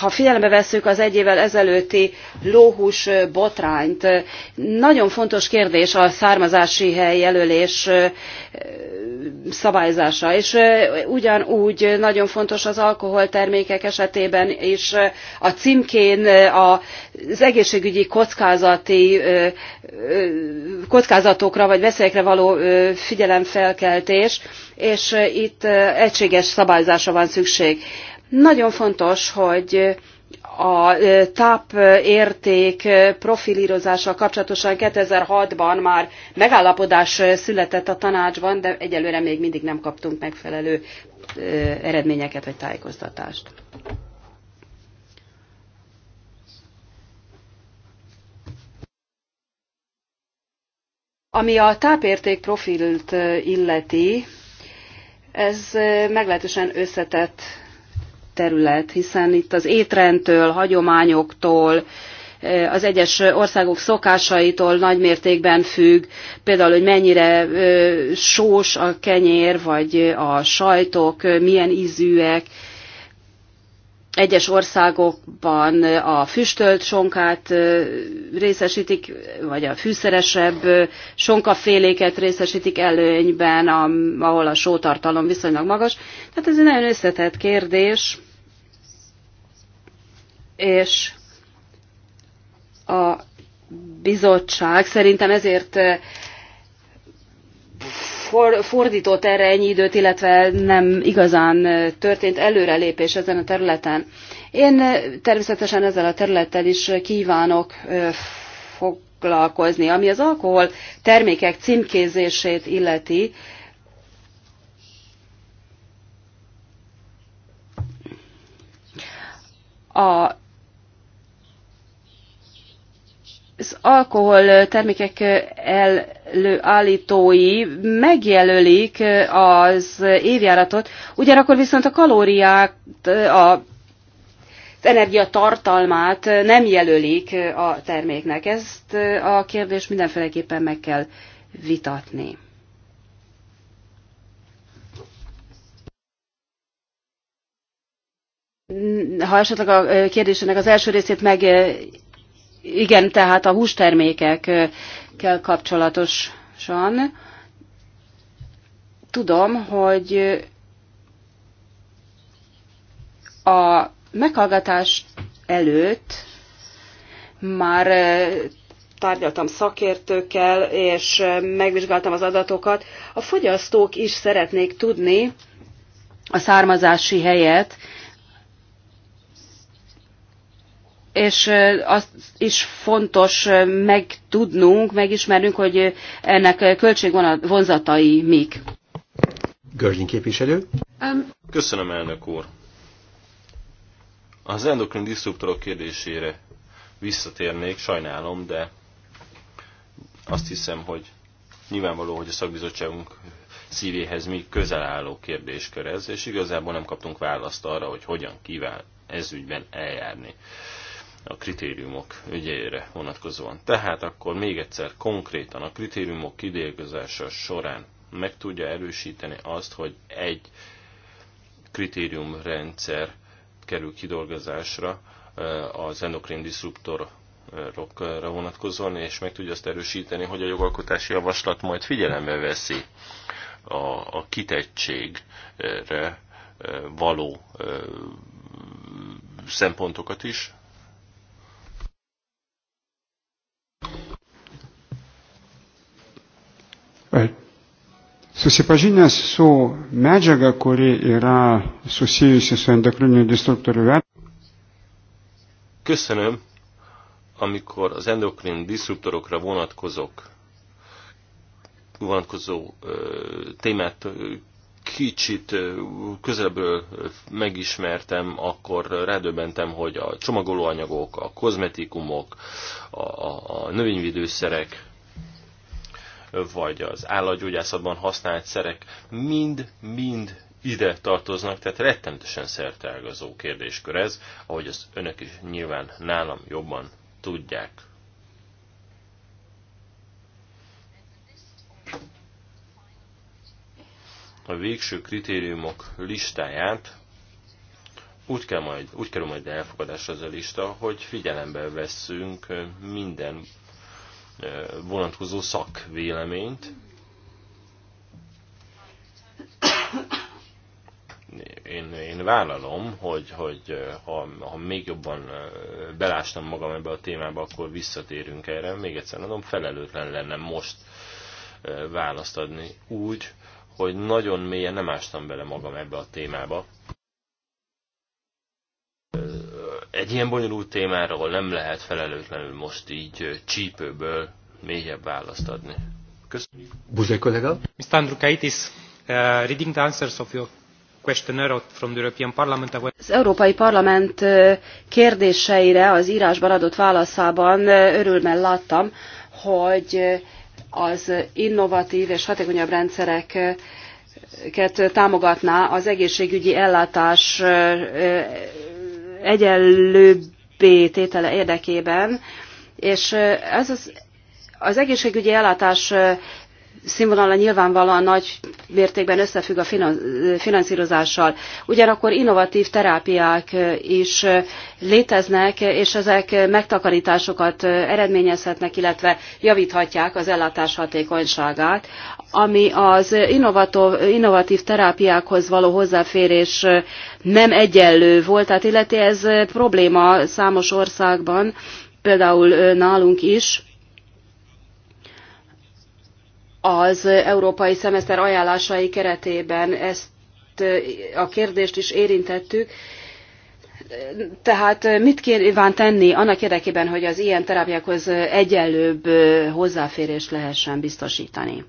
ha figyelembe vesszük az egy évvel ezelőtti lóhús botrányt, nagyon fontos kérdés a származási hely jelölés szabályzása, és ugyanúgy nagyon fontos az alkoholtermékek esetében is a címkén az egészségügyi kockázati kockázatokra vagy veszélyekre való figyelemfelkeltés, és itt egységes szabályzása van szükség szükség. Nagyon fontos, hogy a tápérték profilírozással kapcsolatosan 2006-ban már megállapodás született a tanácsban, de egyelőre még mindig nem kaptunk megfelelő eredményeket vagy tájékoztatást. Ami a tápérték profilt illeti, ez meglehetősen összetett terület, hiszen itt az étrendtől, hagyományoktól, az egyes országok szokásaitól nagymértékben függ, például, hogy mennyire sós a kenyér, vagy a sajtok, milyen ízűek, egyes országokban a füstölt sonkát részesítik, vagy a fűszeresebb sonkaféléket részesítik előnyben, ahol a sótartalom viszonylag magas. Tehát ez egy nagyon összetett kérdés, és a bizottság szerintem ezért for, fordított erre ennyi időt, illetve nem igazán történt előrelépés ezen a területen. Én természetesen ezzel a területtel is kívánok foglalkozni. Ami az alkohol termékek címkézését illeti, a az alkohol termékek előállítói megjelölik az évjáratot, ugyanakkor viszont a kalóriát, a, az energiatartalmát nem jelölik a terméknek. Ezt a kérdést mindenféleképpen meg kell vitatni. Ha esetleg a kérdésének az első részét meg igen, tehát a hústermékekkel kapcsolatosan tudom, hogy a meghallgatás előtt már tárgyaltam szakértőkkel, és megvizsgáltam az adatokat. A fogyasztók is szeretnék tudni a származási helyet, és azt is fontos megtudnunk, megismernünk, hogy ennek költségvonzatai mik. Görgyin képviselő. Um. Köszönöm, elnök úr. Az endokrin diszruptorok kérdésére visszatérnék, sajnálom, de azt hiszem, hogy nyilvánvaló, hogy a szakbizottságunk szívéhez mi közel álló kérdéskör ez, és igazából nem kaptunk választ arra, hogy hogyan kíván ez ügyben eljárni a kritériumok ügyére vonatkozóan. Tehát akkor még egyszer konkrétan a kritériumok kidolgozása során meg tudja erősíteni azt, hogy egy kritériumrendszer kerül kidolgozásra eh, az endokrin diszruptorokra vonatkozóan, és meg tudja azt erősíteni, hogy a jogalkotási javaslat majd figyelembe veszi a, a kitettségre eh, való eh, szempontokat is, Susipažinęs su medžiaga, kuri yra susijusi su endokrininiu disruptoriu. Köszönöm, amikor az endokrin disruptorokra vonatkozók, vonatkozó ö, témát kicsit közelebbről megismertem, akkor rádöbbentem, hogy a csomagolóanyagok, a kozmetikumok, a, a, a növényvédőszerek, vagy az állatgyógyászatban használt szerek mind-mind ide tartoznak, tehát rettenetesen szerteágazó kérdéskör ez, ahogy az önök is nyilván nálam jobban tudják. A végső kritériumok listáját úgy kell majd, úgy kerül majd elfogadásra az a lista, hogy figyelembe veszünk minden vonatkozó szakvéleményt. Én, én vállalom, hogy, hogy ha, ha még jobban belástam magam ebbe a témába, akkor visszatérünk erre. Még egyszer mondom, felelőtlen lenne most választ adni úgy, hogy nagyon mélyen nem ástam bele magam ebbe a témába egy ilyen bonyolult témáról nem lehet felelőtlenül most így csípőből mélyebb választ adni. Köszönöm. Buzsai kollega. Mr. Andrukaitis, uh, reading the answers of your from the European Parliament, az Európai Parlament kérdéseire az írásban adott válaszában örülmel láttam, hogy az innovatív és hatékonyabb rendszereket támogatná az egészségügyi ellátás egyenlőbbé tétele érdekében, és ez az, az egészségügyi ellátás színvonala nyilvánvalóan nagy mértékben összefügg a finanszírozással. Ugyanakkor innovatív terápiák is léteznek, és ezek megtakarításokat eredményezhetnek, illetve javíthatják az ellátás hatékonyságát, ami az innovatív terápiákhoz való hozzáférés nem egyenlő volt, tehát illeti ez probléma számos országban, például nálunk is az európai szemeszter ajánlásai keretében ezt eh, a kérdést is érintettük. Tehát eh, mit kíván tenni annak érdekében, hogy az ilyen terápiákhoz egyenlőbb eh, hozzáférést lehessen biztosítani?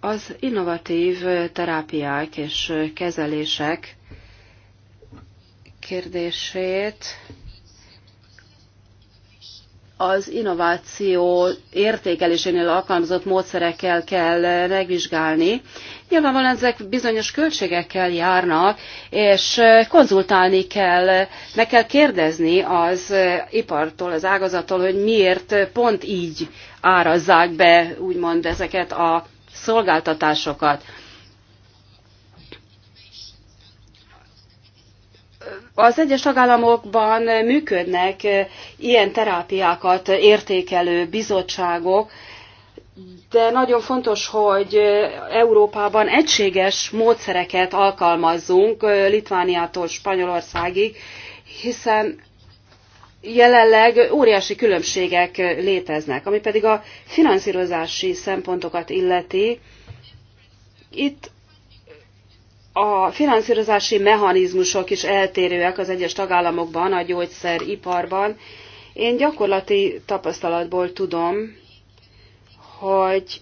Az innovatív terápiák és kezelések kérdését az innováció értékelésénél alkalmazott módszerekkel kell megvizsgálni. Nyilvánvalóan ezek bizonyos költségekkel járnak, és konzultálni kell, meg kell kérdezni az ipartól, az ágazattól, hogy miért pont így árazzák be, úgymond ezeket a szolgáltatásokat. Az egyes tagállamokban működnek ilyen terápiákat értékelő bizottságok, de nagyon fontos, hogy Európában egységes módszereket alkalmazzunk Litvániától Spanyolországig, hiszen jelenleg óriási különbségek léteznek, ami pedig a finanszírozási szempontokat illeti. Itt a finanszírozási mechanizmusok is eltérőek az egyes tagállamokban, a gyógyszeriparban. Én gyakorlati tapasztalatból tudom, hogy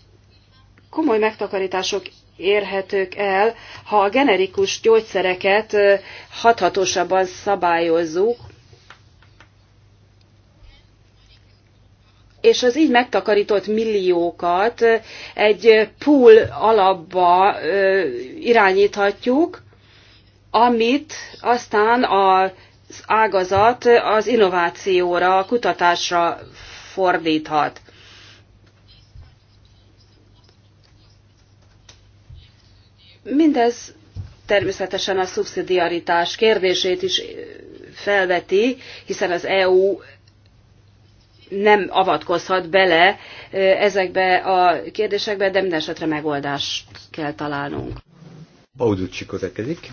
komoly megtakarítások érhetők el, ha a generikus gyógyszereket hathatósabban szabályozzuk, és az így megtakarított milliókat egy pool alapba irányíthatjuk, amit aztán az ágazat az innovációra, a kutatásra fordíthat. Mindez természetesen a szubszidiaritás kérdését is felveti, hiszen az EU nem avatkozhat bele ezekbe a kérdésekbe, de minden esetre megoldást kell találnunk. Bauducsi következik.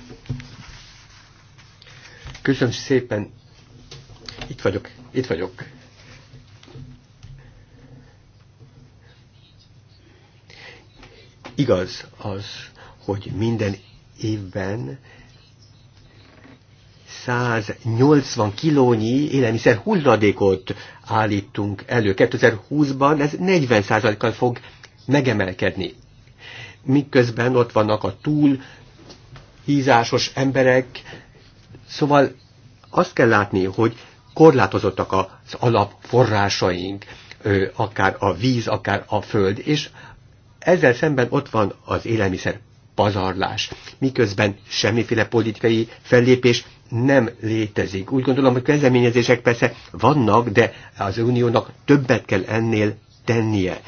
Köszönöm szépen. Itt vagyok, itt vagyok. Igaz az, hogy minden évben 180 kilónyi élelmiszer hulladékot állítunk elő. 2020-ban ez 40 kal fog megemelkedni. Miközben ott vannak a túl hízásos emberek, szóval azt kell látni, hogy korlátozottak az alapforrásaink, akár a víz, akár a föld, és ezzel szemben ott van az élelmiszer pazarlás, miközben semmiféle politikai fellépés nem létezik. Úgy gondolom, hogy kezdeményezések persze vannak, de az uniónak többet kell ennél tennie.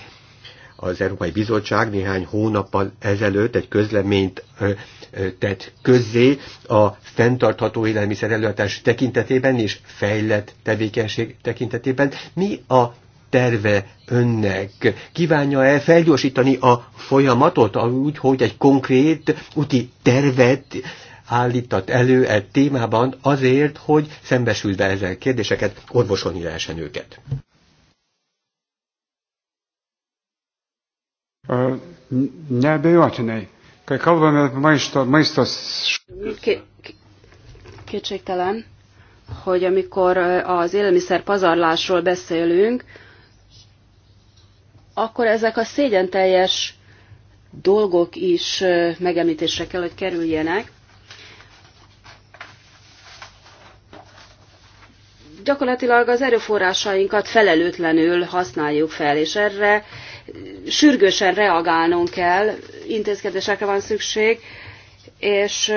Az Európai Bizottság néhány hónappal ezelőtt egy közleményt ö, ö, tett közzé a fenntartható élelmiszer előadás tekintetében és fejlett tevékenység tekintetében. Mi a terve önnek? Kívánja-e felgyorsítani a folyamatot úgy, hogy egy konkrét úti tervet állított elő e témában azért, hogy szembesülve ezzel kérdéseket, orvosolni lehessen őket. Kétségtelen, hogy amikor az élelmiszer pazarlásról beszélünk, akkor ezek a szégyen teljes dolgok is megemlítésre kell, hogy kerüljenek. gyakorlatilag az erőforrásainkat felelőtlenül használjuk fel, és erre sürgősen reagálnunk kell, intézkedésekre van szükség, és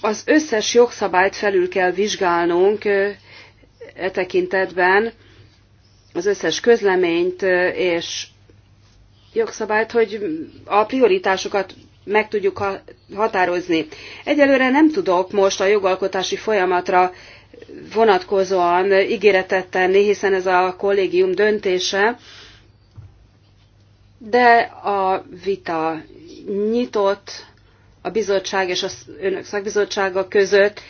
az összes jogszabályt felül kell vizsgálnunk e tekintetben, az összes közleményt és jogszabályt, hogy a prioritásokat meg tudjuk határozni. Egyelőre nem tudok most a jogalkotási folyamatra vonatkozóan ígéretet tenni, hiszen ez a kollégium döntése, de a vita nyitott a bizottság és az önök szakbizottsága között,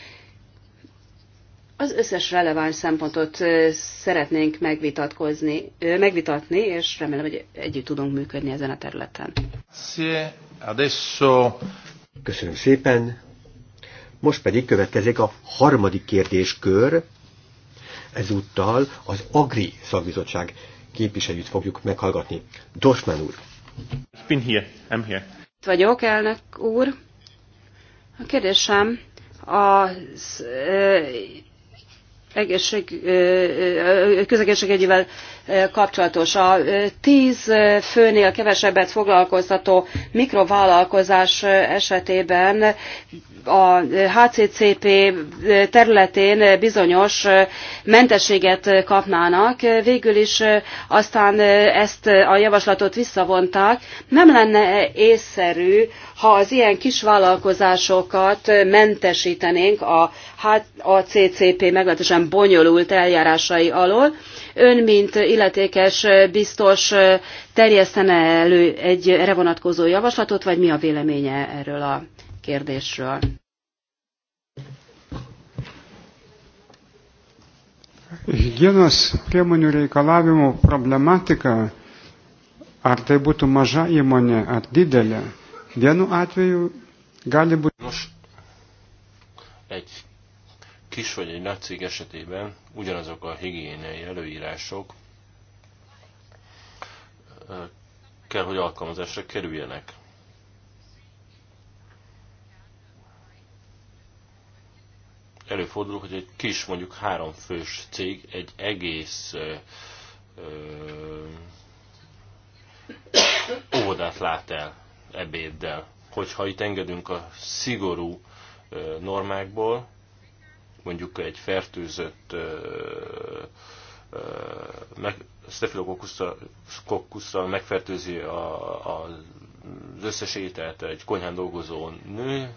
az összes releváns szempontot szeretnénk megvitatkozni, megvitatni, és remélem, hogy együtt tudunk működni ezen a területen. Adesso... Köszönöm szépen. Most pedig következik a harmadik kérdéskör. Ezúttal az Agri szakbizottság képviselőt fogjuk meghallgatni. Dorsman úr. bin I'm here. Itt vagyok, elnök úr. A kérdésem az egészség, ö, közegészségügyivel kapcsolatos. A 10 főnél kevesebbet foglalkoztató mikrovállalkozás esetében a HCCP területén bizonyos mentességet kapnának, végül is aztán ezt a javaslatot visszavonták. Nem lenne e észszerű, ha az ilyen kis vállalkozásokat mentesítenénk a HCCP meglehetősen bonyolult eljárásai alól, ön, mint illetékes biztos terjesztene elő egy erre vonatkozó javaslatot, vagy mi a véleménye erről a kérdésről? Hygienos priemonių reikalavimų problematika, ar tai būtų maža įmonė ar didelė, vienu atveju gali būti. egy kis vagy egy nagy cég esetében ugyanazok a higiéniai előírások kell, hogy alkalmazásra kerüljenek. Előfordul, hogy egy kis, mondjuk háromfős cég egy egész ö, ö, óvodát lát el ebéddel. Hogyha itt engedünk a szigorú normákból, mondjuk egy fertőzött stafilokokkusszal megfertőzi a, a, az összes ételt egy konyhán dolgozó nő,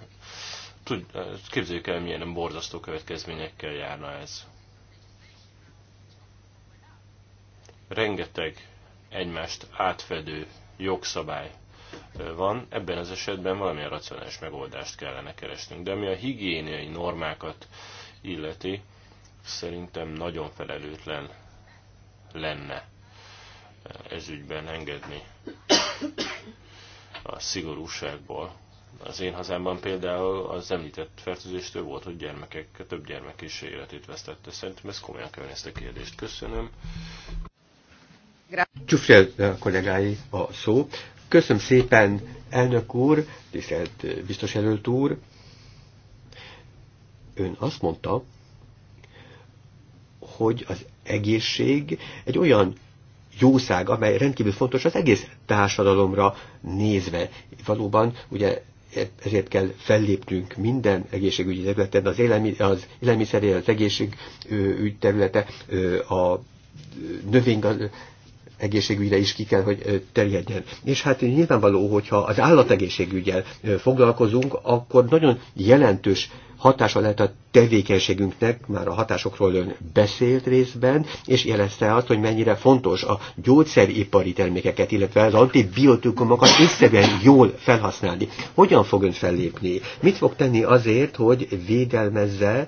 Tud, képzeljük el, milyen borzasztó következményekkel járna ez. Rengeteg egymást átfedő jogszabály van, ebben az esetben valamilyen racionális megoldást kellene keresnünk. De mi a higiéniai normákat illeti, szerintem nagyon felelőtlen lenne eh, ezügyben engedni a szigorúságból. Az én hazámban például az említett fertőzéstől volt, hogy gyermekek, több gyermek is életét vesztette. Szerintem ez komolyan kell ezt a kérdést. Köszönöm. Csufrel eh, kollégái a szó. Köszönöm szépen, elnök úr, tisztelt eh, biztos előtt úr ön azt mondta, hogy az egészség egy olyan jószág, amely rendkívül fontos az egész társadalomra nézve. Valóban ugye ezért kell fellépnünk minden egészségügyi területen, az, élelmi, az élelmiszeré, az egészségügy területe, a növénygaz, egészségügyre is ki kell, hogy terjedjen. És hát nyilvánvaló, hogyha az állategészségügyel foglalkozunk, akkor nagyon jelentős hatása lehet a tevékenységünknek, már a hatásokról ön beszélt részben, és jelezte azt, hogy mennyire fontos a gyógyszeripari termékeket, illetve az antibiotikumokat észszerűen jól felhasználni. Hogyan fog ön fellépni? Mit fog tenni azért, hogy védelmezze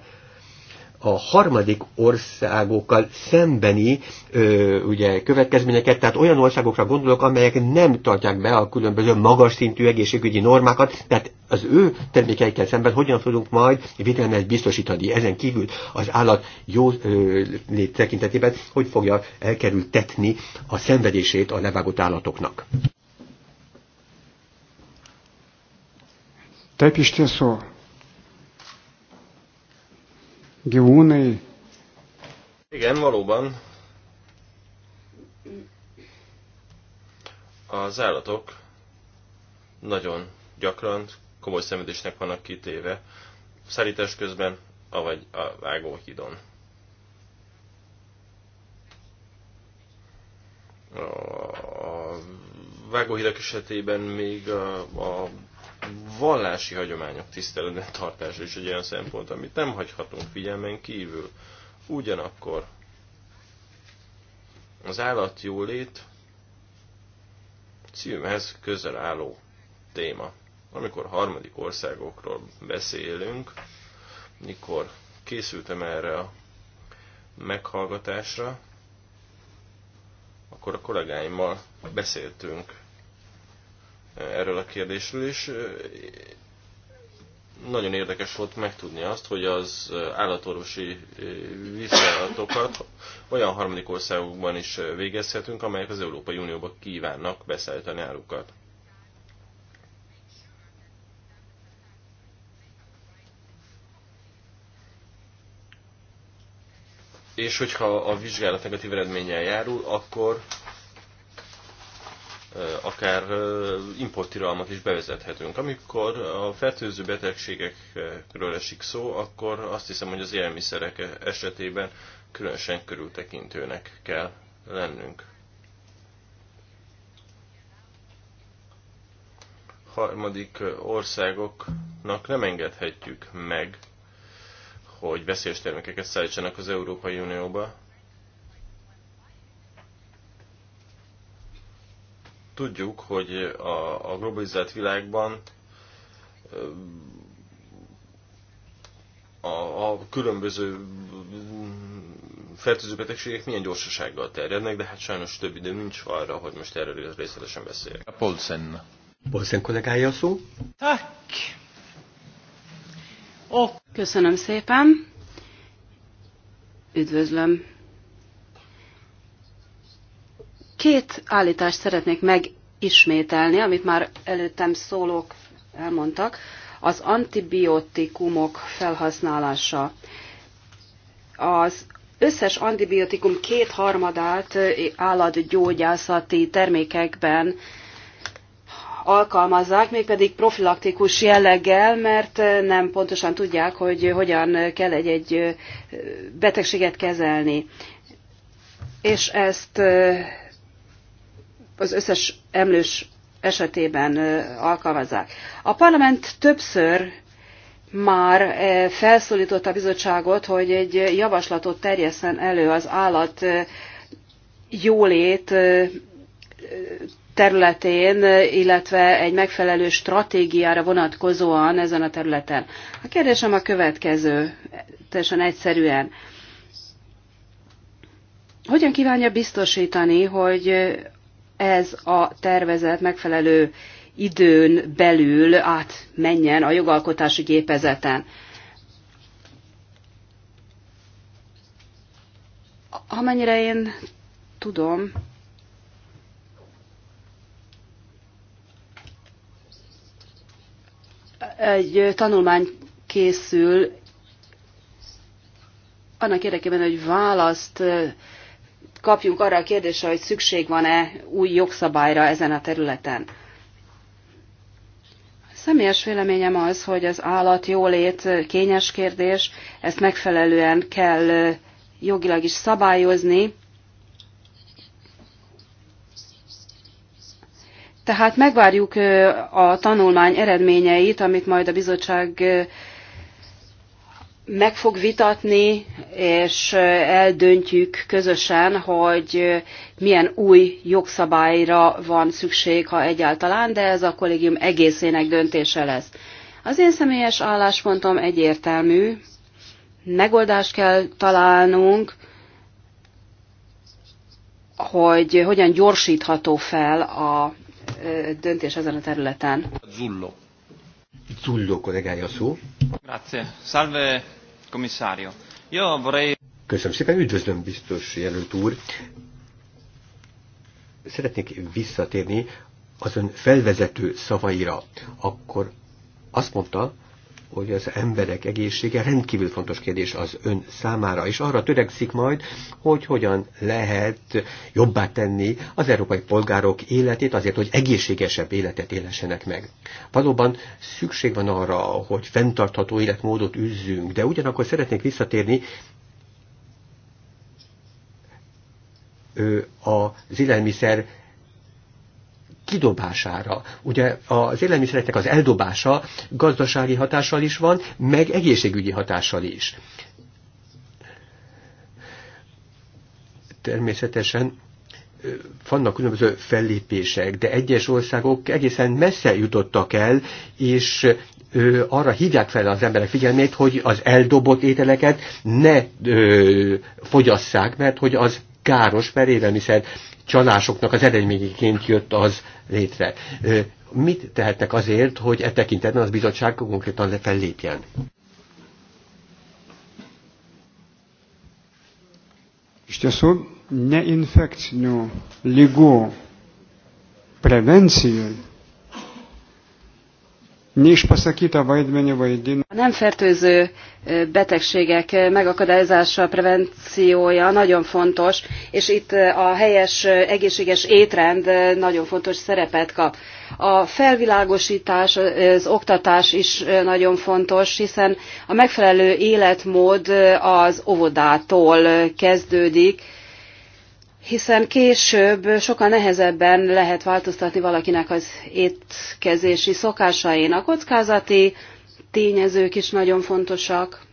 a harmadik országokkal szembeni ö, ugye, következményeket, tehát olyan országokra gondolok, amelyek nem tartják be a különböző magas szintű egészségügyi normákat, tehát az ő termékeikkel szemben hogyan tudunk majd védelmet biztosítani. Ezen kívül az állat jó ö, lét tekintetében hogy fogja elkerültetni a szenvedését a levágott állatoknak. Taip iš gyúni. Igen, valóban. Az állatok nagyon gyakran komoly szemedésnek vannak kitéve, szállítás közben, avagy a vágóhidon. A vágóhidak esetében még a, a vallási hagyományok tiszteletben tartása is egy olyan szempont, amit nem hagyhatunk figyelmen kívül. Ugyanakkor az állatjólét címhez közel álló téma. Amikor harmadik országokról beszélünk, mikor készültem erre a meghallgatásra, akkor a kollégáimmal beszéltünk erről a kérdésről, és nagyon érdekes volt megtudni azt, hogy az állatorvosi vizsgálatokat olyan harmadik országokban is végezhetünk, amelyek az Európai Unióba kívánnak beszállítani árukat. És hogyha a vizsgálat negatív eredménnyel járul, akkor akár importiralmat is bevezethetünk. Amikor a fertőző betegségekről esik szó, akkor azt hiszem, hogy az élmiszerek esetében különösen körültekintőnek kell lennünk. Harmadik országoknak nem engedhetjük meg, hogy veszélyes termékeket szállítsanak az Európai Unióba, Tudjuk, hogy a, a globalizált világban a, a különböző fertőző betegségek milyen gyorsasággal terjednek, de hát sajnos több idő nincs arra, hogy most erről részletesen beszéljek. A Polsen. Polsen kollégája a szó. Tak. Oh. Köszönöm szépen. Üdvözlöm Két állítást szeretnék megismételni, amit már előttem szólók elmondtak. Az antibiotikumok felhasználása. Az összes antibiotikum kétharmadát állatgyógyászati termékekben alkalmazzák, mégpedig profilaktikus jelleggel, mert nem pontosan tudják, hogy hogyan kell egy-egy betegséget kezelni. És ezt az összes emlős esetében alkalmazzák. A parlament többször már felszólította a bizottságot, hogy egy javaslatot terjeszen elő az állat jólét területén, illetve egy megfelelő stratégiára vonatkozóan ezen a területen. A kérdésem a következő, teljesen egyszerűen. Hogyan kívánja biztosítani, hogy ez a tervezet megfelelő időn belül átmenjen a jogalkotási gépezeten. Amennyire én tudom, egy tanulmány készül annak érdekében, hogy választ kapjunk arra a kérdésre, hogy szükség van-e új jogszabályra ezen a területen. Személyes véleményem az, hogy az állat jólét kényes kérdés, ezt megfelelően kell jogilag is szabályozni. Tehát megvárjuk a tanulmány eredményeit, amit majd a bizottság meg fog vitatni, és eldöntjük közösen, hogy milyen új jogszabályra van szükség, ha egyáltalán, de ez a kollégium egészének döntése lesz. Az én személyes álláspontom egyértelmű, megoldást kell találnunk, hogy hogyan gyorsítható fel a döntés ezen a területen. Zullo. Zullo kollégája szó. Grazie. Salve Komisszárió. Ja, vorrei... Köszönöm szépen, üdvözlöm biztos jelölt úr. Szeretnék visszatérni az ön felvezető szavaira. Akkor azt mondta, hogy az emberek egészsége rendkívül fontos kérdés az ön számára, és arra törekszik majd, hogy hogyan lehet jobbá tenni az európai polgárok életét azért, hogy egészségesebb életet élessenek meg. Valóban szükség van arra, hogy fenntartható életmódot üzzünk, de ugyanakkor szeretnék visszatérni az élelmiszer kidobására. Ugye az élelmiszereknek az eldobása gazdasági hatással is van, meg egészségügyi hatással is. Természetesen vannak különböző fellépések, de egyes országok egészen messze jutottak el, és ő, arra hívják fel az emberek figyelmét, hogy az eldobott ételeket ne ö, fogyasszák, mert hogy az káros, mert élelmiszer csalásoknak az eredményeként jött az létre. Mit tehetnek azért, hogy e tekintetben az bizottság konkrétan fellépjen? Чтобы не инфекцию, легу, превенцию a Nem fertőző betegségek megakadályozása, prevenciója nagyon fontos, és itt a helyes, egészséges étrend nagyon fontos szerepet kap. A felvilágosítás, az oktatás is nagyon fontos, hiszen a megfelelő életmód az óvodától kezdődik, hiszen később sokkal nehezebben lehet változtatni valakinek az étkezési szokásain. A kockázati tényezők is nagyon fontosak.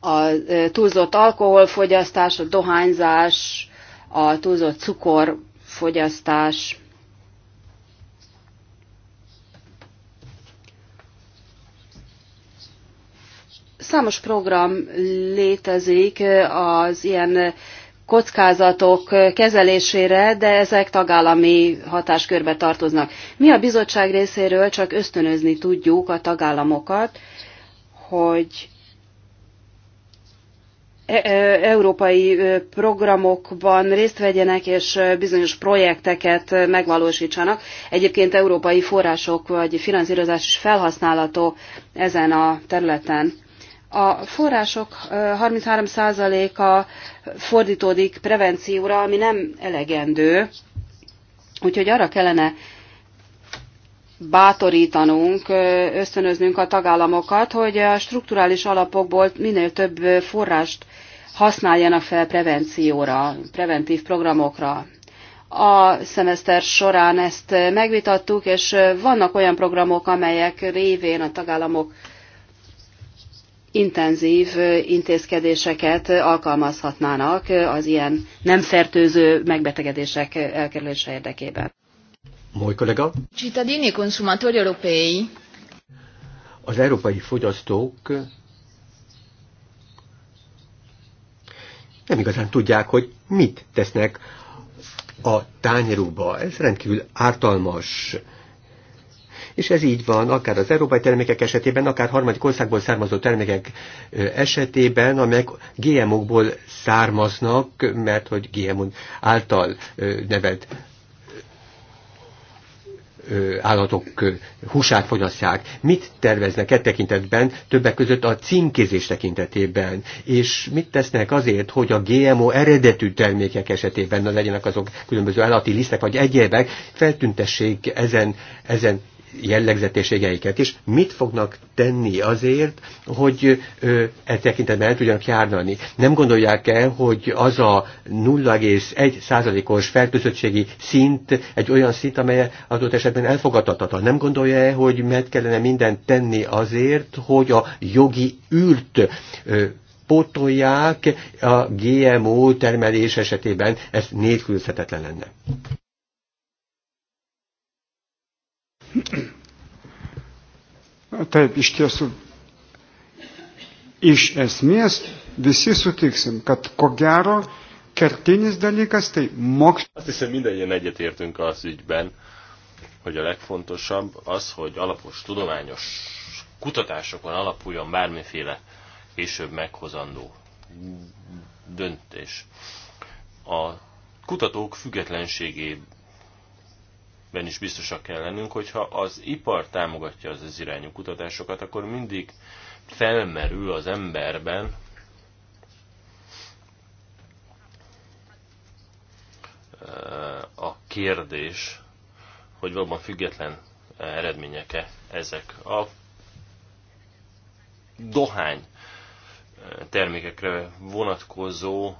A e, túlzott alkoholfogyasztás, a dohányzás, a túlzott cukorfogyasztás. Számos program létezik e, az ilyen kockázatok kezelésére, de ezek tagállami hatáskörbe tartoznak. Mi a bizottság részéről csak ösztönözni tudjuk a tagállamokat, hogy e- e- európai programokban részt vegyenek és bizonyos projekteket megvalósítsanak. Egyébként európai források vagy finanszírozás is felhasználható ezen a területen. A források 33%-a fordítódik prevencióra, ami nem elegendő, úgyhogy arra kellene bátorítanunk, ösztönöznünk a tagállamokat, hogy a strukturális alapokból minél több forrást használjanak fel prevencióra, preventív programokra. A szemeszter során ezt megvitattuk, és vannak olyan programok, amelyek révén a tagállamok intenzív intézkedéseket alkalmazhatnának az ilyen nem fertőző megbetegedések elkerülése érdekében. Moi kollega. Cittadini e consumatori europei. Az európai fogyasztók nem igazán tudják, hogy mit tesznek a tányérukba. Ez rendkívül ártalmas és ez így van, akár az európai termékek esetében, akár harmadik országból származó termékek esetében, amelyek GMO-kból származnak, mert hogy GMO által nevelt állatok húsát fogyasztják. Mit terveznek e tekintetben, többek között a címkézés tekintetében, és mit tesznek azért, hogy a GMO eredetű termékek esetében na legyenek azok különböző állati lisztek vagy egyébek, feltüntessék ezen, ezen jellegzetéségeiket is, mit fognak tenni azért, hogy ö, e tekintetben el tudjanak járnani. Nem gondolják el, hogy az a 0,1 százalékos fertőzöttségi szint egy olyan szint, amely adott esetben elfogadhatatlan. Nem gondolja el, hogy meg kellene mindent tenni azért, hogy a jogi űrt ö, pótolják a GMO termelés esetében, ez nélkülözhetetlen lenne. Taip, iš tiesų, iš esmės visi sutiksim, kad ko gero kertinis dalykas tai mokslas. Azt hiszem mindannyian egyetértünk az ügyben, hogy a legfontosabb az, hogy alapos tudományos kutatásokon alapuljon bármiféle később meghozandó döntés. A kutatók függetlenségét ben is biztosak kell lennünk, hogyha az ipar támogatja az ez irányú kutatásokat, akkor mindig felmerül az emberben a kérdés, hogy valóban független eredményeke ezek. A dohány termékekre vonatkozó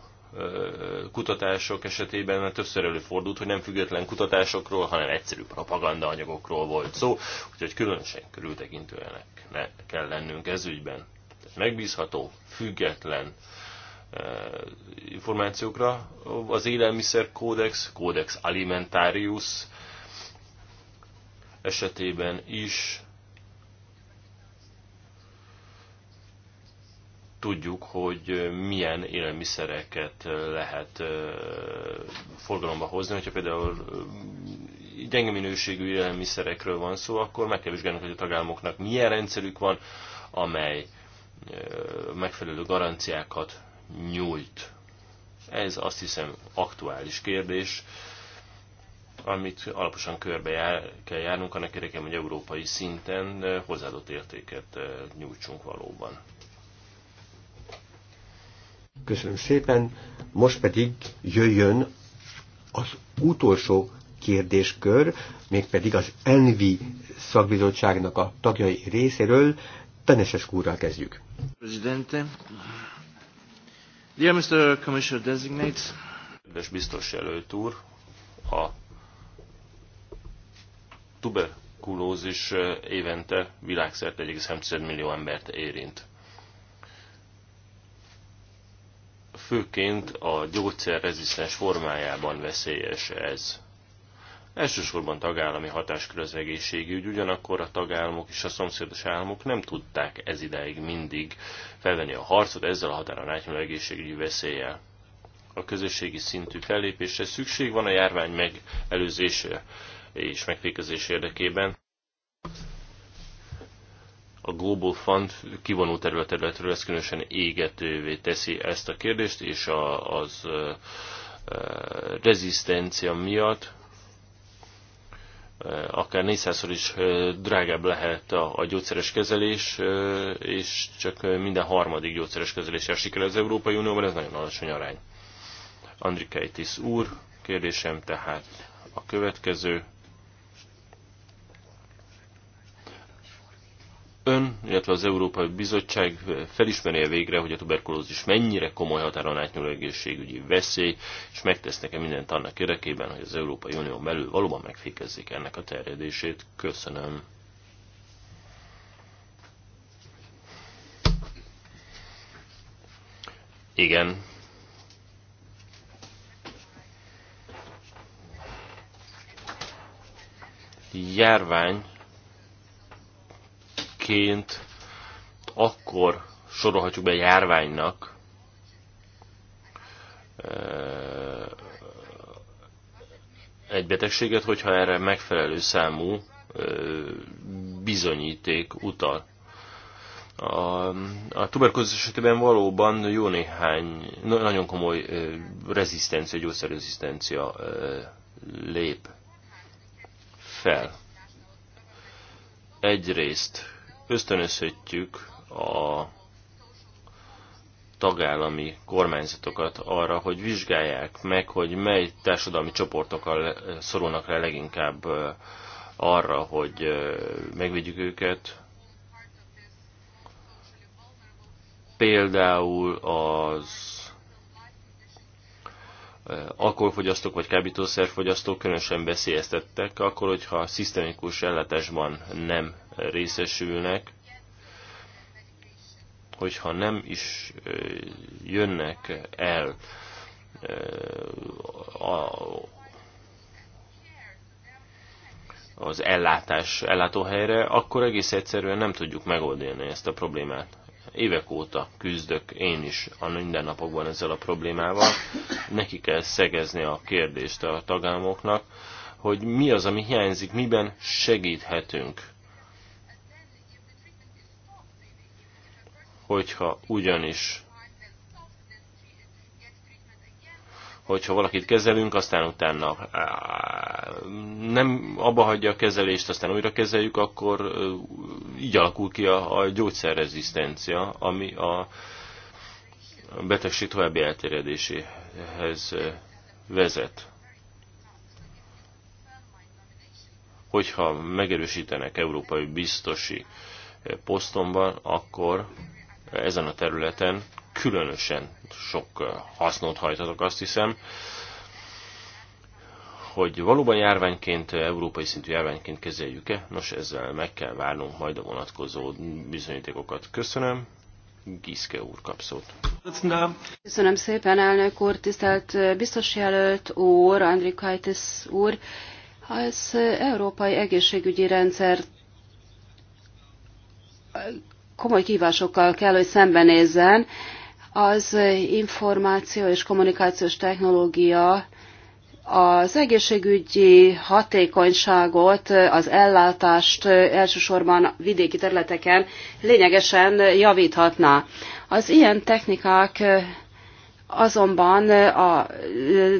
kutatások esetében már többször előfordult, hogy nem független kutatásokról, hanem egyszerű anyagokról volt szó, úgyhogy különösen körültekintőenek ne kell lennünk ez ügyben. Tehát megbízható, független információkra. Az élelmiszer kódex, kódex alimentarius esetében is tudjuk, hogy milyen élelmiszereket lehet forgalomba hozni. Hogyha például gyenge minőségű élelmiszerekről van szó, akkor meg kell vizsgálni, hogy a tagállamoknak milyen rendszerük van, amely megfelelő garanciákat nyújt. Ez azt hiszem aktuális kérdés, amit alaposan körbe jár, kell járnunk, annak érdekében, hogy európai szinten hozzáadott értéket nyújtsunk valóban. Köszönöm szépen. Most pedig jöjjön az utolsó kérdéskör, mégpedig az Envi szakbizottságnak a tagjai részéről. Teneses úrral kezdjük. Presidente, dear Mr. Commissioner Designate, kedves biztos jelölt úr, a tuberkulózis eh, évente világszerte 15 millió embert érint főként a gyógyszerrezisztens formájában veszélyes ez. Elsősorban tagállami hatáskör az egészségügy, ugyanakkor a tagállamok és a szomszédos államok nem tudták ez ideig mindig felvenni a harcot ezzel a határon átnyúló egészségügyi veszéllyel. A közösségi szintű fellépésre szükség van a járvány megelőzése és megfékezés érdekében a Global Fund kivonó területről ez különösen égetővé teszi ezt a kérdést, és a, az e, rezisztencia miatt akár 400-szor is drágább lehet a, a gyógyszeres kezelés, és csak minden harmadik gyógyszeres kezelés esik el az Európai Unióban, ez nagyon alacsony arány. Andrikaitis úr, kérdésem tehát a következő. ön, illetve az Európai Bizottság felismeri -e végre, hogy a tuberkulózis mennyire komoly határon átnyúló egészségügyi veszély, és megtesznek-e mindent annak érdekében, hogy az Európai Unió belül valóban megfékezzék ennek a terjedését. Köszönöm. Igen. Járvány egyébként akkor sorolhatjuk be a járványnak egy betegséget, hogyha erre megfelelő számú bizonyíték utal. A, a tuberkulózis esetében valóban jó néhány, nagyon komoly rezisztencia, gyógyszerrezisztencia lép fel. Egyrészt ösztönözhetjük a tagállami kormányzatokat arra, hogy vizsgálják meg, hogy mely társadalmi csoportokkal szorulnak rá leginkább arra, hogy megvédjük őket. Például az alkoholfogyasztók vagy kábítószerfogyasztók különösen veszélyeztettek, akkor, hogyha szisztemikus ellátásban nem részesülnek, hogyha nem is jönnek el az ellátás ellátóhelyre, akkor egész egyszerűen nem tudjuk megoldani ezt a problémát évek óta küzdök én is a mindennapokban ezzel a problémával. Neki kell szegezni a kérdést a tagállamoknak, hogy mi az, ami hiányzik, miben segíthetünk. Hogyha ugyanis hogyha valakit kezelünk, aztán utána nem abba hagyja a kezelést, aztán újra kezeljük, akkor így alakul ki a, a gyógyszerrezisztencia, ami a betegség további elterjedéséhez vezet. Hogyha megerősítenek európai biztosi posztomban, akkor ezen a területen különösen sok hasznot hajtatok, azt hiszem, hogy valóban járványként, európai szintű járványként kezeljük-e? Nos, ezzel meg kell várnunk majd a vonatkozó bizonyítékokat. Köszönöm. Giszke úr kap szót. Köszönöm szépen, elnök úr, tisztelt biztos jelölt úr, Kajtis úr. Az európai egészségügyi rendszer komoly kívásokkal kell, hogy szembenézzen, az információ és kommunikációs technológia az egészségügyi hatékonyságot, az ellátást elsősorban vidéki területeken lényegesen javíthatná. Az ilyen technikák azonban a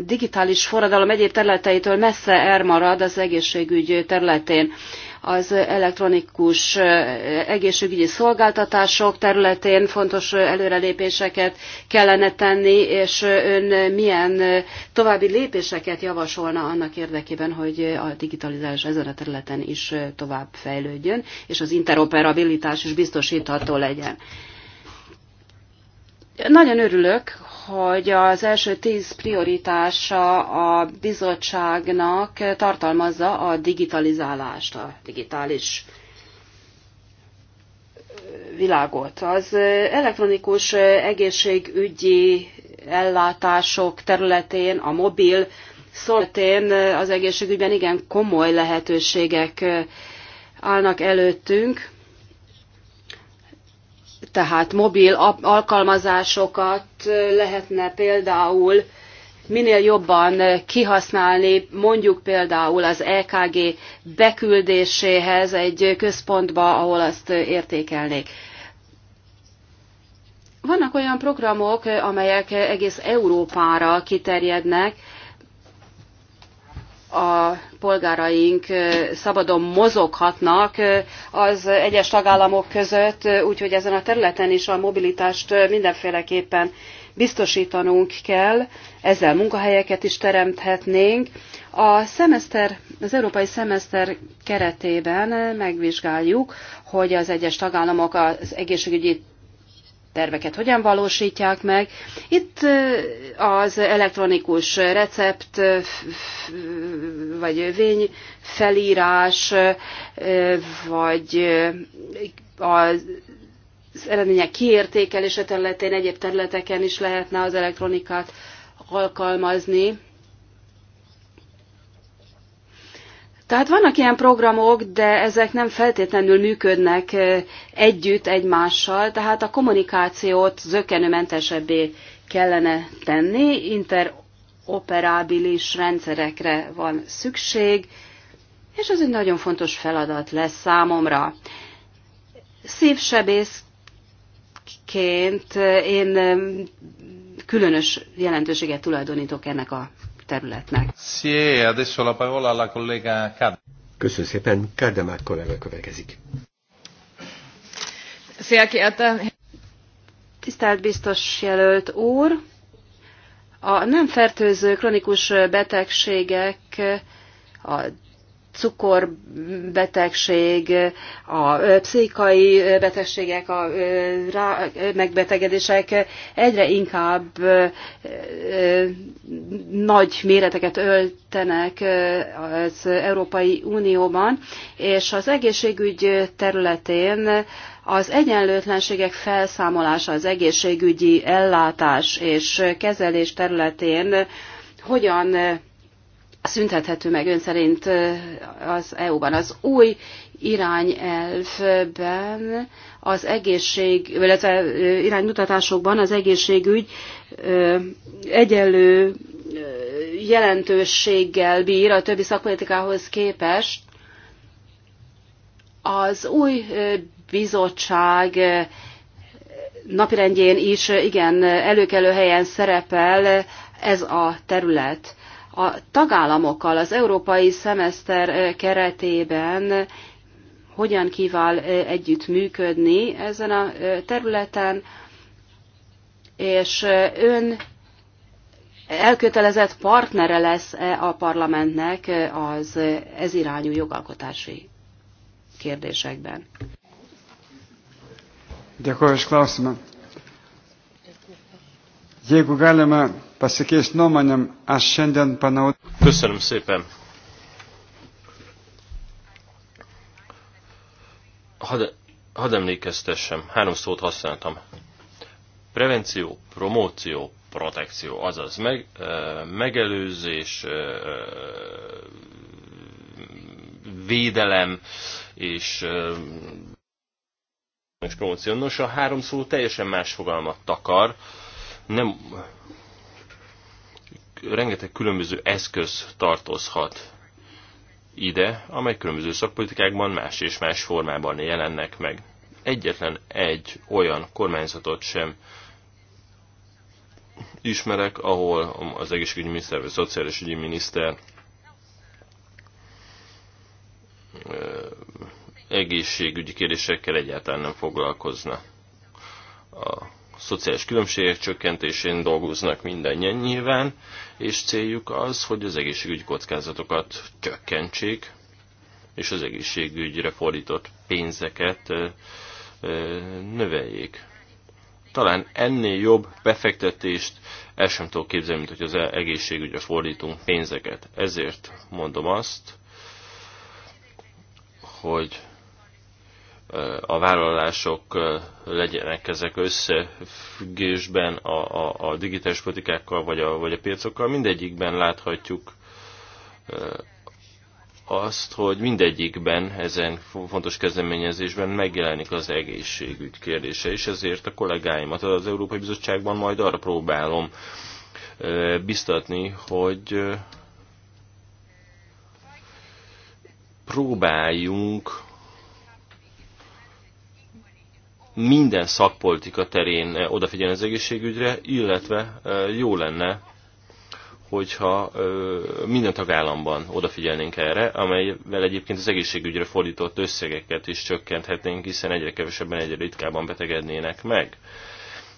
digitális forradalom egyéb területeitől messze elmarad az egészségügy területén az elektronikus egészségügyi szolgáltatások területén fontos előrelépéseket kellene tenni, és ön milyen további lépéseket javasolna annak érdekében, hogy a digitalizálás ezen a területen is tovább fejlődjön, és az interoperabilitás is biztosítható legyen. Nagyon örülök, hogy az első tíz prioritása a bizottságnak tartalmazza a digitalizálást, a digitális világot. Az elektronikus egészségügyi ellátások területén, a mobil szoltén az egészségügyben igen komoly lehetőségek állnak előttünk tehát mobil alkalmazásokat lehetne például minél jobban kihasználni, mondjuk például az EKG beküldéséhez egy központba, ahol azt értékelnék. Vannak olyan programok, amelyek egész Európára kiterjednek, a polgáraink szabadon mozoghatnak az egyes tagállamok között, úgyhogy ezen a területen is a mobilitást mindenféleképpen biztosítanunk kell, ezzel munkahelyeket is teremthetnénk. A szemeszter, az európai szemeszter keretében megvizsgáljuk, hogy az egyes tagállamok az egészségügyi terveket hogyan valósítják meg. Itt az elektronikus recept vagy vény felírás, vagy az eredmények kiértékelése területén, egyéb területeken is lehetne az elektronikát alkalmazni. Tehát vannak ilyen programok, de ezek nem feltétlenül működnek együtt egymással, tehát a kommunikációt zökenőmentesebbé kellene tenni, interoperábilis rendszerekre van szükség, és ez egy nagyon fontos feladat lesz számomra. Szívsebészként én különös jelentőséget tulajdonítok ennek a területnek. Köszönöm szépen, Kardemák kollega következik. Szia, Tisztelt biztos jelölt úr! A nem fertőző kronikus betegségek, a cukorbetegség, a pszichai betegségek, a rá, megbetegedések egyre inkább nagy méreteket öltenek az Európai Unióban, és az egészségügy területén az egyenlőtlenségek felszámolása az egészségügyi ellátás és kezelés területén hogyan szüntethető meg ön szerint az EU-ban. Az új irányelvben az egészség, illetve iránymutatásokban az egészségügy egyenlő jelentőséggel bír a többi szakpolitikához képest. Az új bizottság napirendjén is igen előkelő helyen szerepel ez a terület a tagállamokkal az európai szemeszter eh, keretében hogyan kíván eh, együtt működni ezen a eh, területen, és ön elkötelezett partnere lesz -e a parlamentnek az ez irányú jogalkotási kérdésekben? Köszönöm, iš Jégu Jeigu galima Köszönöm szépen. Hadd, hadd emlékeztessem, három szót használtam. Prevenció, promóció, protekció, azaz meg, megelőzés, védelem és és promóció. Nos, a három szó teljesen más fogalmat takar. Nem rengeteg különböző eszköz tartozhat ide, amely különböző szakpolitikákban más és más formában jelennek meg. Egyetlen egy olyan kormányzatot sem ismerek, ahol az egészségügyi miniszter vagy a szociális ügyi miniszter egészségügyi kérdésekkel egyáltalán nem foglalkozna. A szociális különbségek csökkentésén dolgoznak mindennyien nyilván, és céljuk az, hogy az egészségügyi kockázatokat csökkentsék, és az egészségügyre fordított pénzeket növeljék. Talán ennél jobb befektetést el sem tudok képzelni, mint hogy az e- egészségügyre fordítunk pénzeket. Ezért mondom azt, hogy a vállalások legyenek ezek összefüggésben a, a, a digitális politikákkal vagy a, vagy a piacokkal. Mindegyikben láthatjuk azt, hogy mindegyikben ezen fontos kezdeményezésben megjelenik az egészségügy kérdése, és ezért a kollégáimat az Európai Bizottságban majd arra próbálom biztatni, hogy próbáljunk minden szakpolitika terén eh, odafigyelni az egészségügyre, illetve eh, jó lenne, hogyha eh, minden tagállamban odafigyelnénk erre, amelyvel egyébként az egészségügyre fordított összegeket is csökkenthetnénk, hiszen egyre kevesebben, egyre ritkábban betegednének meg.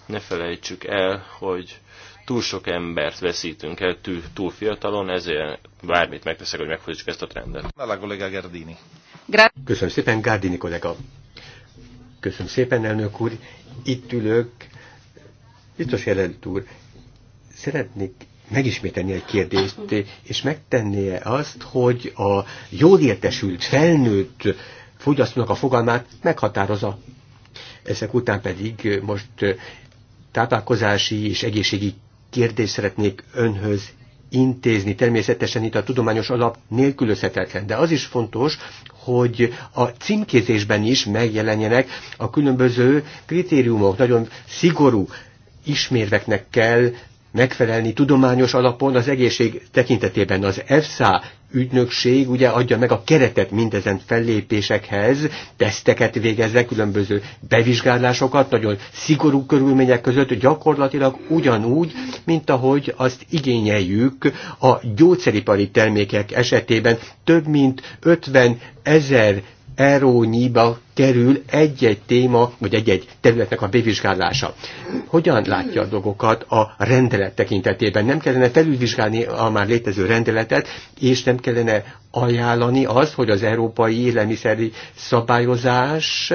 Ne felejtsük el, hogy túl sok embert veszítünk el túl, túl fiatalon, ezért bármit megteszek, hogy megfogjuk ezt a trendet. Köszönöm szépen, Gárdini kollega. Köszönöm szépen, elnök úr. Itt ülök. Biztos jelent úr, szeretnék megismételni egy kérdést, és megtennie azt, hogy a jól értesült, felnőtt fogyasztónak a fogalmát meghatározza. Ezek után pedig most táplálkozási és egészségi kérdést szeretnék önhöz intézni. Természetesen itt a tudományos alap nélkülözhetetlen, de az is fontos, hogy a címkézésben is megjelenjenek a különböző kritériumok. Nagyon szigorú ismérveknek kell megfelelni tudományos alapon az egészség tekintetében. Az EFSA ügynökség ugye adja meg a keretet mindezen fellépésekhez, teszteket végeznek, különböző bevizsgálásokat, nagyon szigorú körülmények között, gyakorlatilag ugyanúgy, mint ahogy azt igényeljük a gyógyszeripari termékek esetében több mint 50 ezer erónyiba kerül egy-egy téma, vagy egy-egy területnek a bevizsgálása. Hogyan látja a dolgokat a rendelet tekintetében? Nem kellene felülvizsgálni a már létező rendeletet, és nem kellene ajánlani az, hogy az európai élelmiszeri szabályozás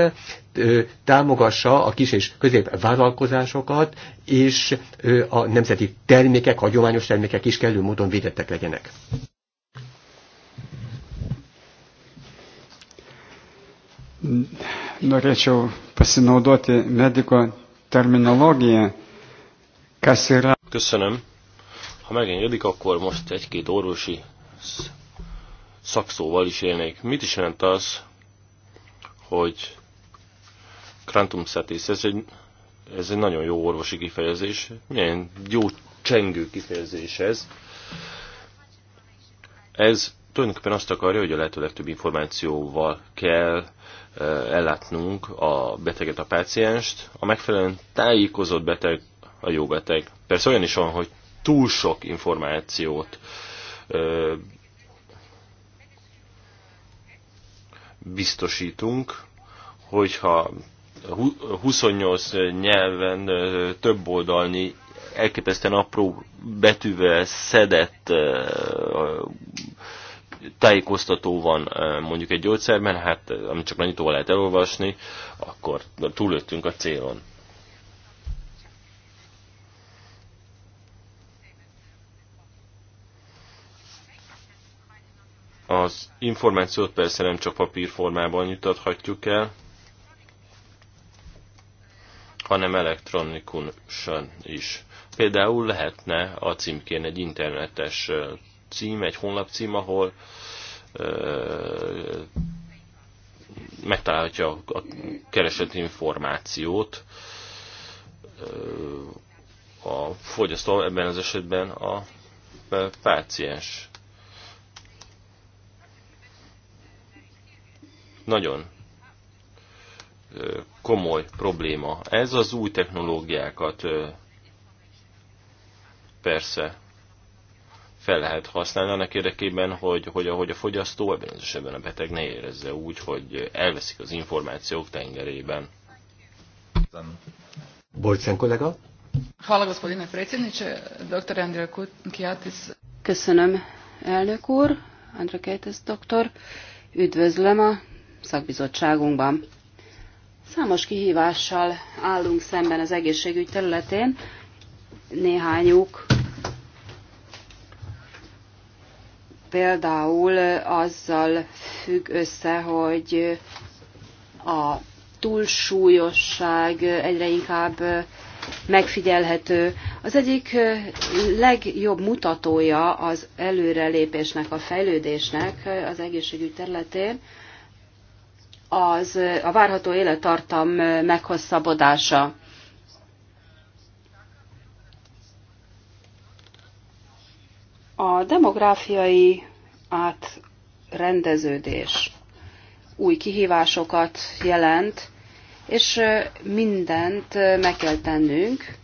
támogassa a kis és vállalkozásokat, és a nemzeti termékek, hagyományos termékek is kellő módon védettek legyenek. norėčiau pasinaudoti mediko terminologiją, kas yra. Köszönöm. Ha megengedik, akkor most egy-két orvosi szakszóval is élnék. Mit is jelent az, hogy Krantum szetész, ez egy, ez egy nagyon jó orvosi kifejezés, milyen jó csengő kifejezés ez. Ez tulajdonképpen azt akarja, hogy a lehető legtöbb információval kell ellátnunk a beteget, a pácienst. A megfelelően tájékozott beteg a jó beteg. Persze olyan is van, hogy túl sok információt biztosítunk, hogyha 28 nyelven több oldalnyi elképesztően apró betűvel szedett tájékoztató van mondjuk egy gyógyszerben, hát amit csak nagyítóval lehet elolvasni, akkor túlöttünk a célon. Az információt persze nem csak papírformában nyitathatjuk el, hanem elektronikusan is. Például lehetne a címkén egy internetes cím, egy honlap cím, ahol ö, megtalálhatja a keresett információt a fogyasztó, ebben az esetben a páciens. Nagyon komoly probléma. Ez az új technológiákat persze fel lehet használni annak érdekében, hogy, hogy ahogy a fogyasztó, ebben az esetben a beteg ne érezze úgy, hogy elveszik az információk tengerében. Bolcsen kollega? Hála, gospodine predsjedniče, dr. Andrej Kiatis. Köszönöm, elnök úr, Andrej Kiatis doktor. Üdvözlöm a szakbizottságunkban. Számos kihívással állunk szemben az egészségügy területén. Néhányuk például azzal függ össze, hogy a túlsúlyosság egyre inkább megfigyelhető. Az egyik legjobb mutatója az előrelépésnek, a fejlődésnek az egészségügy területén az a várható élettartam meghosszabbodása. A demográfiai átrendeződés új kihívásokat jelent, és mindent meg kell tennünk,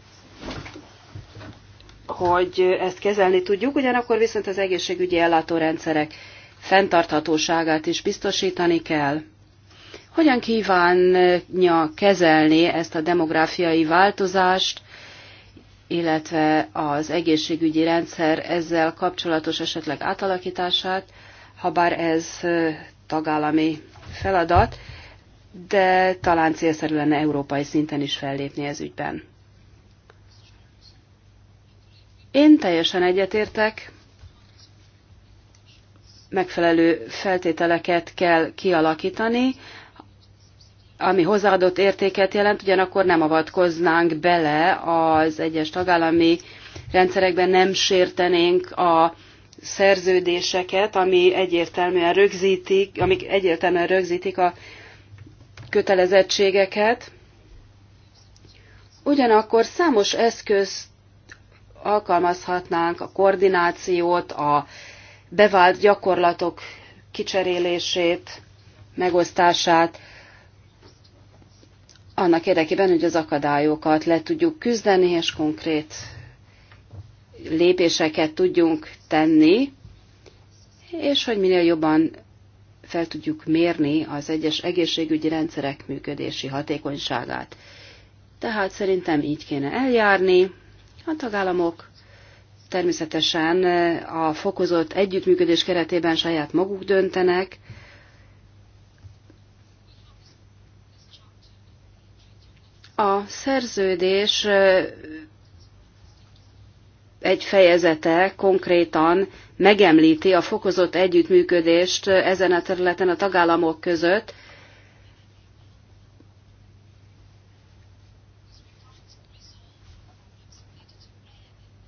hogy ezt kezelni tudjuk, ugyanakkor viszont az egészségügyi ellátórendszerek fenntarthatóságát is biztosítani kell. Hogyan kívánja kezelni ezt a demográfiai változást, illetve az egészségügyi rendszer ezzel kapcsolatos esetleg átalakítását, ha bár ez tagállami feladat, de talán célszerű lenne európai szinten is fellépni ez ügyben. Én teljesen egyetértek, megfelelő feltételeket kell kialakítani, ami hozzáadott értéket jelent, ugyanakkor nem avatkoznánk bele az egyes tagállami rendszerekben, nem sértenénk a szerződéseket, ami egyértelműen rögzítik, amik egyértelműen rögzítik a kötelezettségeket. Ugyanakkor számos eszközt alkalmazhatnánk, a koordinációt, a bevált gyakorlatok kicserélését, megosztását, annak érdekében, hogy az akadályokat le tudjuk küzdeni, és konkrét lépéseket tudjunk tenni, és hogy minél jobban fel tudjuk mérni az egyes egészségügyi rendszerek működési hatékonyságát. Tehát szerintem így kéne eljárni. A tagállamok természetesen a fokozott együttműködés keretében saját maguk döntenek, A szerződés egy fejezete konkrétan megemlíti a fokozott együttműködést ezen a területen a tagállamok között,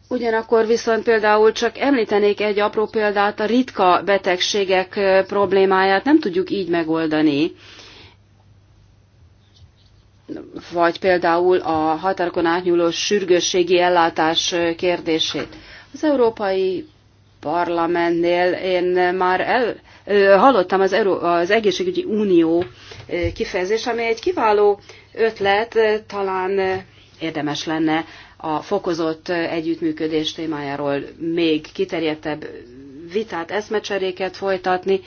Ugyanakkor viszont például csak említenék egy apró példát, a ritka betegségek problémáját nem tudjuk így megoldani vagy például a határokon átnyúló sürgősségi ellátás kérdését. Az Európai Parlamentnél én már el, hallottam az, Euró, az Egészségügyi Unió kifejezés, ami egy kiváló ötlet, talán érdemes lenne a fokozott együttműködés témájáról még kiterjedtebb vitát, eszmecseréket folytatni.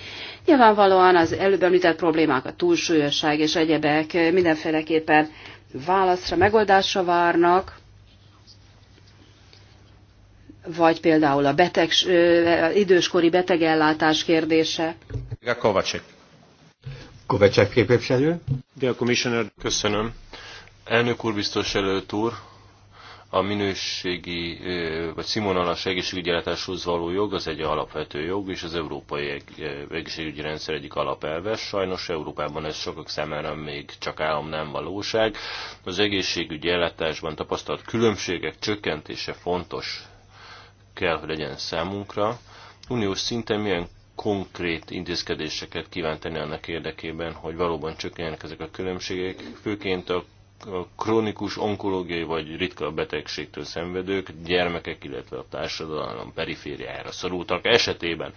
Nyilvánvalóan az előbb említett problémák, a túlsúlyosság és egyebek mindenféleképpen válaszra, megoldásra várnak, vagy például a beteg, időskori betegellátás kérdése. Kovacsek. Kovacsek képviselő. a Commissioner, köszönöm. Elnök úr, biztos előtt úr, a minőségi vagy színvonalas egészségügyelátáshoz való jog az egy alapvető jog, és az európai egészségügyi rendszer egyik alapelve. Sajnos Európában ez sokak számára még csak állam nem valóság. Az egészségügyi ellátásban tapasztalt különbségek csökkentése fontos kell, hogy legyen számunkra. Uniós szinten milyen konkrét intézkedéseket kíván tenni annak érdekében, hogy valóban csökkenjenek ezek a különbségek, főként a krónikus onkológiai vagy ritka betegségtől szenvedők, gyermekek, illetve a társadalom perifériájára szorultak esetében.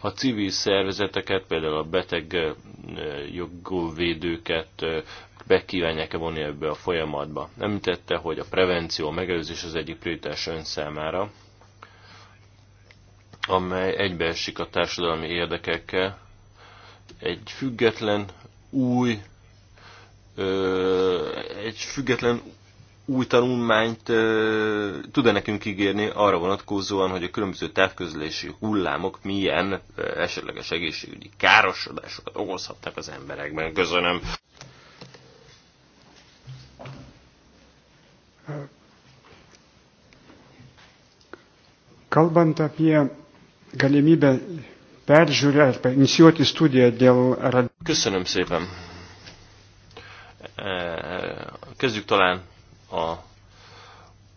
A civil szervezeteket, például a beteg jogvédőket be kívánják-e vonni ebbe a folyamatba. Említette, hogy a prevenció, a megelőzés az egyik prioritás ön számára, amely egybeesik a társadalmi érdekekkel. Egy független, új egy független új tanulmányt tud-e nekünk ígérni arra vonatkozóan, hogy a különböző távközlési hullámok milyen esetleges egészségügyi károsodásokat okozhatnak az emberekben? Köszönöm. Kalbant apie galimybę peržiūrėti, inicijuoti studiją dėl... Köszönöm szépen. Kezdjük talán a,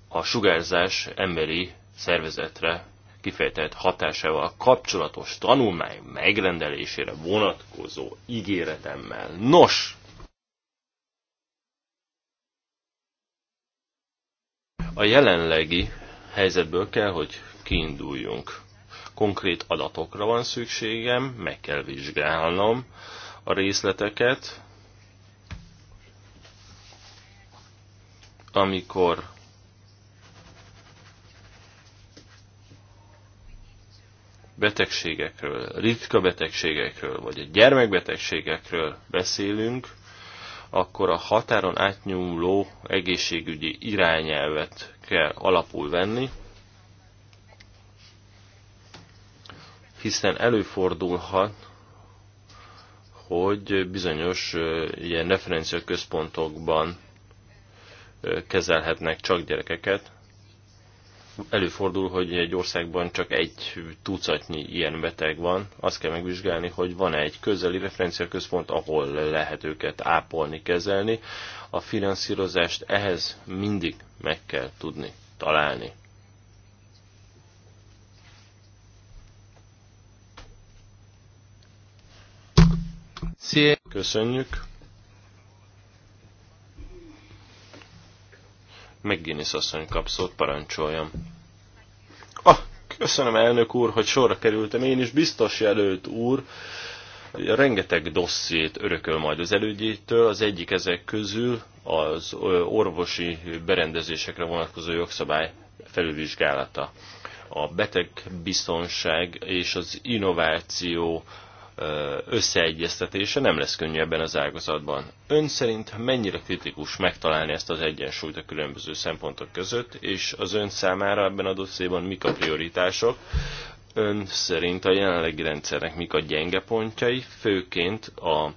a sugárzás emberi szervezetre kifejtett hatásával kapcsolatos tanulmány megrendelésére vonatkozó ígéretemmel. Nos! A jelenlegi helyzetből kell, hogy kiinduljunk. Konkrét adatokra van szükségem, meg kell vizsgálnom a részleteket, amikor betegségekről, ritka betegségekről, vagy a gyermekbetegségekről beszélünk, akkor a határon átnyúló egészségügyi irányelvet kell alapul venni, hiszen előfordulhat, hogy bizonyos ilyen referencia központokban kezelhetnek csak gyerekeket. Előfordul, hogy egy országban csak egy tucatnyi ilyen beteg van. Azt kell megvizsgálni, hogy van-e egy közeli referenciaközpont, ahol lehet őket ápolni, kezelni. A finanszírozást ehhez mindig meg kell tudni találni. Köszönjük. McGinnis asszony kapszót parancsoljam. Ah, köszönöm elnök úr, hogy sorra kerültem. Én is biztos jelölt úr, rengeteg dossziét örököl majd az elődjétől. Az egyik ezek közül az orvosi berendezésekre vonatkozó jogszabály felülvizsgálata. A betegbiztonság és az innováció összeegyeztetése nem lesz könnyű ebben az ágazatban. Ön szerint mennyire kritikus megtalálni ezt az egyensúlyt a különböző szempontok között, és az ön számára ebben a dosszéban mik a prioritások? Ön szerint a jelenlegi rendszernek mik a gyenge pontjai, főként a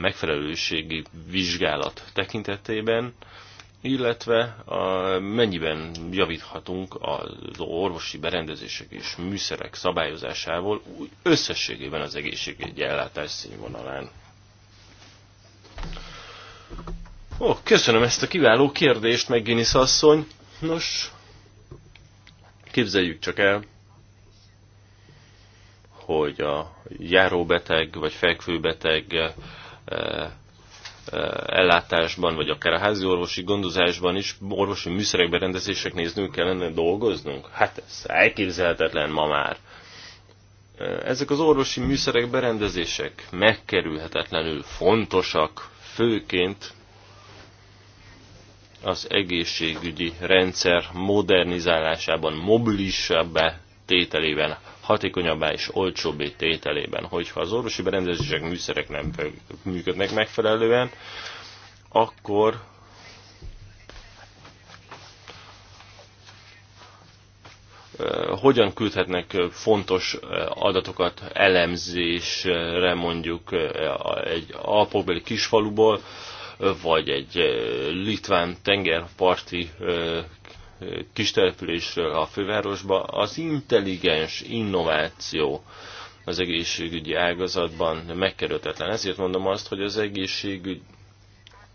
megfelelőségi vizsgálat tekintetében, illetve a, mennyiben javíthatunk az orvosi berendezések és műszerek szabályozásával úgy összességében az egészségügyi ellátás színvonalán. Ó, köszönöm ezt a kiváló kérdést, Guinness asszony. Nos, képzeljük csak el, hogy a járóbeteg vagy fekvőbeteg eh, Eh, ellátásban, vagy akár a házi orvosi gondozásban is orvosi műszerek berendezések néznünk kellene dolgoznunk? Hát ez elképzelhetetlen ma már. Eh, ezek az orvosi műszerek berendezések megkerülhetetlenül fontosak, főként az egészségügyi rendszer modernizálásában, mobilisabbá tételében hatékonyabbá és olcsóbbé tételében. Hogyha az orvosi berendezések, műszerek nem működnek megfelelően, akkor hogyan küldhetnek fontos adatokat elemzésre mondjuk egy alpokbeli kisfaluból, vagy egy litván tengerparti kistelepülésről a fővárosba, az intelligens innováció az egészségügyi ágazatban megkerülhetetlen. Ezért mondom azt, hogy az egészségügy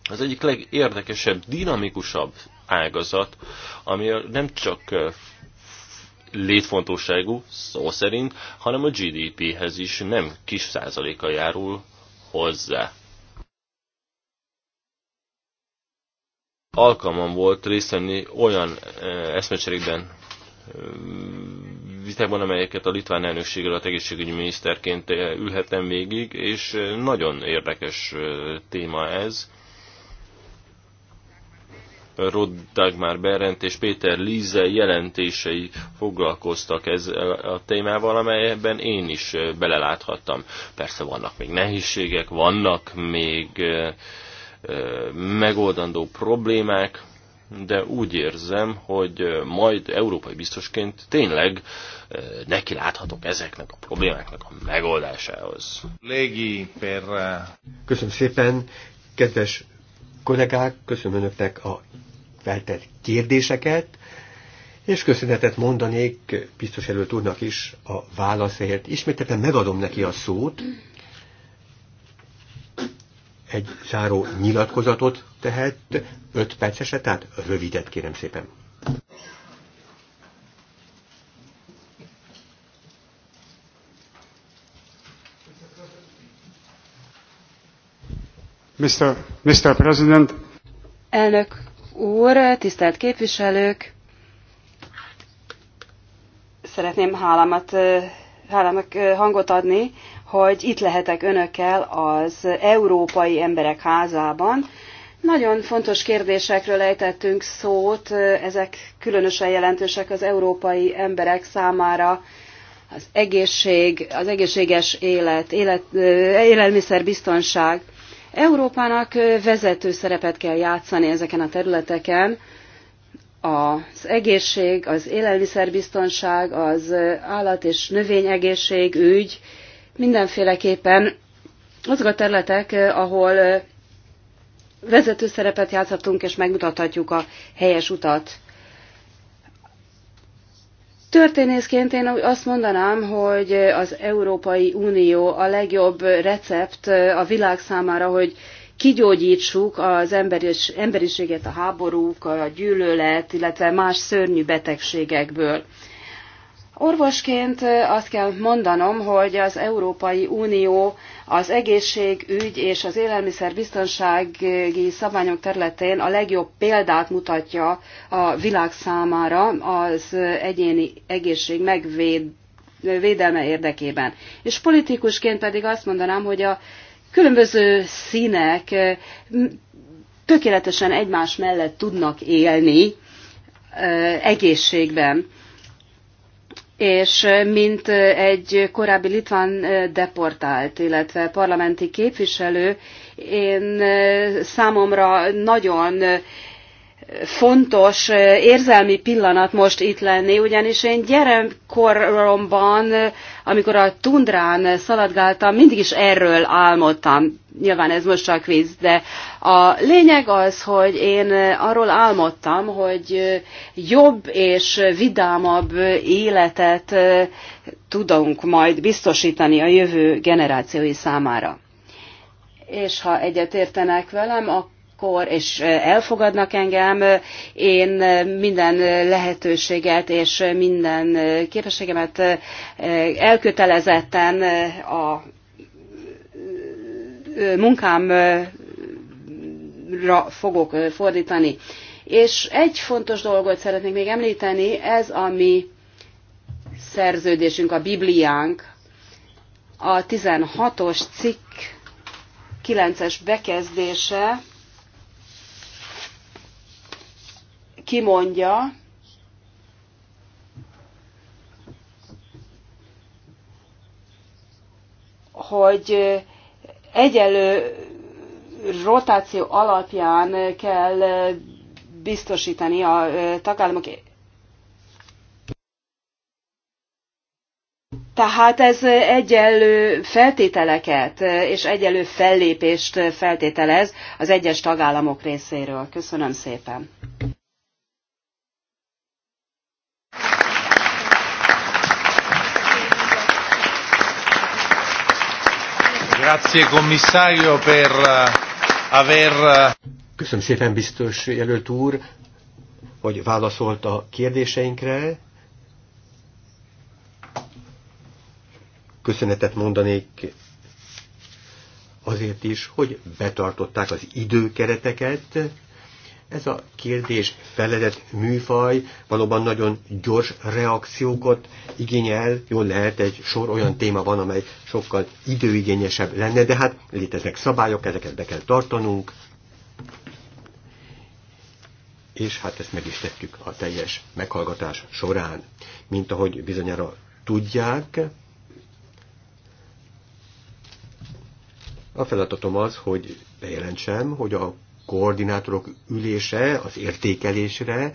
az egyik legérdekesebb, dinamikusabb ágazat, ami nem csak létfontosságú, szó szerint, hanem a GDP-hez is nem kis százaléka járul hozzá. alkalmam volt részt venni olyan eszmecserékben, vitákban, amelyeket a litván elnökség alatt egészségügyi miniszterként ülhettem végig, és nagyon érdekes téma ez. Rod Dagmar Berent és Péter Líze jelentései foglalkoztak ez a témával, amelyben én is beleláthattam. Persze vannak még nehézségek, vannak még megoldandó problémák, de úgy érzem, hogy majd európai biztosként tényleg neki láthatok ezeknek a problémáknak a megoldásához. Légi perra. Köszönöm szépen, kedves kollégák, köszönöm önöknek a feltett kérdéseket, és köszönetet mondanék biztos előtt úrnak is a válaszért. Ismételten megadom neki a szót, egy záró nyilatkozatot tehet, öt perceset, tehát rövidet kérem szépen. Mr. Mr. President. Elnök úr, tisztelt képviselők! Szeretném hálámat eh, hálának hangot adni, hogy itt lehetek önökkel az Európai Emberek Házában. Nagyon fontos kérdésekről ejtettünk szót, ezek különösen jelentősek az európai emberek számára, az egészség, az egészséges élet, élet élelmiszerbiztonság. Európának vezető szerepet kell játszani ezeken a területeken, az egészség, az élelmiszerbiztonság, az állat- és növényegészség ügy, mindenféleképpen azok a területek, ahol eh, vezető szerepet játszhatunk, és megmutathatjuk a helyes utat. Történészként én azt mondanám, hogy az Európai Unió a legjobb recept eh, a világ számára, hogy kigyógyítsuk az emberis, emberiséget a háborúk, a gyűlölet, illetve más szörnyű betegségekből. Orvosként azt kell mondanom, hogy az Európai Unió az egészségügy és az élelmiszerbiztonsági szabványok területén a legjobb példát mutatja a világ számára az egyéni egészség megvédelme érdekében. És politikusként pedig azt mondanám, hogy a különböző színek tökéletesen egymás mellett tudnak élni egészségben. És mint egy korábbi litván deportált, illetve parlamenti képviselő, én számomra nagyon fontos érzelmi pillanat most itt lenni, ugyanis én gyerekkoromban, amikor a tundrán szaladgáltam, mindig is erről álmodtam. Nyilván ez most csak víz, de a lényeg az, hogy én arról álmodtam, hogy jobb és vidámabb életet tudunk majd biztosítani a jövő generációi számára. És ha egyet értenek velem, akkor kor, és elfogadnak engem. Én minden lehetőséget és minden képességemet elkötelezetten a munkámra fogok fordítani. És egy fontos dolgot szeretnék még említeni, ez a mi szerződésünk, a Bibliánk, a 16-os cikk 9-es bekezdése, kimondja, hogy egyelő rotáció alapján kell biztosítani a tagállamok. Tehát ez egyenlő feltételeket és egyenlő fellépést feltételez az egyes tagállamok részéről. Köszönöm szépen. Grazie commissario per eh, aver... Eh, Köszönöm szépen biztos jelölt úr, hogy válaszolt a kérdéseinkre. Köszönetet mondanék azért is, hogy betartották az időkereteket. Ez a kérdés feledett műfaj valóban nagyon gyors reakciókat igényel, jól lehet egy sor olyan téma van, amely sokkal időigényesebb lenne, de hát léteznek szabályok, ezeket be kell tartanunk, és hát ezt meg is tettük a teljes meghallgatás során. Mint ahogy bizonyára tudják, a feladatom az, hogy bejelentsem, hogy a koordinátorok ülése az értékelésre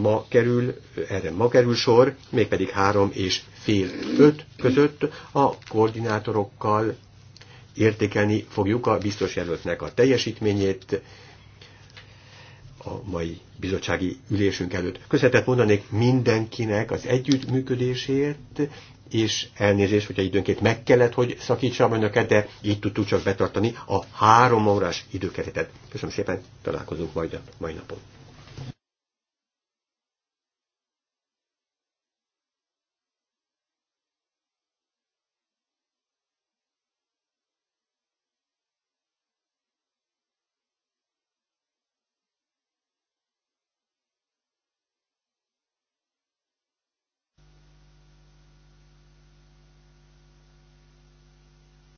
ma kerül, erre ma kerül sor, mégpedig három és fél öt között a koordinátorokkal értékelni fogjuk a biztos jelöltnek a teljesítményét a mai bizottsági ülésünk előtt. Köszönetet mondanék mindenkinek az együttműködésért, és elnézést, hogyha időnként meg kellett, hogy szakítsam önöket, de így tudtuk csak betartani a három órás időkeretet. Köszönöm szépen, találkozunk majd a mai napon.